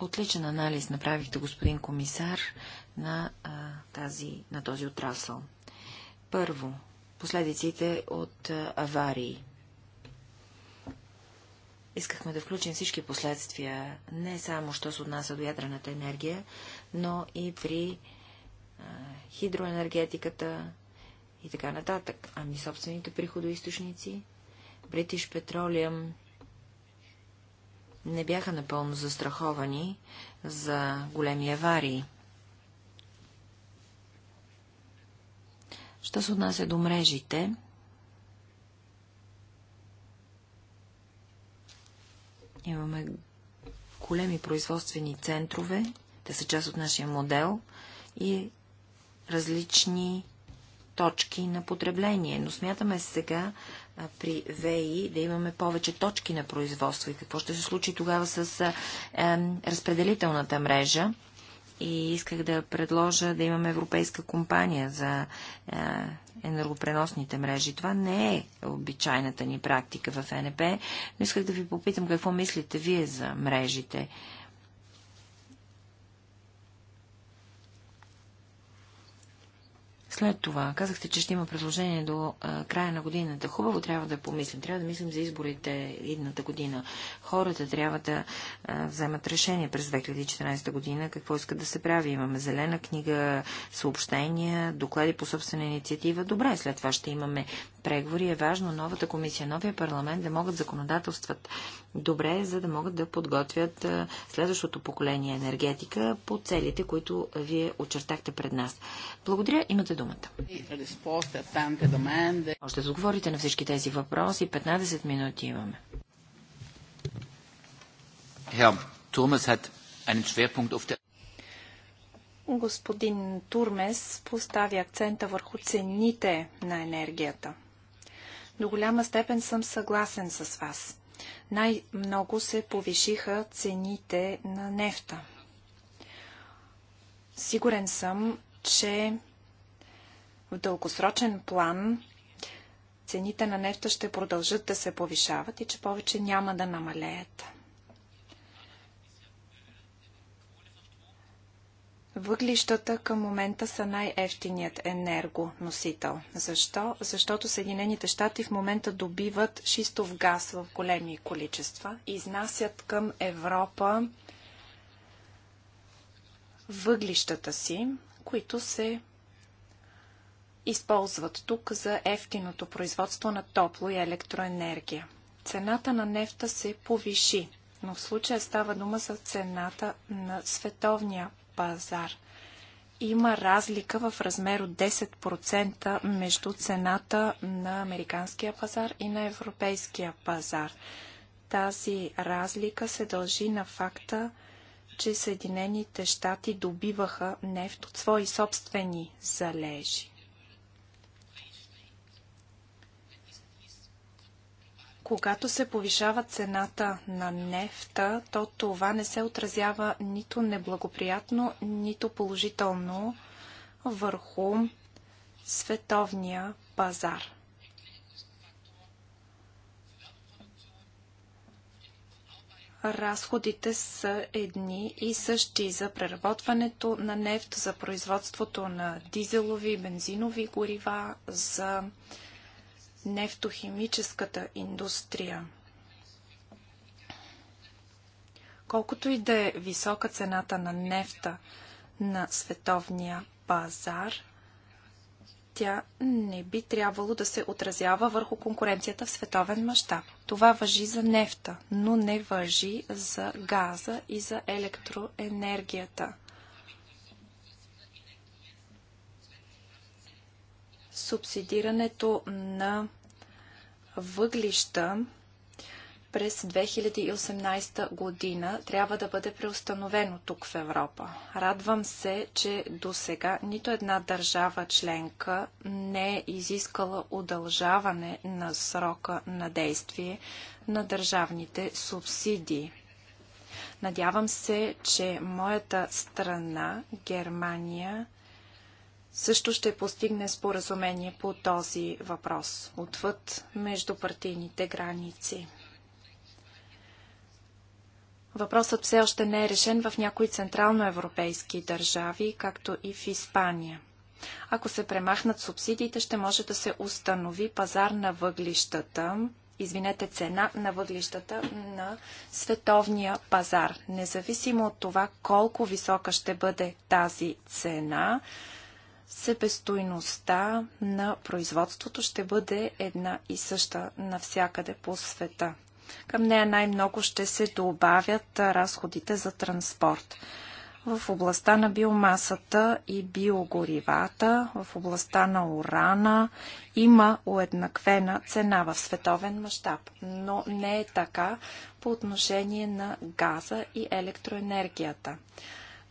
Отличен анализ направихте, господин комисар, на, а, тази, на този отрасъл. Първо, последиците от а, аварии. Искахме да включим всички последствия, не само, що се отнася до ядрената енергия, но и при а, хидроенергетиката, и така нататък. Ами собствените приходоисточници, British Petroleum не бяха напълно застраховани за големи аварии. Що се отнася до мрежите, имаме големи производствени центрове, те са част от нашия модел и различни точки на потребление. Но смятаме сега при ВЕИ да имаме повече точки на производство и какво ще се случи тогава с е, разпределителната мрежа. И исках да предложа да имаме европейска компания за е, енергопреносните мрежи. Това не е обичайната ни практика в НП, но исках да ви попитам какво мислите вие за мрежите. Е, След това, казахте, че ще има предложение до а, края на годината. Хубаво трябва да помислим. Трябва да мислим за изборите идната година. Хората трябва да а, вземат решение през 2014 година какво искат да се прави. Имаме зелена книга, съобщения, доклади по собствена инициатива. Добре, след това ще имаме преговори. Е важно новата комисия, новия парламент да могат законодателстват добре, за да могат да подготвят следващото поколение енергетика по целите, които вие очертахте пред нас. Благодаря, имате думата. Още да отговорите на всички тези въпроси. 15 минути имаме. Господин Турмес постави акцента върху цените на енергията. До голяма степен съм съгласен с вас. Най-много се повишиха цените на нефта. Сигурен съм, че в дългосрочен план цените на нефта ще продължат да се повишават и че повече няма да намалеят. Въглищата към момента са най-ефтиният енергоносител. Защо? Защото Съединените щати в момента добиват шистов газ в големи количества, изнасят към Европа въглищата си, които се използват тук за ефтиното производство на топло и електроенергия. Цената на нефта се повиши, но в случая става дума за цената на световния пазар. Има разлика в размер от 10% между цената на американския пазар и на европейския пазар. Тази разлика се дължи на факта, че Съединените щати добиваха нефт от свои собствени залежи. Когато се повишава цената на нефта, то това не се отразява нито неблагоприятно, нито положително върху световния пазар. разходите са едни и същи за преработването на нефт, за производството на дизелови, бензинови горива, за нефтохимическата индустрия. Колкото и да е висока цената на нефта на световния пазар, тя не би трябвало да се отразява върху конкуренцията в световен мащаб. Това въжи за нефта, но не въжи за газа и за електроенергията. субсидирането на въглища през 2018 година трябва да бъде преустановено тук в Европа. Радвам се, че до сега нито една държава членка не е изискала удължаване на срока на действие на държавните субсидии. Надявам се, че моята страна, Германия, също ще постигне споразумение по този въпрос, отвъд междупартийните граници. Въпросът все още не е решен в някои централноевропейски държави, както и в Испания. Ако се премахнат субсидиите, ще може да се установи пазар на въглищата, извинете, цена на въглищата на световния пазар. Независимо от това колко висока ще бъде тази цена, себестойността на производството ще бъде една и съща навсякъде по света. Към нея най-много ще се добавят разходите за транспорт. В областта на биомасата и биогоривата, в областта на урана има уеднаквена цена в световен мащаб, но не е така по отношение на газа и електроенергията.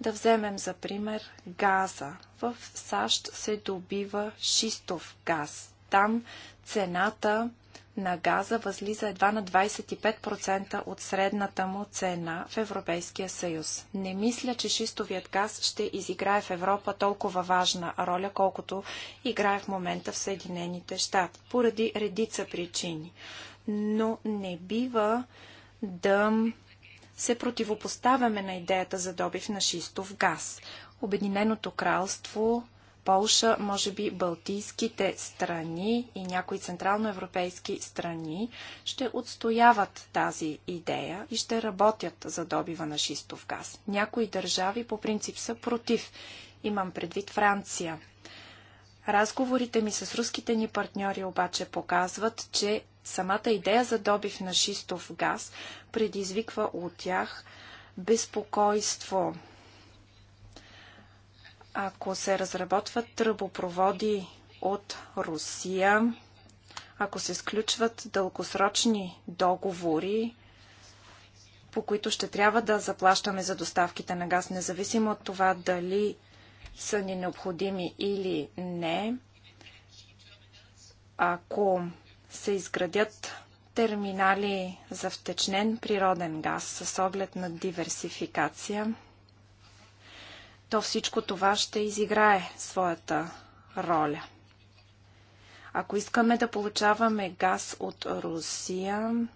Да вземем за пример газа. В САЩ се добива шистов газ. Там цената на газа възлиза едва на 25% от средната му цена в Европейския съюз. Не мисля, че шистовият газ ще изиграе в Европа толкова важна роля, колкото играе в момента в Съединените щати, поради редица причини. Но не бива да се противопоставяме на идеята за добив на шистов газ. Обединеното кралство, Полша, може би Балтийските страни и някои централноевропейски страни ще отстояват тази идея и ще работят за добива на шистов газ. Някои държави по принцип са против. Имам предвид Франция – Разговорите ми с руските ни партньори обаче показват, че самата идея за добив на шистов газ предизвиква от тях безпокойство. Ако се разработват тръбопроводи от Русия, ако се сключват дългосрочни договори, по които ще трябва да заплащаме за доставките на газ, независимо от това дали са ни необходими или не, ако се изградят терминали за втечнен природен газ с оглед на диверсификация, то всичко това ще изиграе своята роля. Ако искаме да получаваме газ от Русия,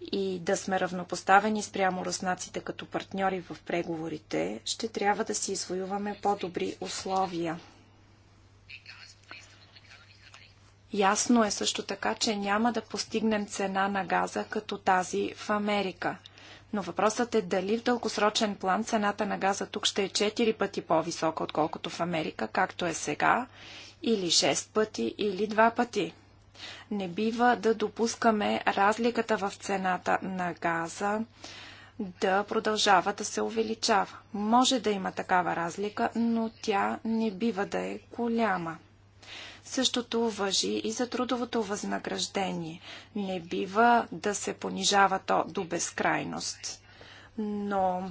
и да сме равнопоставени спрямо руснаците като партньори в преговорите, ще трябва да си извоюваме по-добри условия. Ясно е също така, че няма да постигнем цена на газа като тази в Америка. Но въпросът е дали в дългосрочен план цената на газа тук ще е 4 пъти по-висока, отколкото в Америка, както е сега, или 6 пъти, или 2 пъти. Не бива да допускаме разликата в цената на газа да продължава да се увеличава. Може да има такава разлика, но тя не бива да е голяма. Същото въжи и за трудовото възнаграждение. Не бива да се понижава то до безкрайност. Но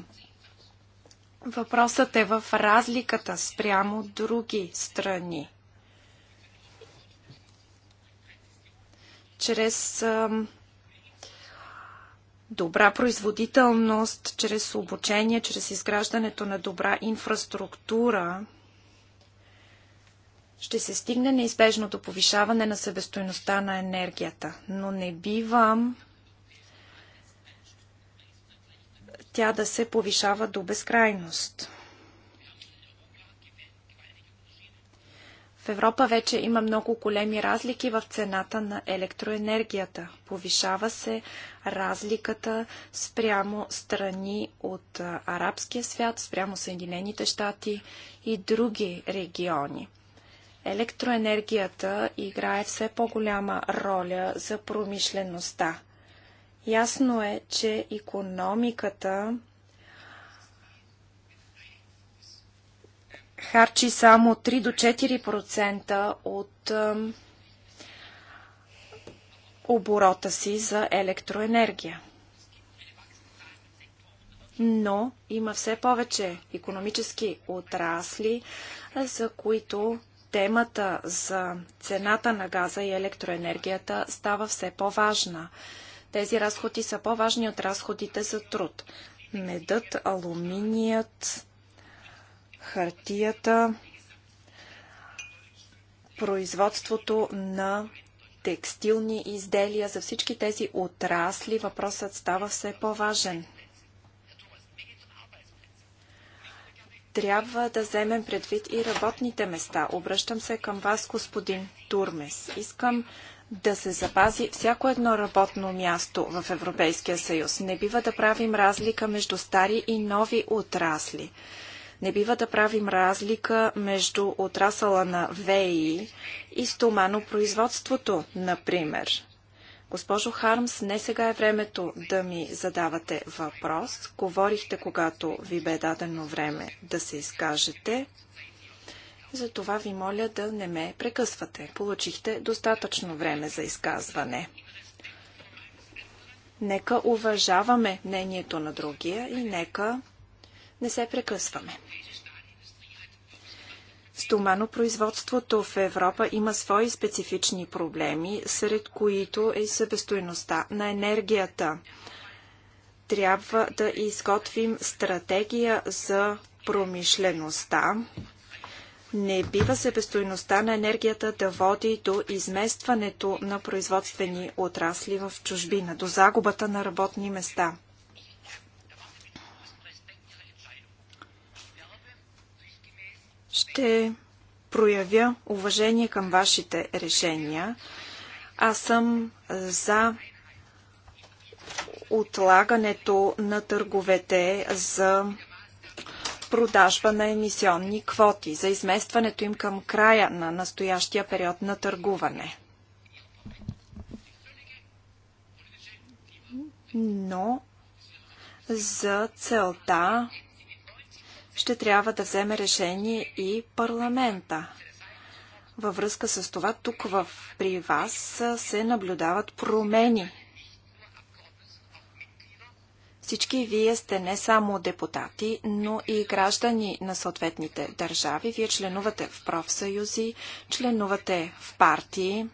въпросът е в разликата спрямо други страни. чрез добра производителност, чрез обучение, чрез изграждането на добра инфраструктура, ще се стигне неизбежно до повишаване на себестойността на енергията. Но не бивам тя да се повишава до безкрайност. В Европа вече има много големи разлики в цената на електроенергията. Повишава се разликата спрямо страни от арабския свят, спрямо Съединените щати и други региони. Електроенергията играе все по-голяма роля за промишлеността. Ясно е, че економиката харчи само 3 до 4% от оборота си за електроенергия. Но има все повече економически отрасли, за които темата за цената на газа и електроенергията става все по-важна. Тези разходи са по-важни от разходите за труд. Медът, алуминият, хартията, производството на текстилни изделия, за всички тези отрасли въпросът става все по-важен. Трябва да вземем предвид и работните места. Обръщам се към вас, господин Турмес. Искам да се запази всяко едно работно място в Европейския съюз. Не бива да правим разлика между стари и нови отрасли. Не бива да правим разлика между отрасъла на ВЕИ и стоманопроизводството, например. Госпожо Хармс, не сега е времето да ми задавате въпрос. Говорихте, когато ви бе дадено време да се изкажете. Затова ви моля да не ме прекъсвате. Получихте достатъчно време за изказване. Нека уважаваме мнението на другия и нека не се прекъсваме. Стоманопроизводството в Европа има свои специфични проблеми, сред които е събестойността на енергията. Трябва да изготвим стратегия за промишлеността. Не бива себестойността на енергията да води до изместването на производствени отрасли в чужбина, до загубата на работни места. Ще проявя уважение към вашите решения. Аз съм за отлагането на търговете за продажба на емисионни квоти, за изместването им към края на настоящия период на търгуване. Но за целта ще трябва да вземе решение и парламента. Във връзка с това, тук в, при вас се наблюдават промени. Всички вие сте не само депутати, но и граждани на съответните държави. Вие членувате в профсъюзи, членувате в партии.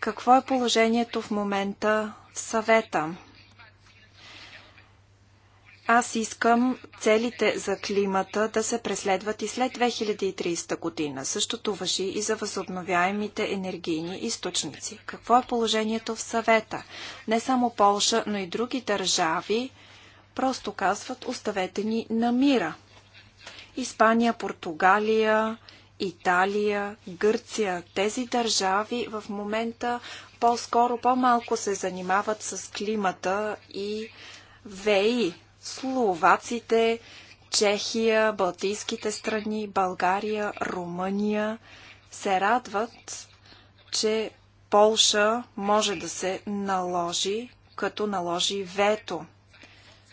Какво е положението в момента в съвета? Аз искам целите за климата да се преследват и след 2030 година. Същото въжи и за възобновяемите енергийни източници. Какво е положението в съвета? Не само Полша, но и други държави просто казват оставете ни на мира. Испания, Португалия, Италия, Гърция, тези държави в момента по-скоро, по-малко се занимават с климата и ВЕИ, словаците, Чехия, Балтийските страни, България, Румъния се радват, че Полша може да се наложи, като наложи вето,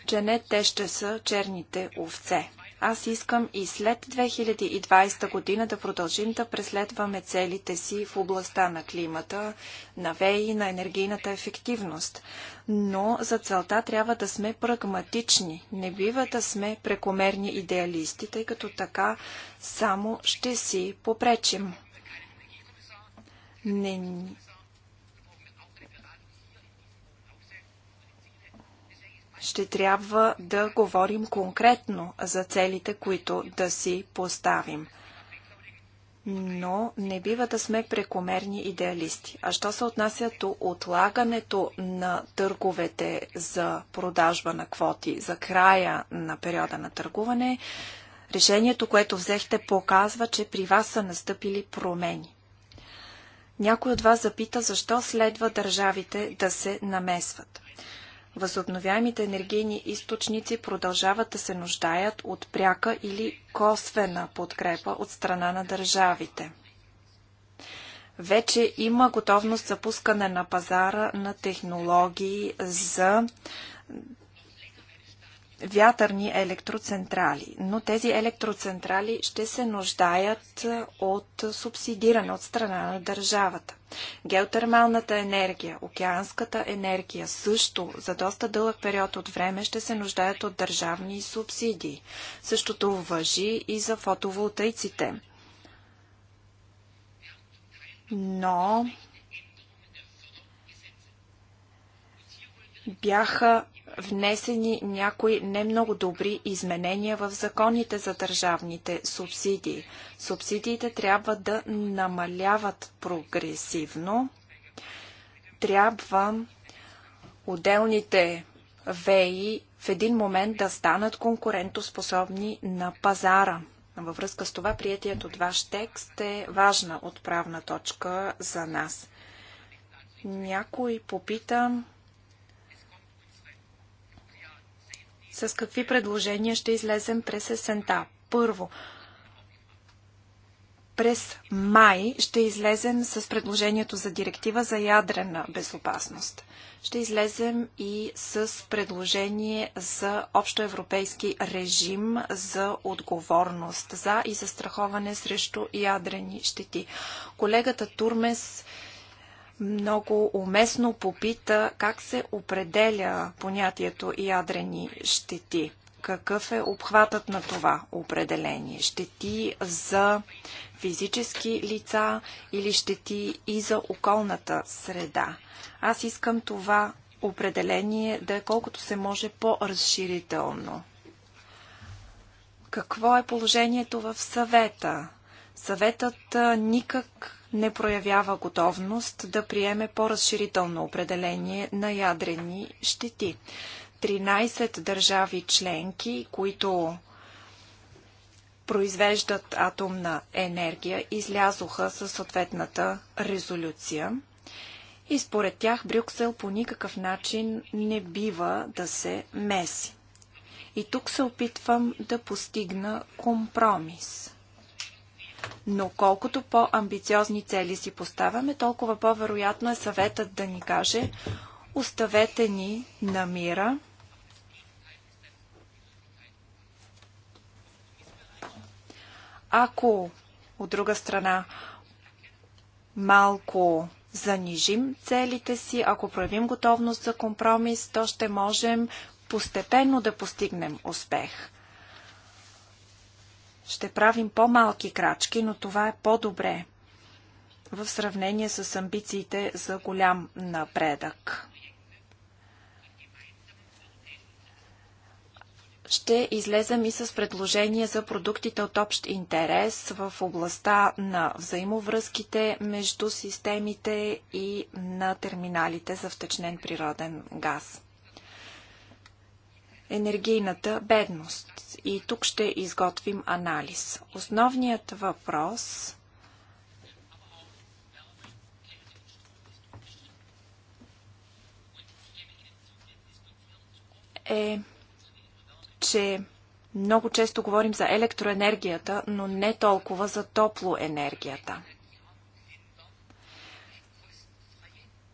че не те ще са черните овце. Аз искам и след 2020 година да продължим да преследваме целите си в областта на климата, на ВЕИ, на енергийната ефективност. Но за целта трябва да сме прагматични. Не бива да сме прекомерни идеалисти, тъй като така само ще си попречим. Не, ще трябва да говорим конкретно за целите, които да си поставим. Но не бива да сме прекомерни идеалисти. А що се отнася до отлагането на търговете за продажба на квоти за края на периода на търгуване, решението, което взехте, показва, че при вас са настъпили промени. Някой от вас запита защо следва държавите да се намесват. Възобновяемите енергийни източници продължават да се нуждаят от пряка или косвена подкрепа от страна на държавите. Вече има готовност за пускане на пазара на технологии за вятърни електроцентрали, но тези електроцентрали ще се нуждаят е, от субсидиране от страна на държавата. Геотермалната енергия, океанската енергия също за доста дълъг период от време ще се нуждаят от държавни субсидии. Същото въжи и за фотоволтайците. Но бяха внесени някои не много добри изменения в законите за държавните субсидии. Субсидиите трябва да намаляват прогресивно. Трябва отделните ВЕИ в един момент да станат конкурентоспособни на пазара. Във връзка с това, приятият от ваш текст е важна отправна точка за нас. Някой попита с какви предложения ще излезем през есента. Първо, през май ще излезем с предложението за директива за ядрена безопасност. Ще излезем и с предложение за общоевропейски режим за отговорност за и застраховане срещу ядрени щети. Колегата Турмес много уместно попита как се определя понятието ядрени щети. Какъв е обхватът на това определение? Щети за физически лица или щети и за околната среда? Аз искам това определение да е колкото се може по-разширително. Какво е положението в съвета? Съветът никак не проявява готовност да приеме по-разширително определение на ядрени щети. 13 държави членки, които произвеждат атомна енергия, излязоха със съответната резолюция. И според тях Брюксел по никакъв начин не бива да се меси. И тук се опитвам да постигна компромис. Но колкото по-амбициозни цели си поставяме, толкова по-вероятно е съветът да ни каже оставете ни на мира. Ако от друга страна малко занижим целите си, ако проявим готовност за компромис, то ще можем постепенно да постигнем успех. Ще правим по-малки крачки, но това е по-добре в сравнение с амбициите за голям напредък. ще излезем и с предложение за продуктите от общ интерес в областта на взаимовръзките между системите и на терминалите за втечнен природен газ енергийната бедност. И тук ще изготвим анализ. Основният въпрос е, че много често говорим за електроенергията, но не толкова за топлоенергията. енергията.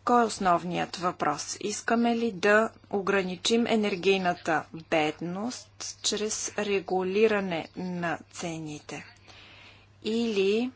Кой е основният въпрос? Искаме ли да ограничим енергийната бедност чрез регулиране на цените? Или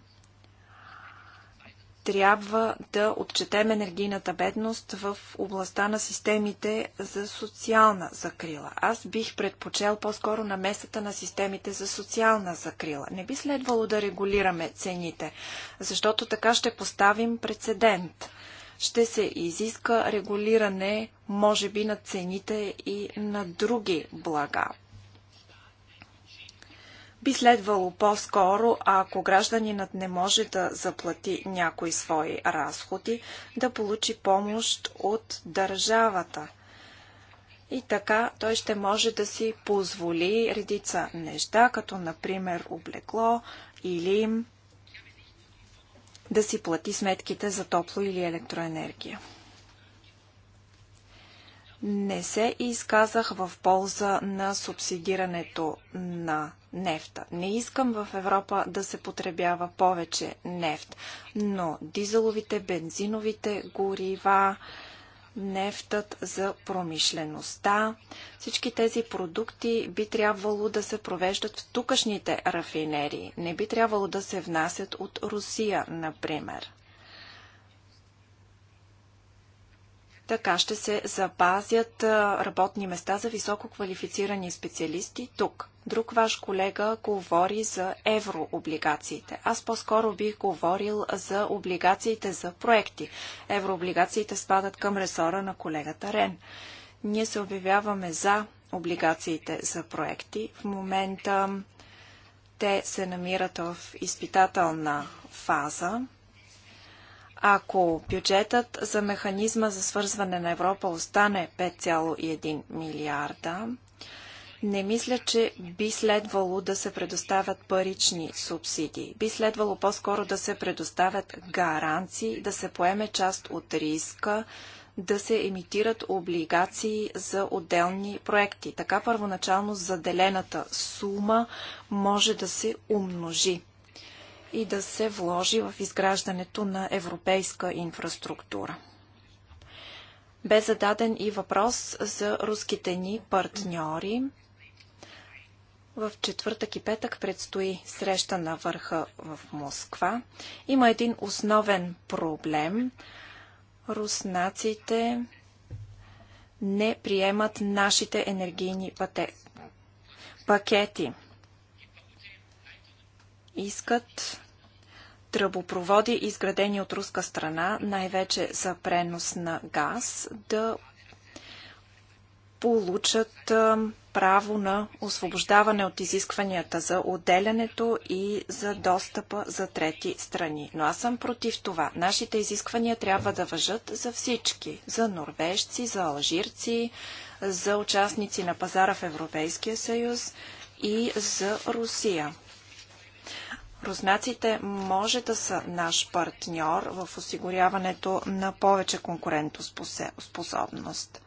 трябва да отчетем енергийната бедност в областта на системите за социална закрила. Аз бих предпочел по-скоро на местата на системите за социална закрила. Не би следвало да регулираме цените, защото така ще поставим прецедент – ще се изиска регулиране, може би, на цените и на други блага. Би следвало по-скоро, ако гражданинът не може да заплати някои свои разходи, да получи помощ от държавата. И така той ще може да си позволи редица неща, като например облекло или да си плати сметките за топло или електроенергия. Не се изказах в полза на субсидирането на нефта. Не искам в Европа да се потребява повече нефт, но дизеловите, бензиновите горива, нефтът за промишлеността. Всички тези продукти би трябвало да се провеждат в тукашните рафинерии. Не би трябвало да се внасят от Русия, например. Така ще се запазят работни места за високо квалифицирани специалисти тук. Друг ваш колега говори за еврооблигациите. Аз по-скоро бих говорил за облигациите за проекти. Еврооблигациите спадат към ресора на колегата Рен. Ние се обявяваме за облигациите за проекти. В момента те се намират в изпитателна фаза. Ако бюджетът за механизма за свързване на Европа остане 5,1 милиарда, не мисля, че би следвало да се предоставят парични субсидии. Би следвало по-скоро да се предоставят гаранции, да се поеме част от риска, да се емитират облигации за отделни проекти. Така първоначално заделената сума може да се умножи и да се вложи в изграждането на европейска инфраструктура. Бе зададен и въпрос за руските ни партньори. В четвъртък и петък предстои среща на върха в Москва. Има един основен проблем. Руснаците не приемат нашите енергийни пакети искат тръбопроводи, изградени от руска страна, най-вече за пренос на газ, да получат право на освобождаване от изискванията за отделянето и за достъпа за трети страни. Но аз съм против това. Нашите изисквания трябва да въжат за всички. За норвежци, за алжирци, за участници на пазара в Европейския съюз и за Русия. Руснаците може да са наш партньор в осигуряването на повече конкурентоспособност.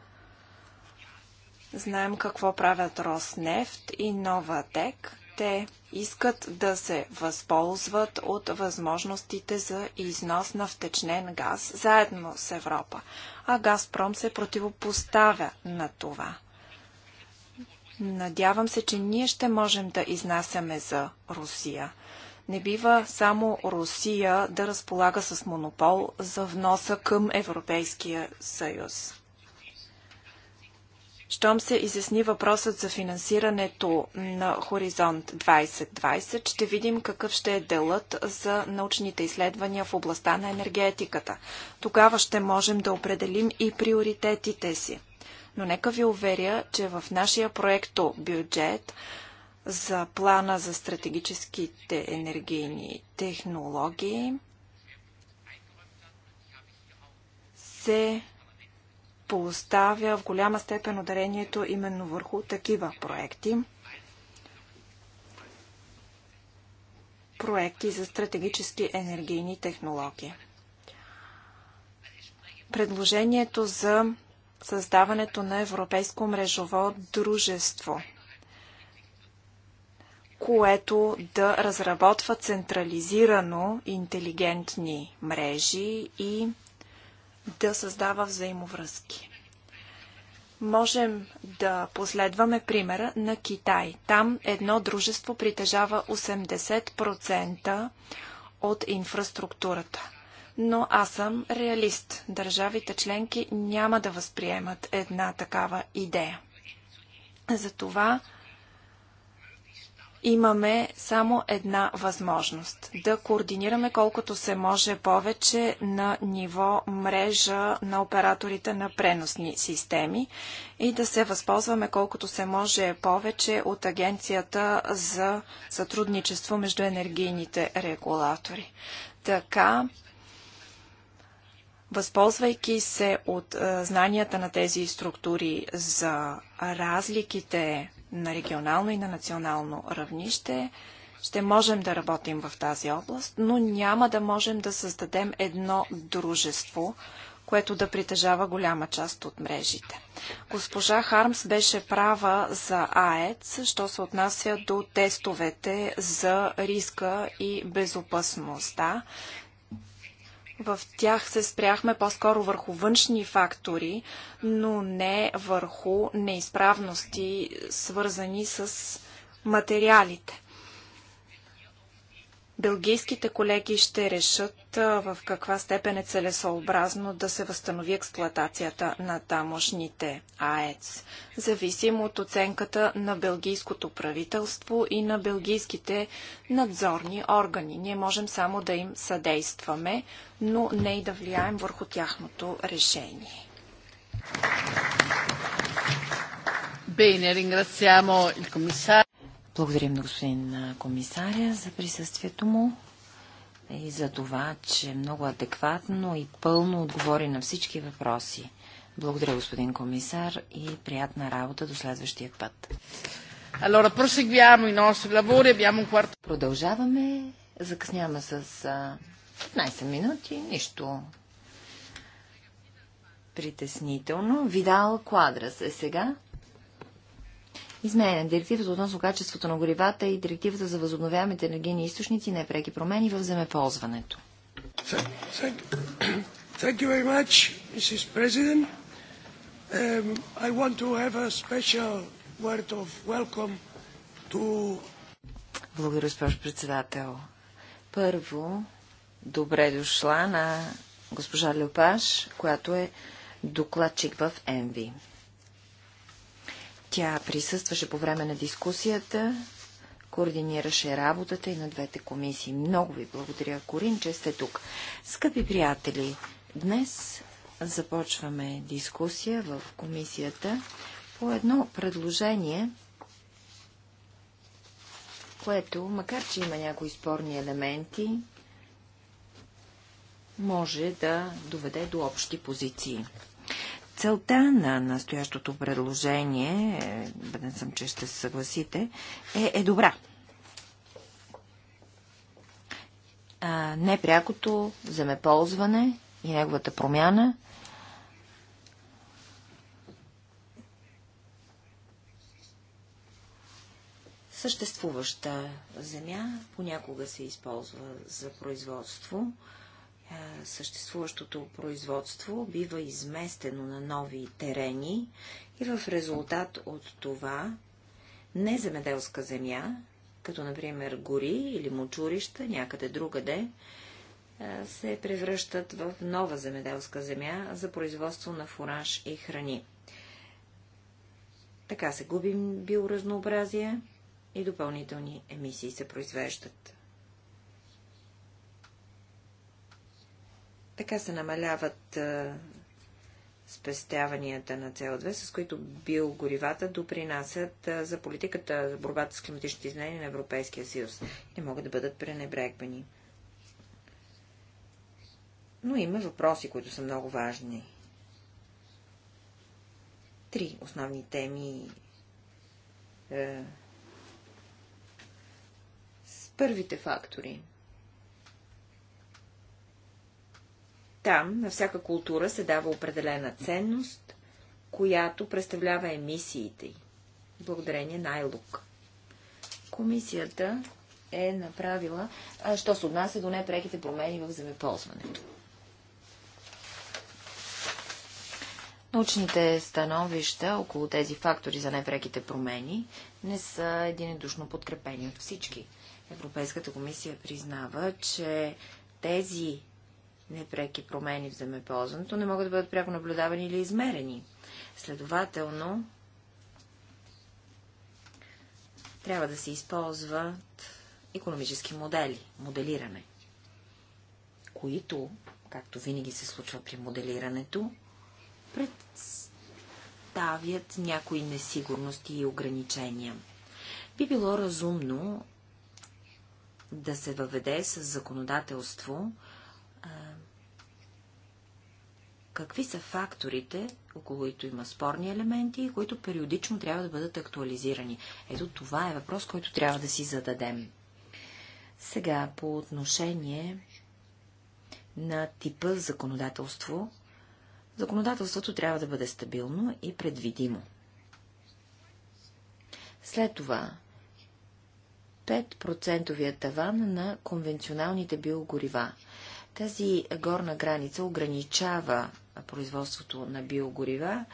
Знаем какво правят Роснефт и Новатек. Те искат да се възползват от възможностите за износ на втечнен газ заедно с Европа. А Газпром се противопоставя на това – Надявам се, че ние ще можем да изнасяме за Русия. Не бива само Русия да разполага с монопол за вноса към Европейския съюз. Щом се изясни въпросът за финансирането на Хоризонт 2020, ще видим какъв ще е делът за научните изследвания в областта на енергетиката. Тогава ще можем да определим и приоритетите си. Но нека ви уверя, че в нашия проекто бюджет за плана за стратегическите енергийни технологии се поставя в голяма степен ударението именно върху такива проекти. Проекти за стратегически енергийни технологии. Предложението за създаването на Европейско мрежово дружество, което да разработва централизирано интелигентни мрежи и да създава взаимовръзки. Можем да последваме примера на Китай. Там едно дружество притежава 80% от инфраструктурата но аз съм реалист. Държавите членки няма да възприемат една такава идея. Затова имаме само една възможност да координираме колкото се може повече на ниво мрежа на операторите на преносни системи и да се възползваме колкото се може повече от Агенцията за сътрудничество между енергийните регулатори. Така Възползвайки се от знанията на тези структури за разликите на регионално и на национално равнище, ще можем да работим в тази област, но няма да можем да създадем едно дружество, което да притежава голяма част от мрежите. Госпожа Хармс беше права за АЕЦ, що се отнася до тестовете за риска и безопасността. В тях се спряхме по-скоро върху външни фактори, но не върху неизправности, свързани с материалите. Белгийските колеги ще решат в каква степен е целесообразно да се възстанови експлоатацията на тамошните АЕЦ, зависимо от оценката на белгийското правителство и на белгийските надзорни органи. Ние можем само да им съдействаме, но не и да влияем върху тяхното решение. Bene, ringraziamo il commissario. Благодарим на господин комисаря за присъствието му и за това, че много адекватно и пълно отговори на всички въпроси. Благодаря, господин комисар, и приятна работа до следващия път. Allora, proseguiamo i nostri lavori, abbiamo un quarto... Продължаваме, закъсняваме с 15 минути, нищо притеснително. Видал Квадрас е сега изменена. Директивата относно качеството на горивата и директивата за възобновяемите енергийни източници и непреки промени в земеползването. Благодаря, госпожо председател. Първо, добре дошла на госпожа Леопаш, която е докладчик в ЕНВИ. Тя присъстваше по време на дискусията, координираше работата и на двете комисии. Много ви благодаря, Корин, че сте тук. Скъпи приятели, днес започваме дискусия в комисията по едно предложение, което, макар че има някои спорни елементи, може да доведе до общи позиции. Целта на настоящото предложение, бъден съм, че ще се съгласите, е, е добра. непрякото земеползване и неговата промяна съществуваща земя понякога се използва за производство, съществуващото производство бива изместено на нови терени и в резултат от това неземеделска земя, като например гори или мочурища някъде другаде, се превръщат в нова земеделска земя за производство на фураж и храни. Така се губим биоразнообразие и допълнителни емисии се произвеждат. Така се намаляват а, спестяванията на CO2, с които биогоривата допринасят а, за политиката за борбата с климатичните изменения на Европейския съюз. Не могат да бъдат пренебрегвани. Но има въпроси, които са много важни. Три основни теми е, с първите фактори – Там на всяка култура се дава определена ценност, която представлява емисиите й, благодарение на Айлук. Комисията е направила, а, що се отнася до непреките промени в земеползването. Научните становища около тези фактори за непреките промени не са единодушно подкрепени от всички. Европейската комисия признава, че тези непреки промени в земеползването не могат да бъдат пряко наблюдавани или измерени. Следователно, трябва да се използват економически модели, моделиране, които, както винаги се случва при моделирането, представят някои несигурности и ограничения. Би било разумно да се въведе с законодателство, какви са факторите, около които има спорни елементи и които периодично трябва да бъдат актуализирани. Ето това е въпрос, който трябва да си зададем. Сега по отношение на типа законодателство. Законодателството трябва да бъде стабилно и предвидимо. След това 5% таван на конвенционалните биогорива. Тази горна граница ограничава производството на биогорива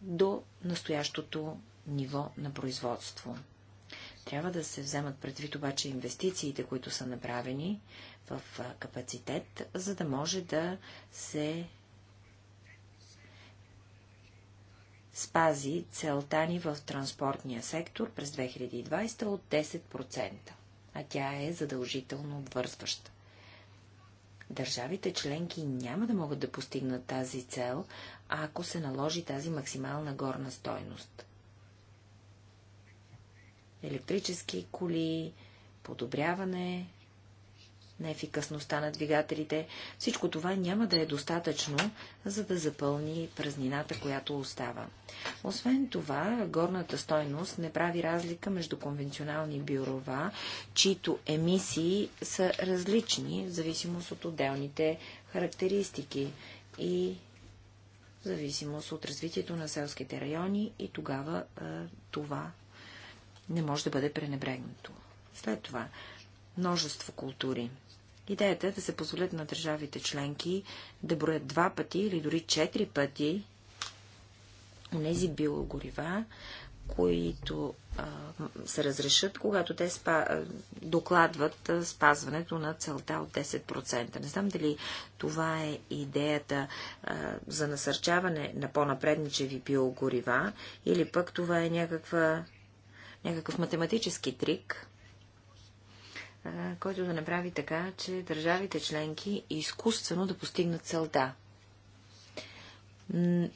до настоящото ниво на производство. Трябва да се вземат предвид обаче инвестициите, които са направени в капацитет, за да може да се спази целта ни в транспортния сектор през 2020 от 10%, а тя е задължително обвързваща. Държавите членки няма да могат да постигнат тази цел, ако се наложи тази максимална горна стойност. Електрически коли, подобряване на ефикасността на двигателите, всичко това няма да е достатъчно, за да запълни празнината, която остава. Освен това, горната стойност не прави разлика между конвенционални бюрова, чието емисии са различни в зависимост от отделните характеристики и в зависимост от развитието на селските райони и тогава е, това не може да бъде пренебрегнато. След това, множество култури. Идеята е да се позволят на държавите членки да броят два пъти или дори четири пъти тези биогорива, които а, се разрешат, когато те спа, докладват а, спазването на целта от 10%. Не знам дали това е идеята а, за насърчаване на по-напредничеви биогорива или пък това е някаква, някакъв математически трик, който да направи така, че държавите членки изкуствено да постигнат целта.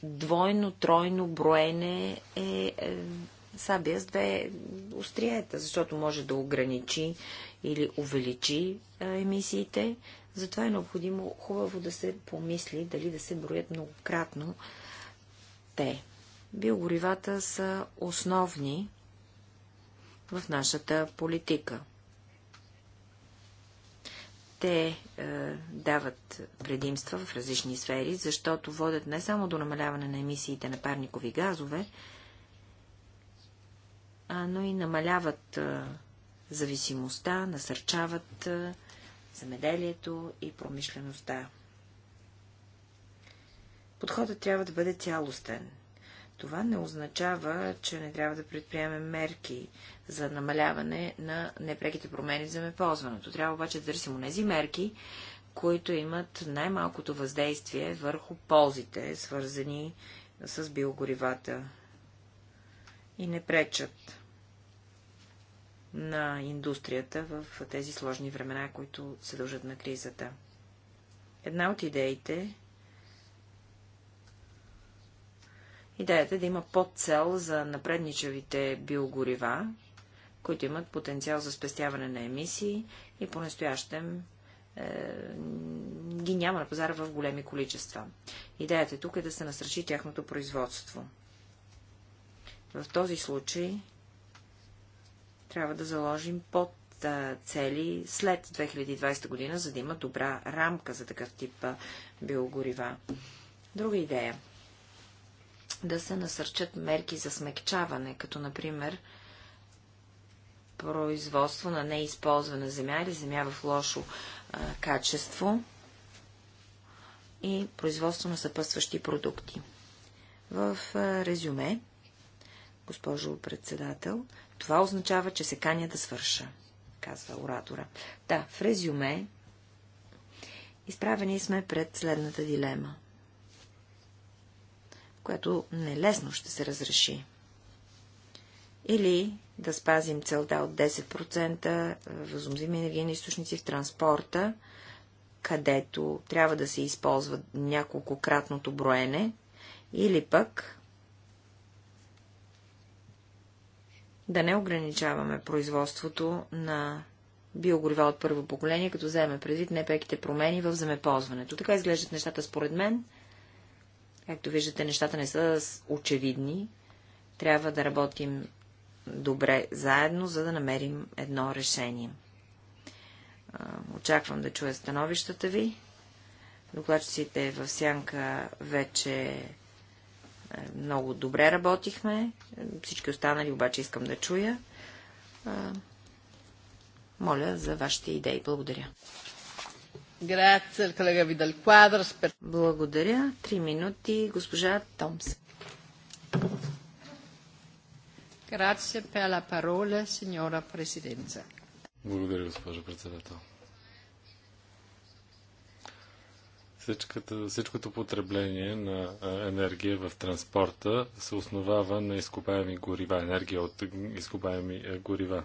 Двойно, тройно броене е, е сабия с две остриета, защото може да ограничи или увеличи емисиите. Затова е необходимо хубаво да се помисли дали да се броят многократно те. Биогоривата са основни в нашата политика – те е, дават предимства в различни сфери, защото водят не само до намаляване на емисиите на парникови газове, а, но и намаляват е, зависимостта, насърчават е, замеделието и промишлеността. Подходът трябва да бъде цялостен. Това не означава, че не трябва да предприемем мерки за намаляване на непреките промени за меползването. Трябва обаче да търсим тези мерки, които имат най-малкото въздействие върху ползите, свързани с биогоривата и не пречат на индустрията в тези сложни времена, които се дължат на кризата. Една от идеите Идеята е да има подцел за напредничавите биогорива, които имат потенциал за спестяване на емисии и по-настоящем е, ги няма на пазара в големи количества. Идеята е тук е да се насръчи тяхното производство. В този случай трябва да заложим под е, цели след 2020 година, за да има добра рамка за такъв тип е, биогорива. Друга идея да се насърчат мерки за смекчаване, като например производство на неизползвана земя или земя в лошо а, качество и производство на съпътстващи продукти. В а, резюме, госпожо председател, това означава, че се каня да свърша, казва оратора. Да, в резюме изправени сме пред следната дилема – което нелесно ще се разреши. Или да спазим целта от 10% възумзими енергийни източници в транспорта, където трябва да се използва няколко кратното броене, или пък да не ограничаваме производството на биогорива от първо поколение, като вземе предвид непеките промени в земеползването. Така изглеждат нещата според мен. Както виждате, нещата не са очевидни. Трябва да работим добре заедно, за да намерим едно решение. Очаквам да чуя становищата ви. Докладчиците в Сянка вече е, много добре работихме. Всички останали обаче искам да чуя. Моля за вашите идеи. Благодаря. Грация, колега Видал Квадрас. Благодаря. Три минути, госпожа Томс. Грация per la parola, signora Благодаря, госпожо председател. Всичката, всичкото потребление на енергия в транспорта се основава на изкопаеми горива, енергия от изкопаеми горива.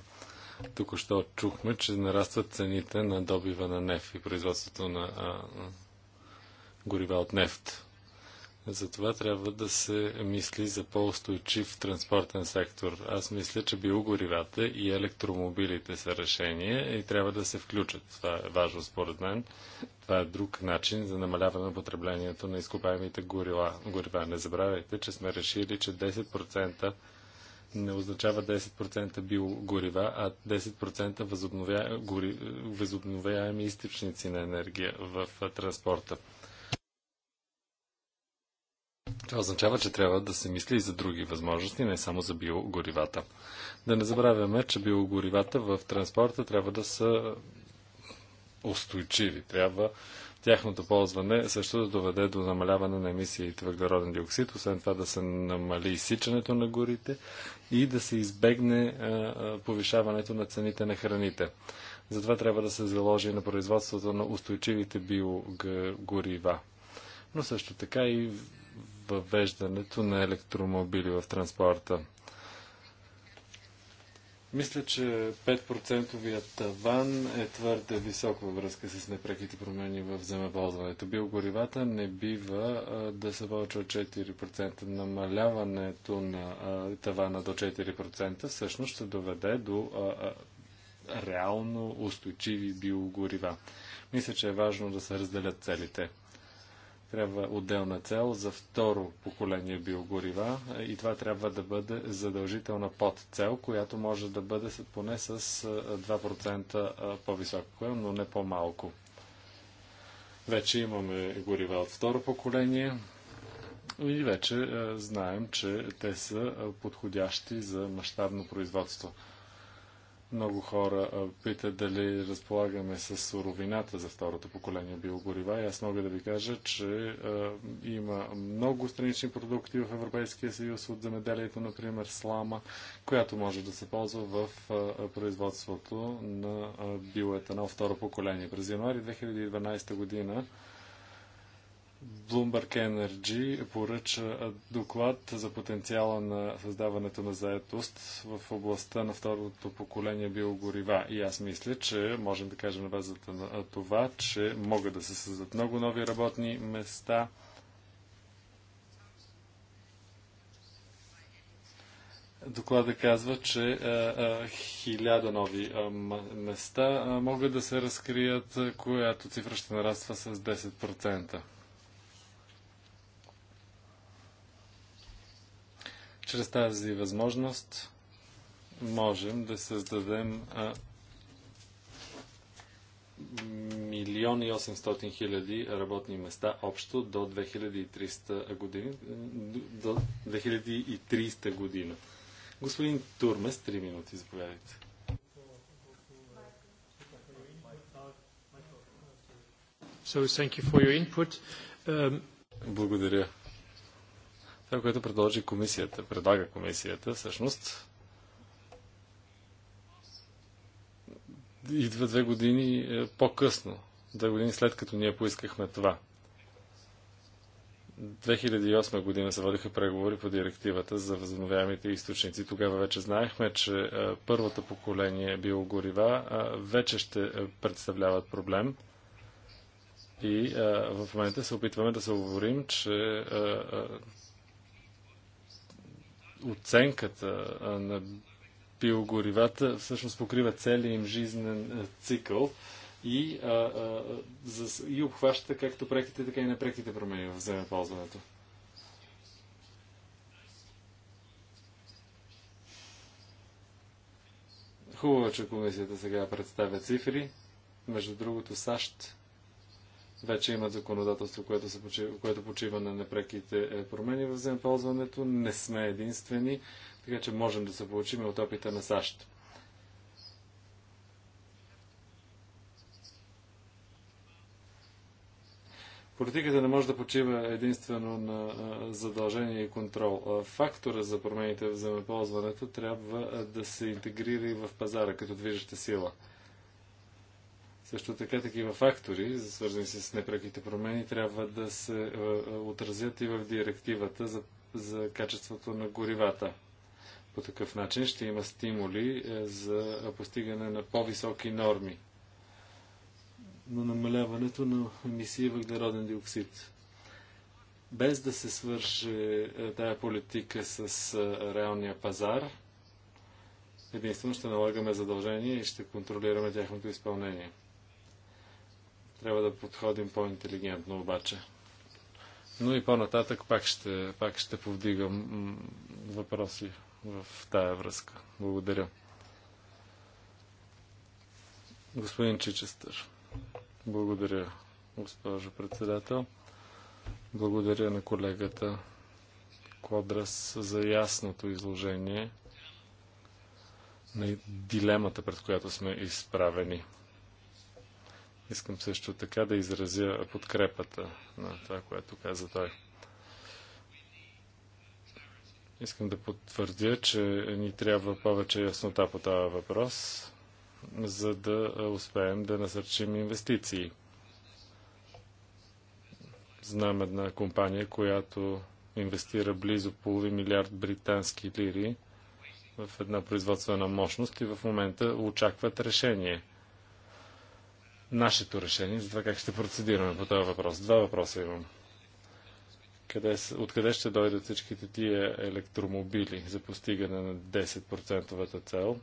Току-що чухме, че нарастват цените на добива на нефт и производството на а, горива от нефт. Затова трябва да се мисли за по-устойчив транспортен сектор. Аз мисля, че биогоривата и електромобилите са решение и трябва да се включат. Това е важно според мен. Това е друг начин за намаляване на потреблението на изкопаемите горива. горива. Не забравяйте, че сме решили, че 10% не означава 10% биогорива, а 10% възобновя... гори... възобновяеми източници на енергия в транспорта. Това означава, че трябва да се мисли и за други възможности, не само за биогоривата. Да не забравяме, че биогоривата в транспорта трябва да са устойчиви. Трябва тяхното ползване също да доведе до намаляване на емисиите въглероден диоксид, освен това да се намали изсичането на горите и да се избегне повишаването на цените на храните. Затова трябва да се заложи на производството на устойчивите биогорива, но също така и въвеждането на електромобили в транспорта. Мисля, че 5 таван е твърде висок във връзка с непреките промени в земеползването. Биогоривата не бива а, да са повече от 4%. Намаляването на а, тавана до 4% всъщност ще доведе до а, реално устойчиви биогорива. Мисля, че е важно да се разделят целите трябва отделна цел за второ поколение биогорива и това трябва да бъде задължителна подцел, която може да бъде поне с 2% по високо но не по-малко. Вече имаме горива от второ поколение и вече знаем, че те са подходящи за мащабно производство. Много хора питат дали разполагаме с суровината за второто поколение биогорива и аз мога да ви кажа, че а, има много странични продукти в Европейския съюз от земеделието, например слама, която може да се ползва в а, производството на биоетанол второ поколение. През януари 2012 година Bloomberg Energy поръча доклад за потенциала на създаването на заетост в областта на второто поколение биогорива. И аз мисля, че можем да кажем на базата на това, че могат да се създадат много нови работни места. Доклада казва, че хиляда нови а, места а, могат да се разкрият, която цифра ще нараства с 10%. Чрез тази възможност можем да създадем милион и 800 хиляди работни места общо до 2300 години, До 2300 година. Господин Турмес, 3 минути, заповядайте. So, thank you for your input. Um... Благодаря това, което предложи комисията, предлага комисията, всъщност идва две години е, по-късно, две години след като ние поискахме това. 2008 година се водиха преговори по директивата за възобновяемите източници. Тогава вече знаехме, че е, първото поколение биогорива е, вече ще представляват проблем. И в момента се опитваме да се уговорим, че оценката на биогоривата всъщност покрива целият им жизнен цикъл и, а, а, за, и обхваща както проектите така и непректите промени в земеползването. Хубаво, че комисията сега представя цифри. Между другото, САЩ вече имат законодателство, което, се почива, което почива на непреките е, промени в земеползването. Не сме единствени, така че можем да се получим от опита на САЩ. Политиката не може да почива единствено на задължение и контрол. Фактора за промените в земеползването трябва да се интегрира и в пазара като движеща сила – също така такива фактори, свързани с непреките промени, трябва да се е, е, отразят и в директивата за, за качеството на горивата. По такъв начин ще има стимули е, за постигане на по-високи норми на намаляването на емисии въглероден диоксид. Без да се свърши тая политика с реалния пазар, единствено ще налагаме задължения и ще контролираме тяхното изпълнение. Трябва да подходим по-интелигентно обаче. Но и по-нататък пак ще, пак ще повдигам въпроси в тая връзка. Благодаря. Господин Чичестър. Благодаря, госпожо председател. Благодаря на колегата Кодрас за ясното изложение на дилемата, пред която сме изправени. Искам също така да изразя подкрепата на това, което каза той. Искам да потвърдя, че ни трябва повече яснота по това въпрос, за да успеем да насърчим инвестиции. Знам една компания, която инвестира близо половин милиард британски лири в една производствена мощност и в момента очакват решение – нашето решение за това как ще процедираме по този въпрос. Два въпроса имам. Къде, откъде ще дойдат всичките тия електромобили за постигане на 10% цел?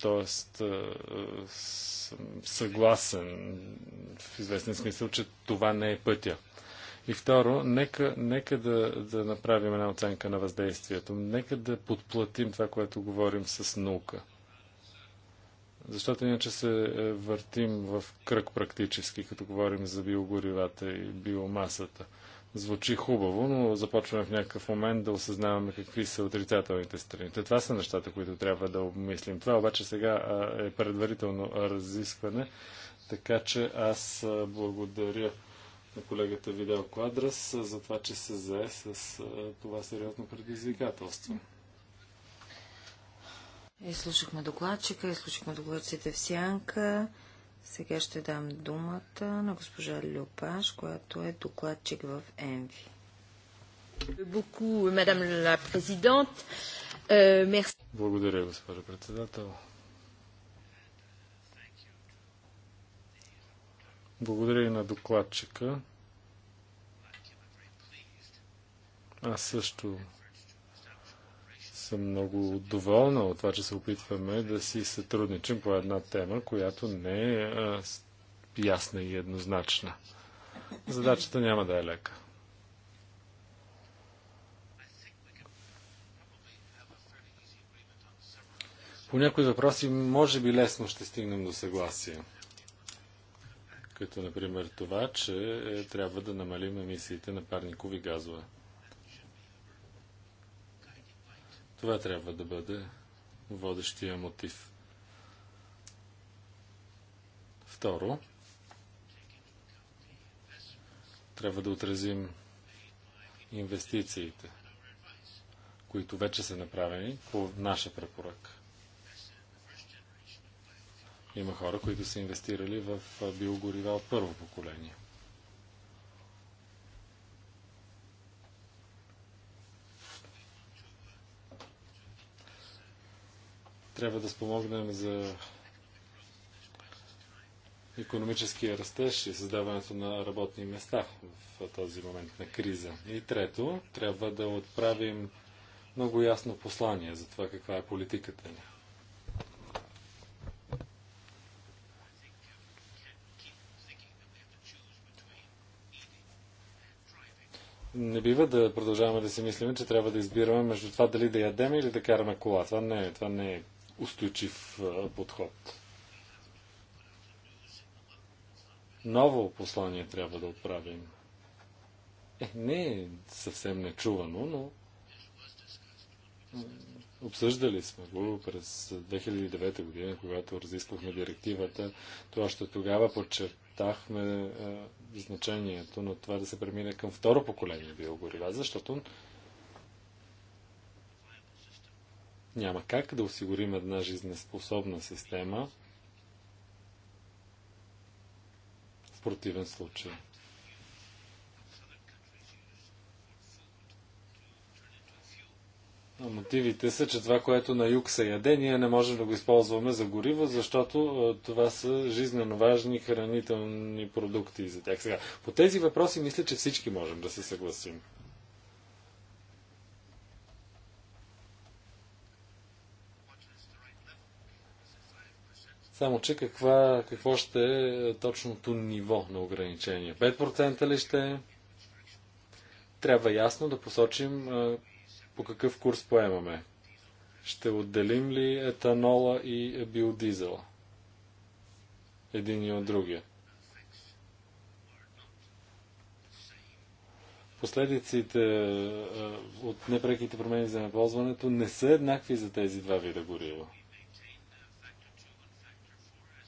Тоест, е, съгласен в известен смисъл, че това не е пътя. И второ, нека, нека да, да направим една оценка на въздействието. Нека да подплатим това, което говорим с наука. Защото иначе се е, въртим в кръг практически, като говорим за биогоривата и биомасата. Звучи хубаво, но започваме в някакъв момент да осъзнаваме какви са отрицателните страни. Те това са нещата, които трябва да обмислим. Това обаче сега е предварително разискване, така че аз благодаря на колегата Видео Квадрас за това, че се зае с това сериозно предизвикателство. Изслушахме докладчика, изслушахме докладците в сянка. Сега ще дам думата на госпожа Люпаш, която е докладчик в ЕНВИ. Euh, Благодаря, госпожа председател. Благодаря и на докладчика. Аз също съм много доволна от това, че се опитваме да си сътрудничим по една тема, която не е ясна и еднозначна. Задачата няма да е лека. По някои въпроси може би лесно ще стигнем до съгласие. Като например това, че е, трябва да намалим емисиите на парникови газове. Това трябва да бъде водещия мотив. Второ, трябва да отразим инвестициите, които вече са направени по наша препоръка. Има хора, които са инвестирали в биогорива от първо поколение. Трябва да спомогнем за економическия растеж и създаването на работни места в този момент на криза. И трето, трябва да отправим много ясно послание за това каква е политиката ни. не бива да продължаваме да си мислим, че трябва да избираме между това дали да ядем или да караме кола. Това не е, това не е устойчив подход. Ново послание трябва да отправим. Е, не е съвсем нечувано, но Обсъждали сме го през 2009 година, когато разисквахме директивата. Това ще тогава подчертахме значението на това да се премине към второ поколение биогорива, защото Няма как да осигурим една жизнеспособна система в противен случай. А мотивите са, че това, което на юг се яде, ние не можем да го използваме за гориво, защото това са жизненно важни хранителни продукти за тях. Сега, по тези въпроси мисля, че всички можем да се съгласим. Само, че каква, какво ще е, е точното ниво на ограничение? 5% ли ще е? Трябва ясно да посочим е, по какъв курс поемаме. Ще отделим ли етанола и биодизела? Един и от другия. Последиците е, от непреките промени за неползването не са еднакви за тези два вида горива.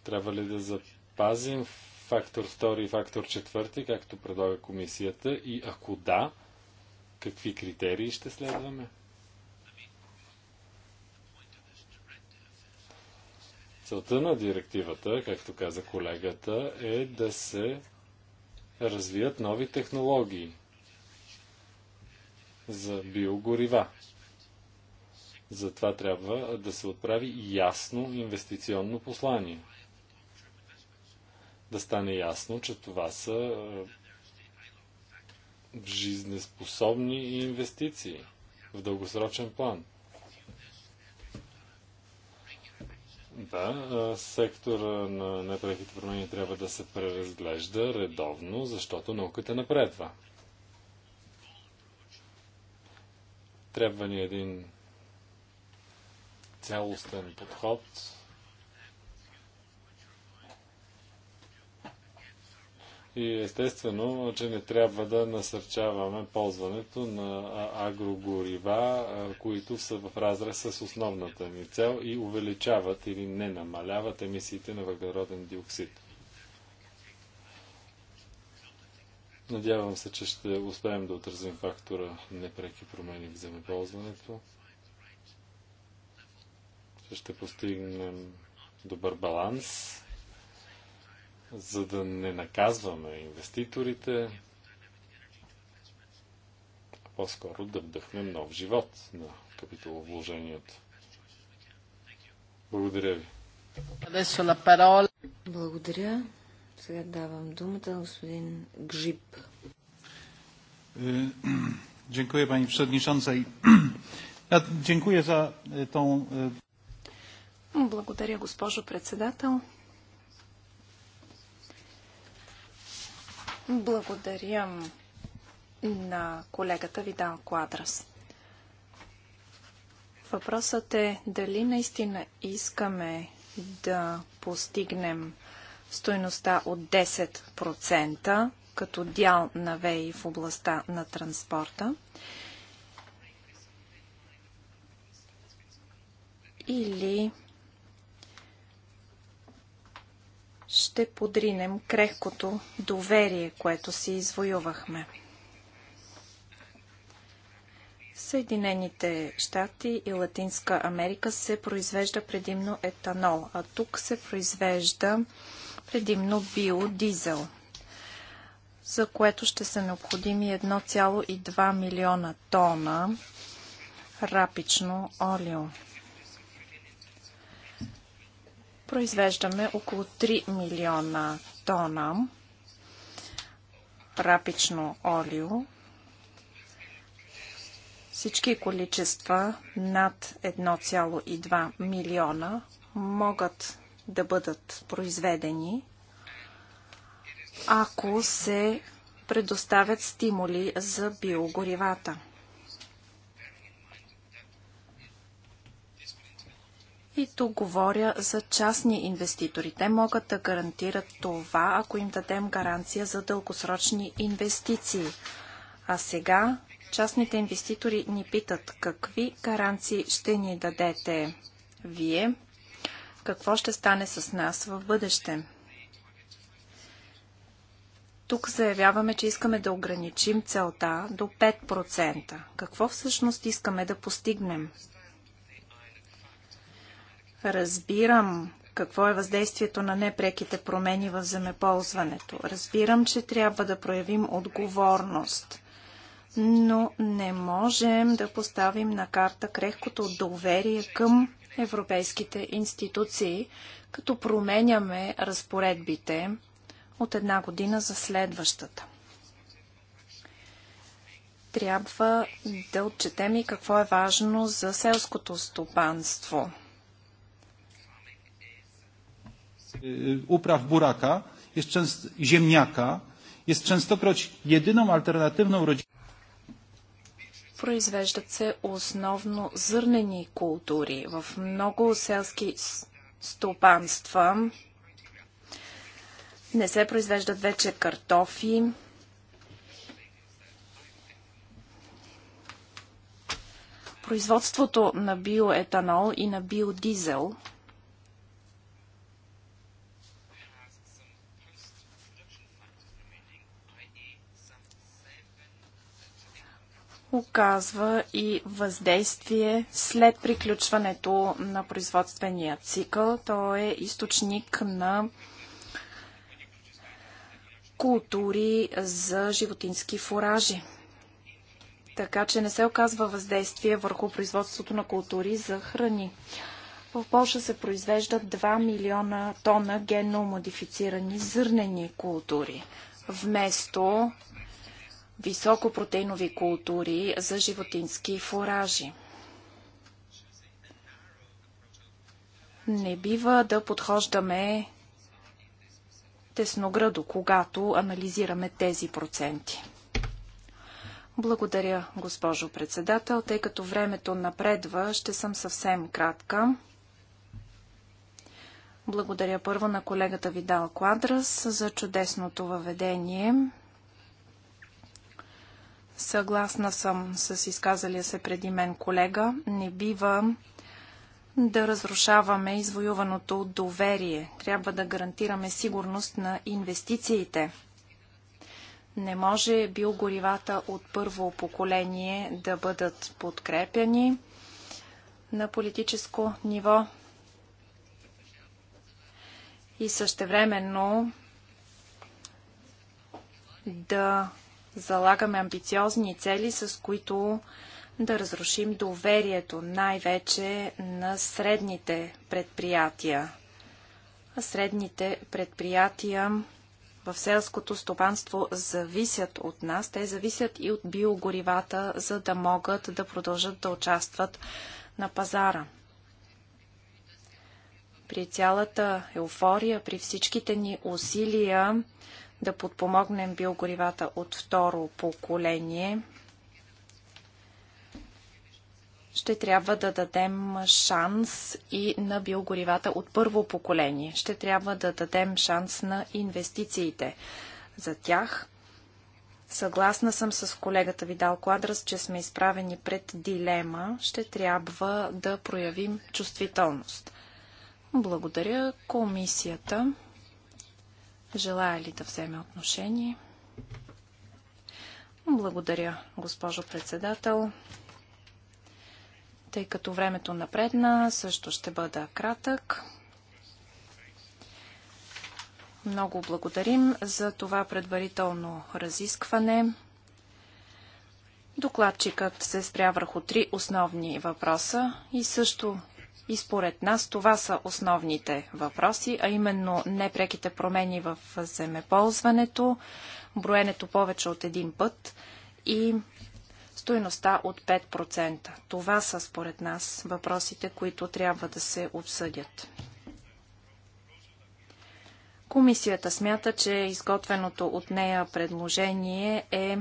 Трябва ли да запазим фактор втори и фактор четвърти, както предлага комисията? И ако да, какви критерии ще следваме? Целта на директивата, както каза колегата, е да се развият нови технологии за биогорива. Затова трябва да се отправи ясно инвестиционно послание – да стане ясно, че това са е, жизнеспособни инвестиции в дългосрочен план. Да, е, сектора на непреките промени трябва да се преразглежда редовно, защото науката напредва. Трябва ни един цялостен подход, И естествено, че не трябва да насърчаваме ползването на агрогорива, които са в разрез с основната ни цел и увеличават или не намаляват емисиите на въглероден диоксид. Надявам се, че ще успеем да отразим фактора непреки промени в земеползването. Ще постигнем добър баланс за да не наказваме инвеститорите, а по-скоро да вдъхнем нов живот на капиталовложението. Благодаря ви. Благодаря. Сега давам думата на господин Гжип. Dziękuję Pani Przewodniczącej. Ja dziękuję za tą... Благодаря, госпожо председател. Благодаря на колегата Видал Квадрас. Въпросът е дали наистина искаме да постигнем стойността от 10% като дял на ВЕИ в областта на транспорта или ще подринем крехкото доверие, което си извоювахме. В Съединените щати и Латинска Америка се произвежда предимно етанол, а тук се произвежда предимно биодизел, за което ще са необходими 1,2 милиона тона рапично олио произвеждаме около 3 милиона тона рапично олио. Всички количества над 1,2 милиона могат да бъдат произведени, ако се предоставят стимули за биогоривата. И тук говоря за частни инвеститори. Те могат да гарантират това, ако им дадем гаранция за дългосрочни инвестиции. А сега частните инвеститори ни питат какви гаранции ще ни дадете вие, какво ще стане с нас в бъдеще. Тук заявяваме, че искаме да ограничим целта до 5%. Какво всъщност искаме да постигнем? Разбирам какво е въздействието на непреките промени в земеползването. Разбирам, че трябва да проявим отговорност, но не можем да поставим на карта крехкото доверие към европейските институции, като променяме разпоредбите от една година за следващата. Трябва да отчетем и какво е важно за селското стопанство – upraw buraka jest częst, ziemniaka jest częstokroć jedyną alternatywną rodziną. Произвеждат се основно зърнени култури. В много селски стопанства не се произвеждат вече картофи, производството на биоетанол и на биодизел – оказва и въздействие след приключването на производствения цикъл. То е източник на култури за животински фуражи. Така че не се оказва въздействие върху производството на култури за храни. В Польша се произвеждат 2 милиона тона генно модифицирани зърнени култури, вместо високопротеинови култури за животински фуражи. Не бива да подхождаме тесноградо, когато анализираме тези проценти. Благодаря, госпожо председател. Тъй като времето напредва, ще съм съвсем кратка. Благодаря първо на колегата Видал Квадрас за чудесното въведение. Съгласна съм с изказалия се преди мен колега. Не бива да разрушаваме извоюваното доверие. Трябва да гарантираме сигурност на инвестициите. Не може биогоривата от първо поколение да бъдат подкрепени на политическо ниво и същевременно да залагаме амбициозни цели, с които да разрушим доверието най-вече на средните предприятия. А средните предприятия в селското стопанство зависят от нас. Те зависят и от биогоривата, за да могат да продължат да участват на пазара. При цялата еуфория, при всичките ни усилия да подпомогнем биогоривата от второ поколение, ще трябва да дадем шанс и на биогоривата от първо поколение. Ще трябва да дадем шанс на инвестициите за тях. Съгласна съм с колегата Видал Квадрас, че сме изправени пред дилема. Ще трябва да проявим чувствителност. Благодаря комисията. Желая ли да вземе отношение? Благодаря, госпожо председател. Тъй като времето напредна, също ще бъда кратък. Много благодарим за това предварително разискване. Докладчикът се спря върху три основни въпроса и също и според нас това са основните въпроси, а именно непреките промени в земеползването, броенето повече от един път и стоеността от 5%. Това са според нас въпросите, които трябва да се обсъдят. Комисията смята, че изготвеното от нея предложение е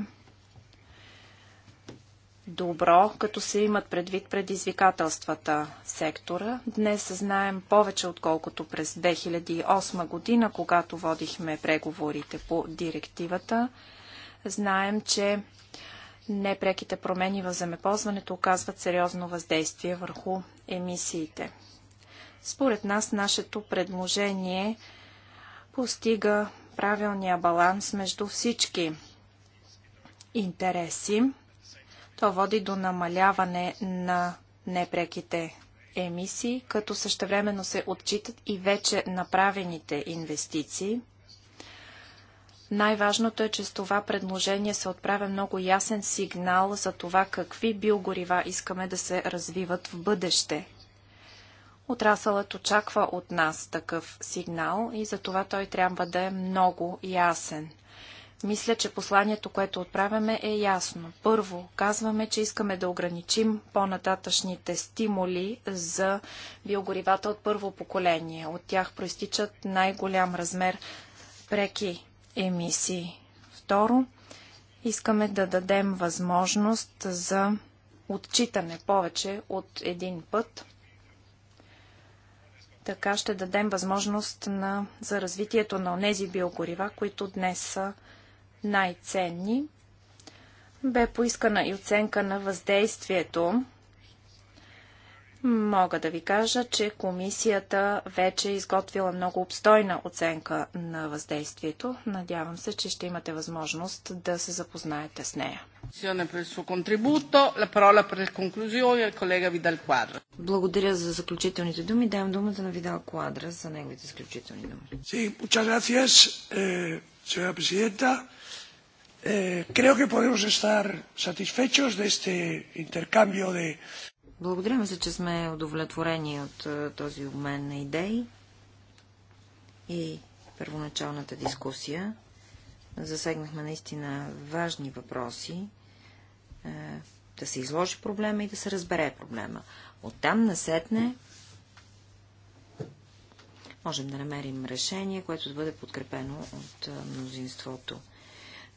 добро, като се имат предвид предизвикателствата в сектора. Днес знаем повече, отколкото през 2008 година, когато водихме преговорите по директивата. Знаем, че непреките промени в земеползването оказват сериозно въздействие върху емисиите. Според нас, нашето предложение постига правилния баланс между всички интереси то води до намаляване на непреките емисии, като същевременно се отчитат и вече направените инвестиции. Най-важното е, че с това предложение се отправя много ясен сигнал за това какви биогорива искаме да се развиват в бъдеще. Отрасълът очаква от нас такъв сигнал и за това той трябва да е много ясен – мисля, че посланието, което отправяме е ясно. Първо, казваме, че искаме да ограничим по-нататъчните стимули за биогоривата от първо поколение. От тях проистичат най-голям размер преки емисии. Второ, искаме да дадем възможност за отчитане повече от един път. Така ще дадем възможност на, за развитието на онези биогорива, които днес са най-ценни. Бе поискана и оценка на въздействието. Мога да ви кажа, че комисията вече е изготвила много обстойна оценка на въздействието. Надявам се, че ще имате възможност да се запознаете с нея. Благодаря за заключителните думи. Давам думата на Видал Квадра за неговите заключителни думи. Eh, creo que podemos estar satisfechos de este intercambio de... Благодарим се, че сме удовлетворени от е, този обмен на идеи и първоначалната дискусия. Засегнахме наистина важни въпроси, е, да се изложи проблема и да се разбере проблема. Оттам насетне можем да намерим решение, което да бъде подкрепено от е, мнозинството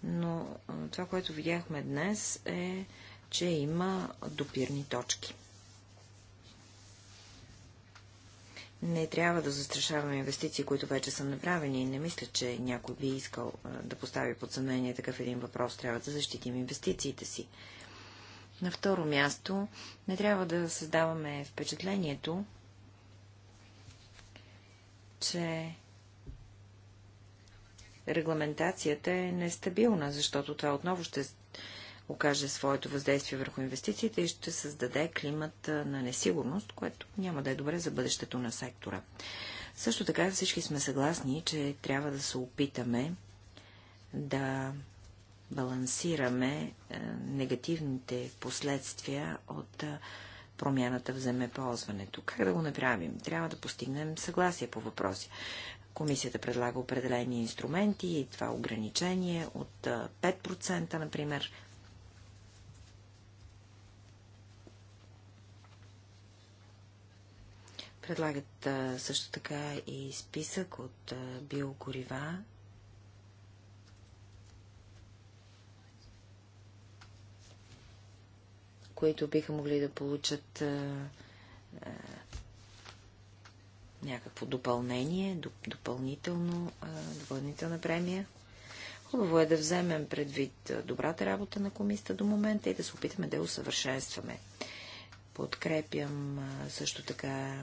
но това, което видяхме днес е, че има допирни точки. Не трябва да застрашаваме инвестиции, които вече са направени. и Не мисля, че някой би искал да постави под съмнение такъв един въпрос. Трябва да защитим инвестициите си. На второ място, не трябва да създаваме впечатлението, че регламентацията е нестабилна, защото това отново ще окаже своето въздействие върху инвестициите и ще създаде климат на несигурност, което няма да е добре за бъдещето на сектора. Също така всички сме съгласни, че трябва да се опитаме да балансираме негативните последствия от промяната в земеползването. Как да го направим? Трябва да постигнем съгласие по въпроси. Комисията предлага определени инструменти и това ограничение от 5%, например. Предлагат също така и списък от биогорива, които биха могли да получат някакво допълнение, допълнително, допълнителна премия. Хубаво е да вземем предвид добрата работа на комисията до момента и да се опитаме да я усъвършенстваме. Подкрепям също така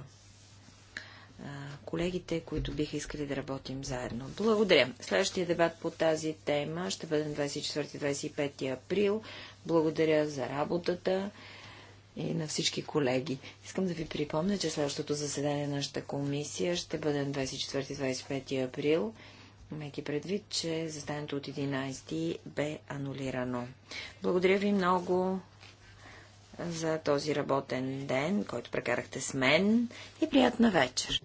колегите, които биха искали да работим заедно. Благодаря. Следващия дебат по тази тема ще бъде на 24-25 април. Благодаря за работата и на всички колеги. Искам да ви припомня, че следващото заседание на нашата комисия ще бъде на 24-25 април, Меки предвид, че заседанието от 11 бе анулирано. Благодаря ви много за този работен ден, който прекарахте с мен и приятна вечер!